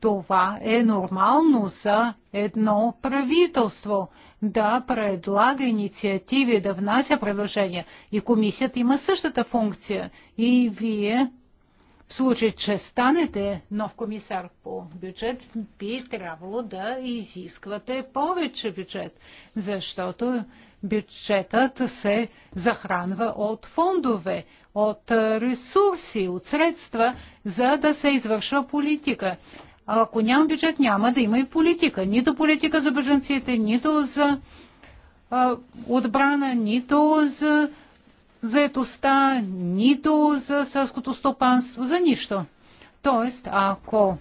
това е нормално за едно правителство – да предлага инициативи, да внася предложения. И комисията има същата функция. И вие, в случай, че станете нов комисар по бюджет, би трябвало да изисквате повече бюджет, защото бюджетът се захранва от фондове, от ресурси, от средства, за да се извършва политика. А ако няма бюджет, няма да има и политика. Нито политика за беженците, нито за а, отбрана, нито за заетостта, нито за селското стопанство, за нищо. Тоест, ако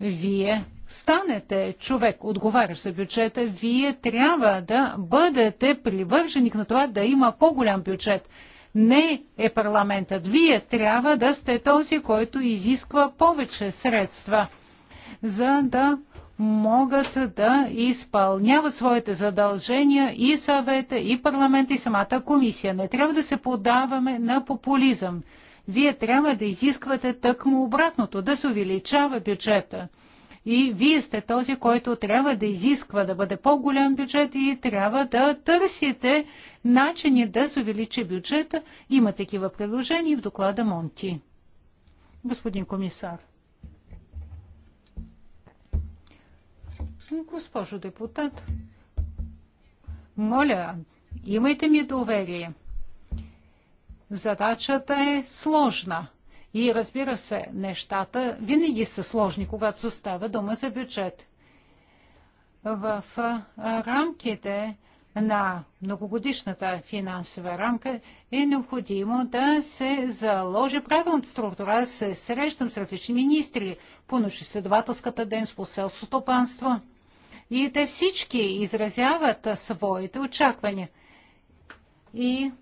вие станете човек, отговарящ за бюджета, вие трябва да бъдете привърженик на това да има по-голям бюджет. Не е парламентът. Вие трябва да сте този, който изисква повече средства – за да могат да изпълняват своите задължения и съвета, и парламент, и самата комисия. Не трябва да се подаваме на популизъм. Вие трябва да изисквате тъкмо обратното, да се увеличава бюджета. И вие сте този, който трябва да изисква да бъде по-голям бюджет и трябва да търсите начини да се увеличи бюджета. Има такива предложения в доклада Монти. Господин комисар. Госпожо депутат, моля, имайте ми доверие. Задачата е сложна. И разбира се, нещата винаги са сложни, когато се става дума за бюджет. В рамките на многогодишната финансова рамка е необходимо да се заложи правилната структура. Аз се срещам с различни министри по научно-изследователската ден, по селско стопанство – и те всички изразяват своите очаквания. И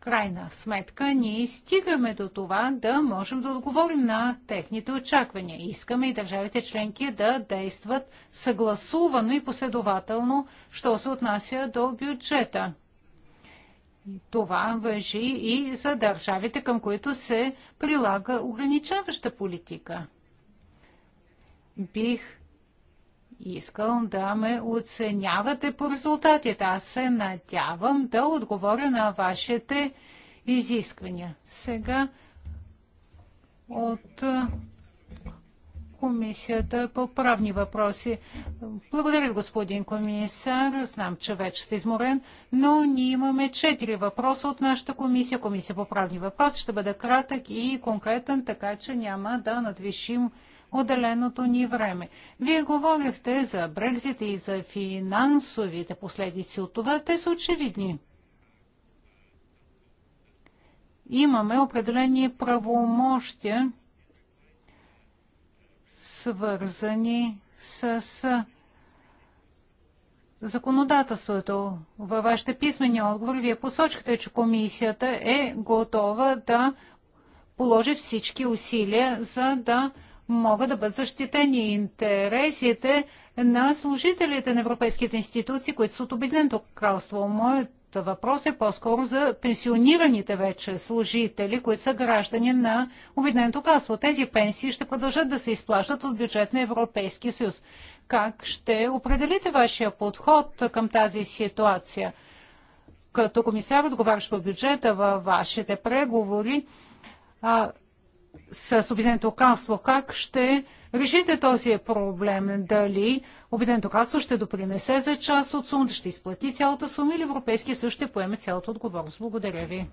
крайна сметка ние стигаме до това да можем да отговорим на техните очаквания. Искаме и държавите членки да действат съгласувано и последователно, що се отнася до бюджета. Това въжи и за държавите, към които се прилага ограничаваща политика. Бих Искам да ме оценявате по резултатите. Аз се надявам да отговоря на вашите изисквания. Сега от Комисията по правни въпроси. Благодаря, господин комисар. Знам, че вече сте изморен, но ние имаме четири въпроса от нашата комисия. Комисия по правни въпроси ще бъде кратък и конкретен, така че няма да надвишим отделеното ни време. Вие говорихте за Брекзит и за финансовите последици от това. Те са очевидни. Имаме определени правомощия, свързани с законодателството. Във вашите писмени отговори вие посочихте, че комисията е готова да положи всички усилия, за да могат да бъдат защитени интересите на служителите на европейските институции, които са от Обединеното кралство. Моят въпрос е по-скоро за пенсионираните вече служители, които са граждани на Обединеното кралство. Тези пенсии ще продължат да се изплащат от бюджет на Европейския съюз. Как ще определите вашия подход към тази ситуация? Като комисар, отговарящ по бюджета във вашите преговори, а, с Обединеното кралство, как ще решите този проблем? Дали Обединеното кралство ще допринесе за част от сумата, ще изплати цялата сума или Европейския съюз ще поеме цялата отговорност? Благодаря ви.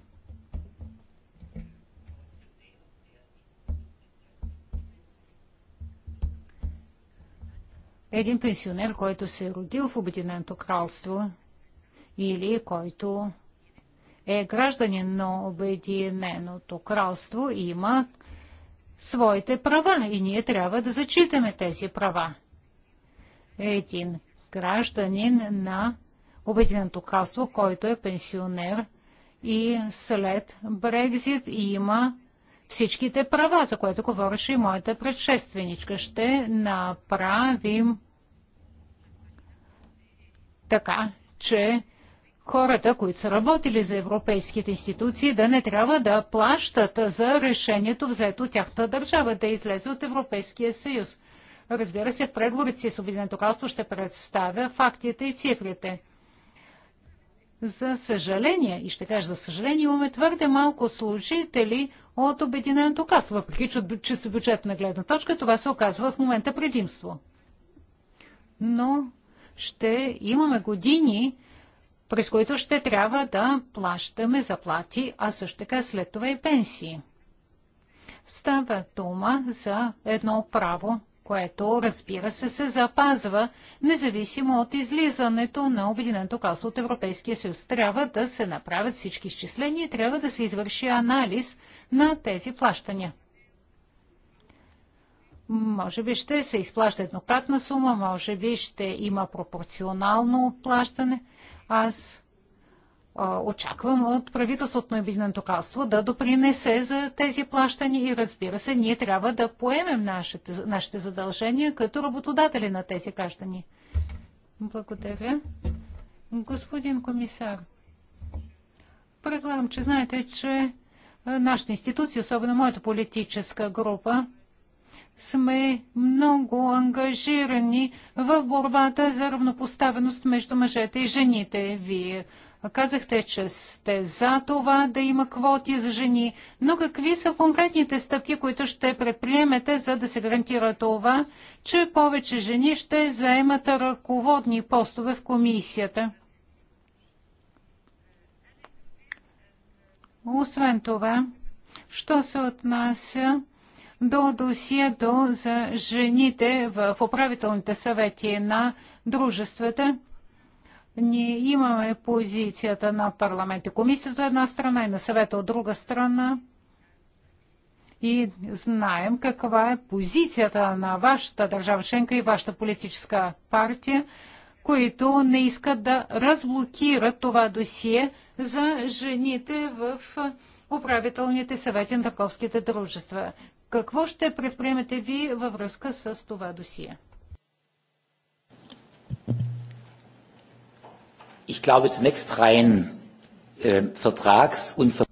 Един пенсионер, който се е родил в Обединеното кралство или който е гражданин на Обединеното кралство, има своите права и ние трябва да зачитаме тези права. Един гражданин на Обединеното кралство, който е пенсионер и след Брекзит има всичките права, за което говореше и моята предшественичка. Ще направим така, че хората, които са работили за европейските институции, да не трябва да плащат за решението взето от тяхната държава да излезе от Европейския съюз. Разбира се, в преговорите с Обединеното кралство ще представя фактите и цифрите. За съжаление, и ще кажа за съжаление, имаме твърде малко служители от Обединеното кралство, въпреки че от чисто бюджетна гледна точка това се оказва в момента предимство. Но ще имаме години, през които ще трябва да плащаме заплати, а също така след това и пенсии. Става дума за едно право, което, разбира се, се запазва, независимо от излизането на Обединеното кралство от Европейския съюз. Трябва да се направят всички изчисления и трябва да се извърши анализ на тези плащания. Може би ще се изплаща еднократна сума, може би ще има пропорционално плащане – аз очаквам от правителството на Обединеното кралство да допринесе за тези плащания и разбира се, ние трябва да поемем нашите, нашите задължения като работодатели на тези граждани. Благодаря. Господин комисар, предлагам, че знаете, че нашата институция, особено моята политическа група, сме много ангажирани в борбата за равнопоставеност между мъжете и жените. Вие казахте, че сте за това да има квоти за жени, но какви са конкретните стъпки, които ще предприемете, за да се гарантира това, че повече жени ще заемат ръководни постове в комисията? Освен това, що се отнася до досието за жените в управителните съвети на дружествата. Ние имаме позицията на парламент и комисията от една страна и на съвета от друга страна. И знаем каква е позицията на вашата държава членка и вашата политическа партия, които не искат да разблокират това досие за жените в управителните съвети на таковските дружества. Какво ще предприемете ви във връзка с това досие? Ich glaube zunächst rein äh, vertrags- und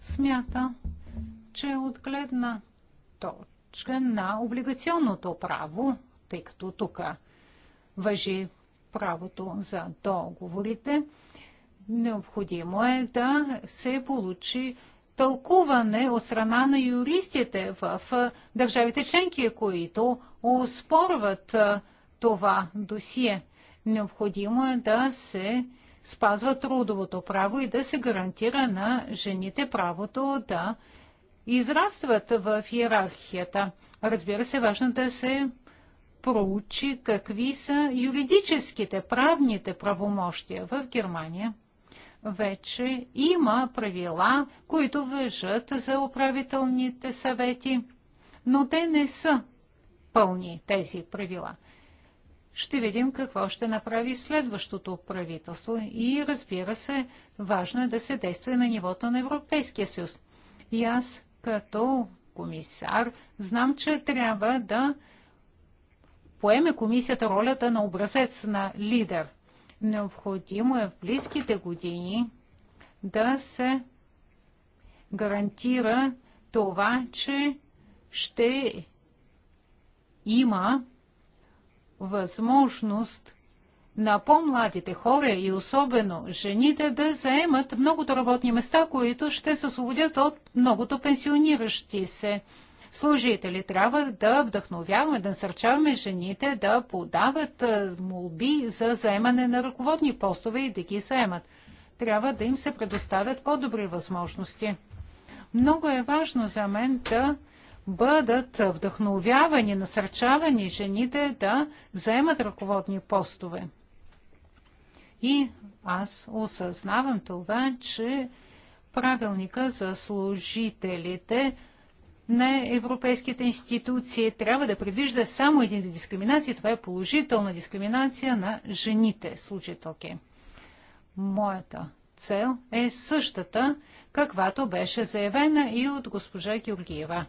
Смята, че от гледна точка на облигационното право, тъй като тук въжи правото за договорите, необходимо е да се получи тълкуване от страна на юристите в държавите членки, които успорват това досие. Необходимо е да се спазва трудовото право и да се гарантира на жените правото да израстват в иерархията. Разбира се, важно да се проучи какви са юридическите, правните правомощия в Германия вече има правила, които въжат за управителните съвети, но те не са пълни тези правила. Ще видим какво ще направи следващото правителство и разбира се, важно е да се действа на нивото на Европейския съюз. И аз като комисар знам, че трябва да поеме комисията ролята на образец на лидер – Необходимо е в близките години да се гарантира това, че ще има възможност на по-младите хора и особено жените да заемат многото работни места, които ще се освободят от многото пенсиониращи се служители. Трябва да вдъхновяваме, да насърчаваме жените да подават молби за заемане на ръководни постове и да ги заемат. Трябва да им се предоставят по-добри възможности. Много е важно за мен да бъдат вдъхновявани, насърчавани жените да заемат ръководни постове. И аз осъзнавам това, че правилника за служителите на европейските институции трябва да предвижда само един вид дискриминация. Това е положителна дискриминация на жените, служителки. Моята цел е същата, каквато беше заявена и от госпожа Георгиева.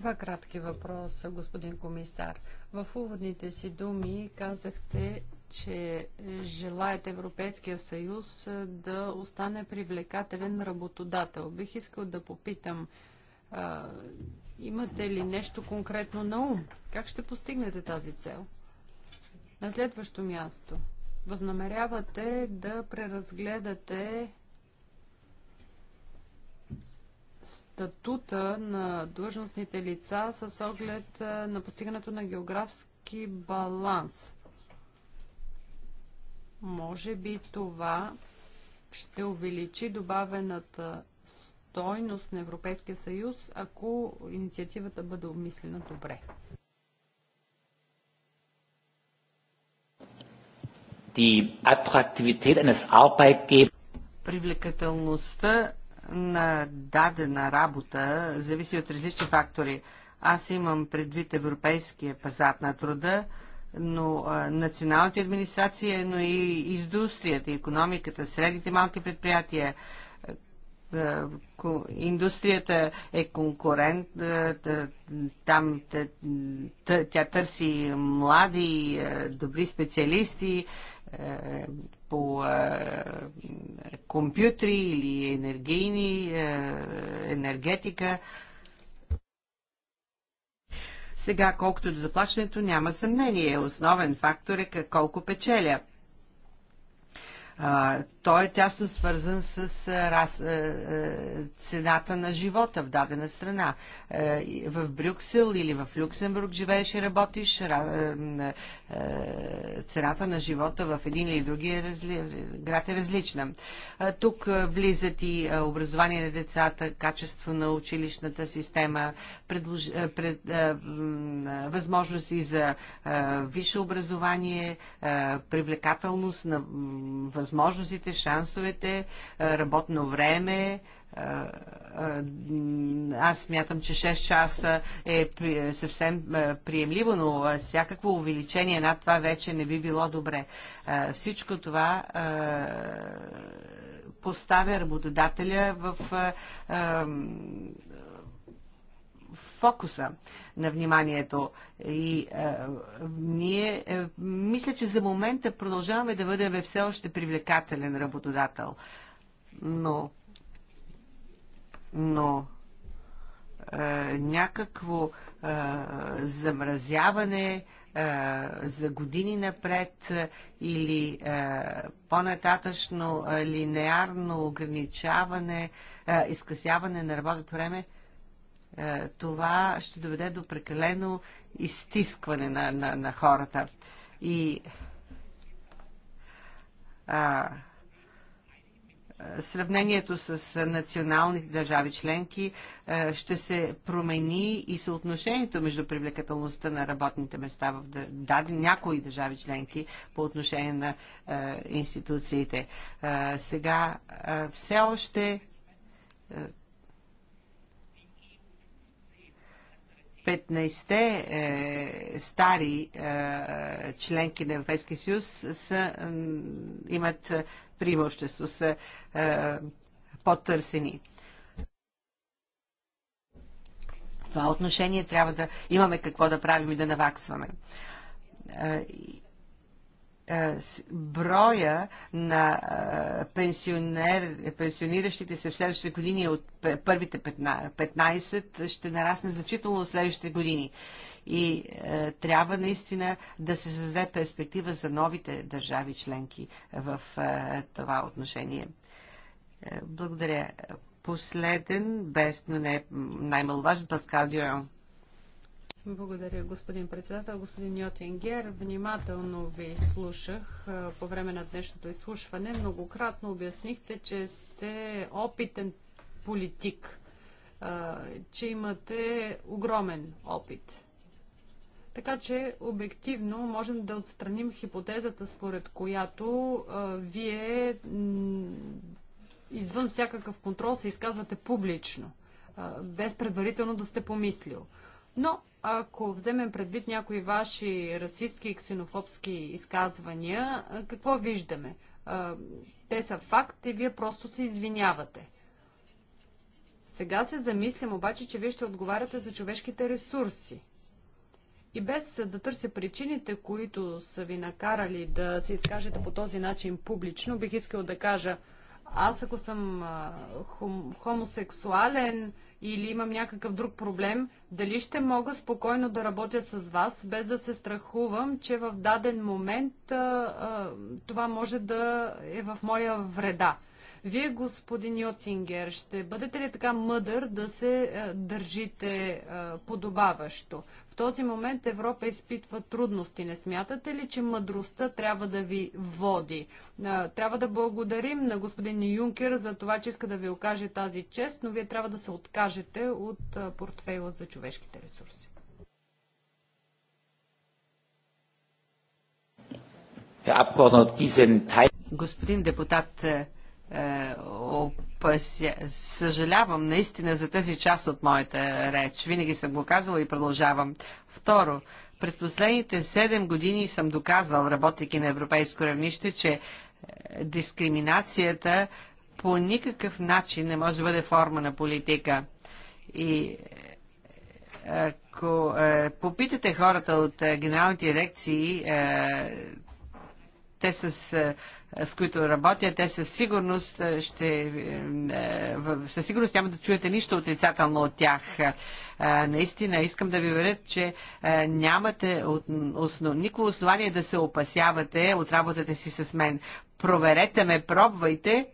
Два кратки въпроса, господин комисар. В уводните си думи казахте, че е, желаят Европейския съюз е, да остане привлекателен работодател. Бих искал да попитам, а, е, имате ли нещо конкретно на ум? Как ще постигнете тази цел? На следващо място. Възнамерявате да преразгледате статута на длъжностните лица с оглед на постигането на географски баланс. Може би това ще увеличи добавената стойност на Европейския съюз, ако инициативата бъде обмислена добре. Привлекателността на дадена работа зависи от различни фактори. Аз имам предвид европейския пазар на труда, но а, националните администрации, но и индустрията, економиката, средните малки предприятия, индустрията е конкурент, там тя търси млади, добри специалисти по компютри или енергийни, енергетика. Сега, колкото до заплащането, няма съмнение. Основен фактор е колко печеля а, той е тясно свързан с а, раз, а, цената на живота в дадена страна. А, в Брюксел или в Люксембург живееш и работиш, а, а, цената на живота в един или другия е разли, град е различна. А, тук влизат и образование на децата, качество на училищната система, предлож, пред, а, възможности за а, висше образование, а, привлекателност на възможностите, шансовете, е, работно време. Е, е, аз смятам, че 6 часа е съвсем приемливо, но всякакво увеличение над това вече не би било добре. Всичко това поставя работодателя в фокуса на вниманието. И е, ние, е, мисля, че за момента продължаваме да бъдем все още привлекателен работодател. Но, но е, някакво е, замразяване е, за години напред е, или е, по-нататъчно е, линеарно ограничаване, е, изкъсяване на работното време – е, това ще доведе до прекалено изтискване на, на, на хората. И а, сравнението с националните държави членки е, ще се промени и съотношението между привлекателността на работните места в даден някои държави членки по отношение на е, институциите. Сега все още 15-те е, стари е, членки на Европейския съюз са, е, имат преимущество, са е, по-търсени. В това отношение трябва да имаме какво да правим и да наваксваме. Е, броя на пенсионер, пенсиониращите се в следващите години от първите 15 ще нарасне значително в следващите години. И е, трябва наистина да се създаде перспектива за новите държави членки в е, това отношение. Е, благодаря. Последен, без, но не най-маловажен, Паскал Дюран. Благодаря, господин председател. Господин Йотингер, внимателно ви слушах по време на днешното изслушване. Многократно обяснихте, че сте опитен политик, че имате огромен опит. Така че обективно можем да отстраним хипотезата, според която вие извън всякакъв контрол се изказвате публично, без предварително да сте помислил. Но ако вземем предвид някои ваши расистски и ксенофобски изказвания, какво виждаме? Те са факт и вие просто се извинявате. Сега се замислям обаче, че вие ще отговаряте за човешките ресурси. И без да търся причините, които са ви накарали да се изкажете по този начин публично, бих искал да кажа – аз ако съм хом, хомосексуален или имам някакъв друг проблем, дали ще мога спокойно да работя с вас, без да се страхувам, че в даден момент а, а, това може да е в моя вреда. Вие, господин Йотингер, ще бъдете ли така мъдър да се е, държите е, подобаващо? В този момент Европа изпитва трудности. Не смятате ли, че мъдростта трябва да ви води? Е, трябва да благодарим на господин Юнкер за това, че иска да ви окаже тази чест, но вие трябва да се откажете от портфейла за човешките ресурси. Господин депутат, е, съжалявам наистина за тази част от моята реч. Винаги съм го казала и продължавам. Второ, през последните 7 години съм доказал, работейки на европейско равнище, че е, дискриминацията по никакъв начин не може да бъде форма на политика. И е, ако е, попитате хората от е, генералните дирекции, е, те с с които работя, те със сигурност е, ще е, е, със сигурност няма да чуете нищо отрицателно от тях. Наистина искам да ви верят, че нямате основ, никакво основание да се опасявате от работата си с мен. Проверете ме, пробвайте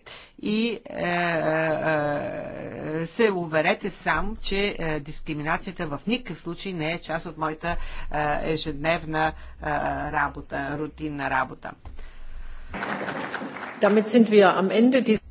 и е, е, се уверете сам, че дискриминацията в никакъв случай не е част от моята ежедневна работа, рутинна работа damit sind wir am ende dieser sitzung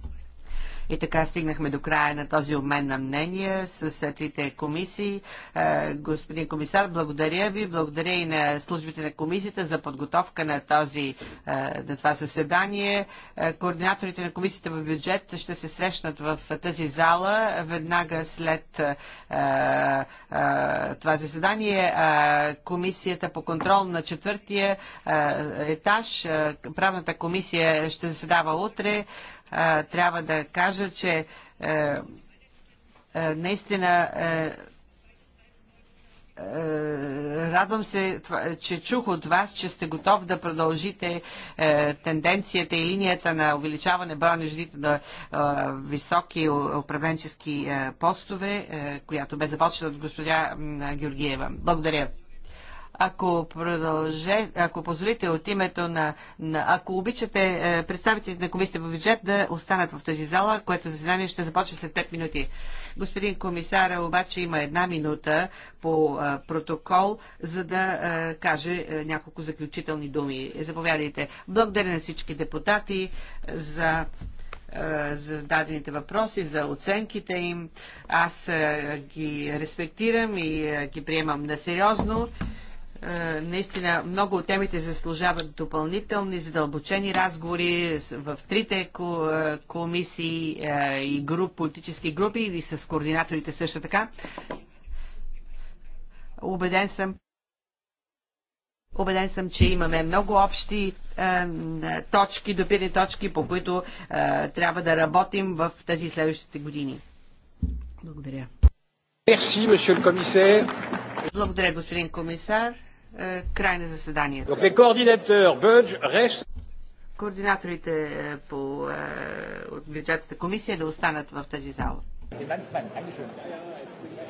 и така стигнахме до края на този обмен на мнения с трите комисии. Е, господин комисар, благодаря ви. Благодаря и на службите на комисията за подготовка на, този, е, на това съседание. Е, координаторите на комисията в бюджет ще се срещнат в тази зала веднага след това заседание. Комисията по контрол на четвъртия етаж, правната комисия ще заседава утре трябва да кажа, че е, е, наистина е, радвам се, че чух от вас, че сте готов да продължите тенденцията и линията на увеличаване броя на жените на високи управленчески постове, която бе започнала от господя Георгиева. Благодаря. Ако, продълже, ако позволите от името на, на ако обичате е, представителите на комисията по бюджет да останат в тази зала, което заседание ще започне след 5 минути. Господин комисар, обаче има една минута по е, протокол, за да е, каже няколко заключителни думи. Заповядайте. Благодаря на всички депутати за за дадените въпроси, за оценките им. Аз ги респектирам и ги приемам на сериозно. Е, наистина много от темите заслужават допълнителни, задълбочени разговори в трите е, комисии е, и груп, политически групи и с координаторите също така. Обеден съм, Обеден съм, че имаме много общи е, точки, допирни точки, по които е, трябва да работим в тези следващите години. Благодаря. Благодаря, господин комисар. Е, край на заседанието. Координаторите е, по, е, от бюджетната комисия да останат в тази зала.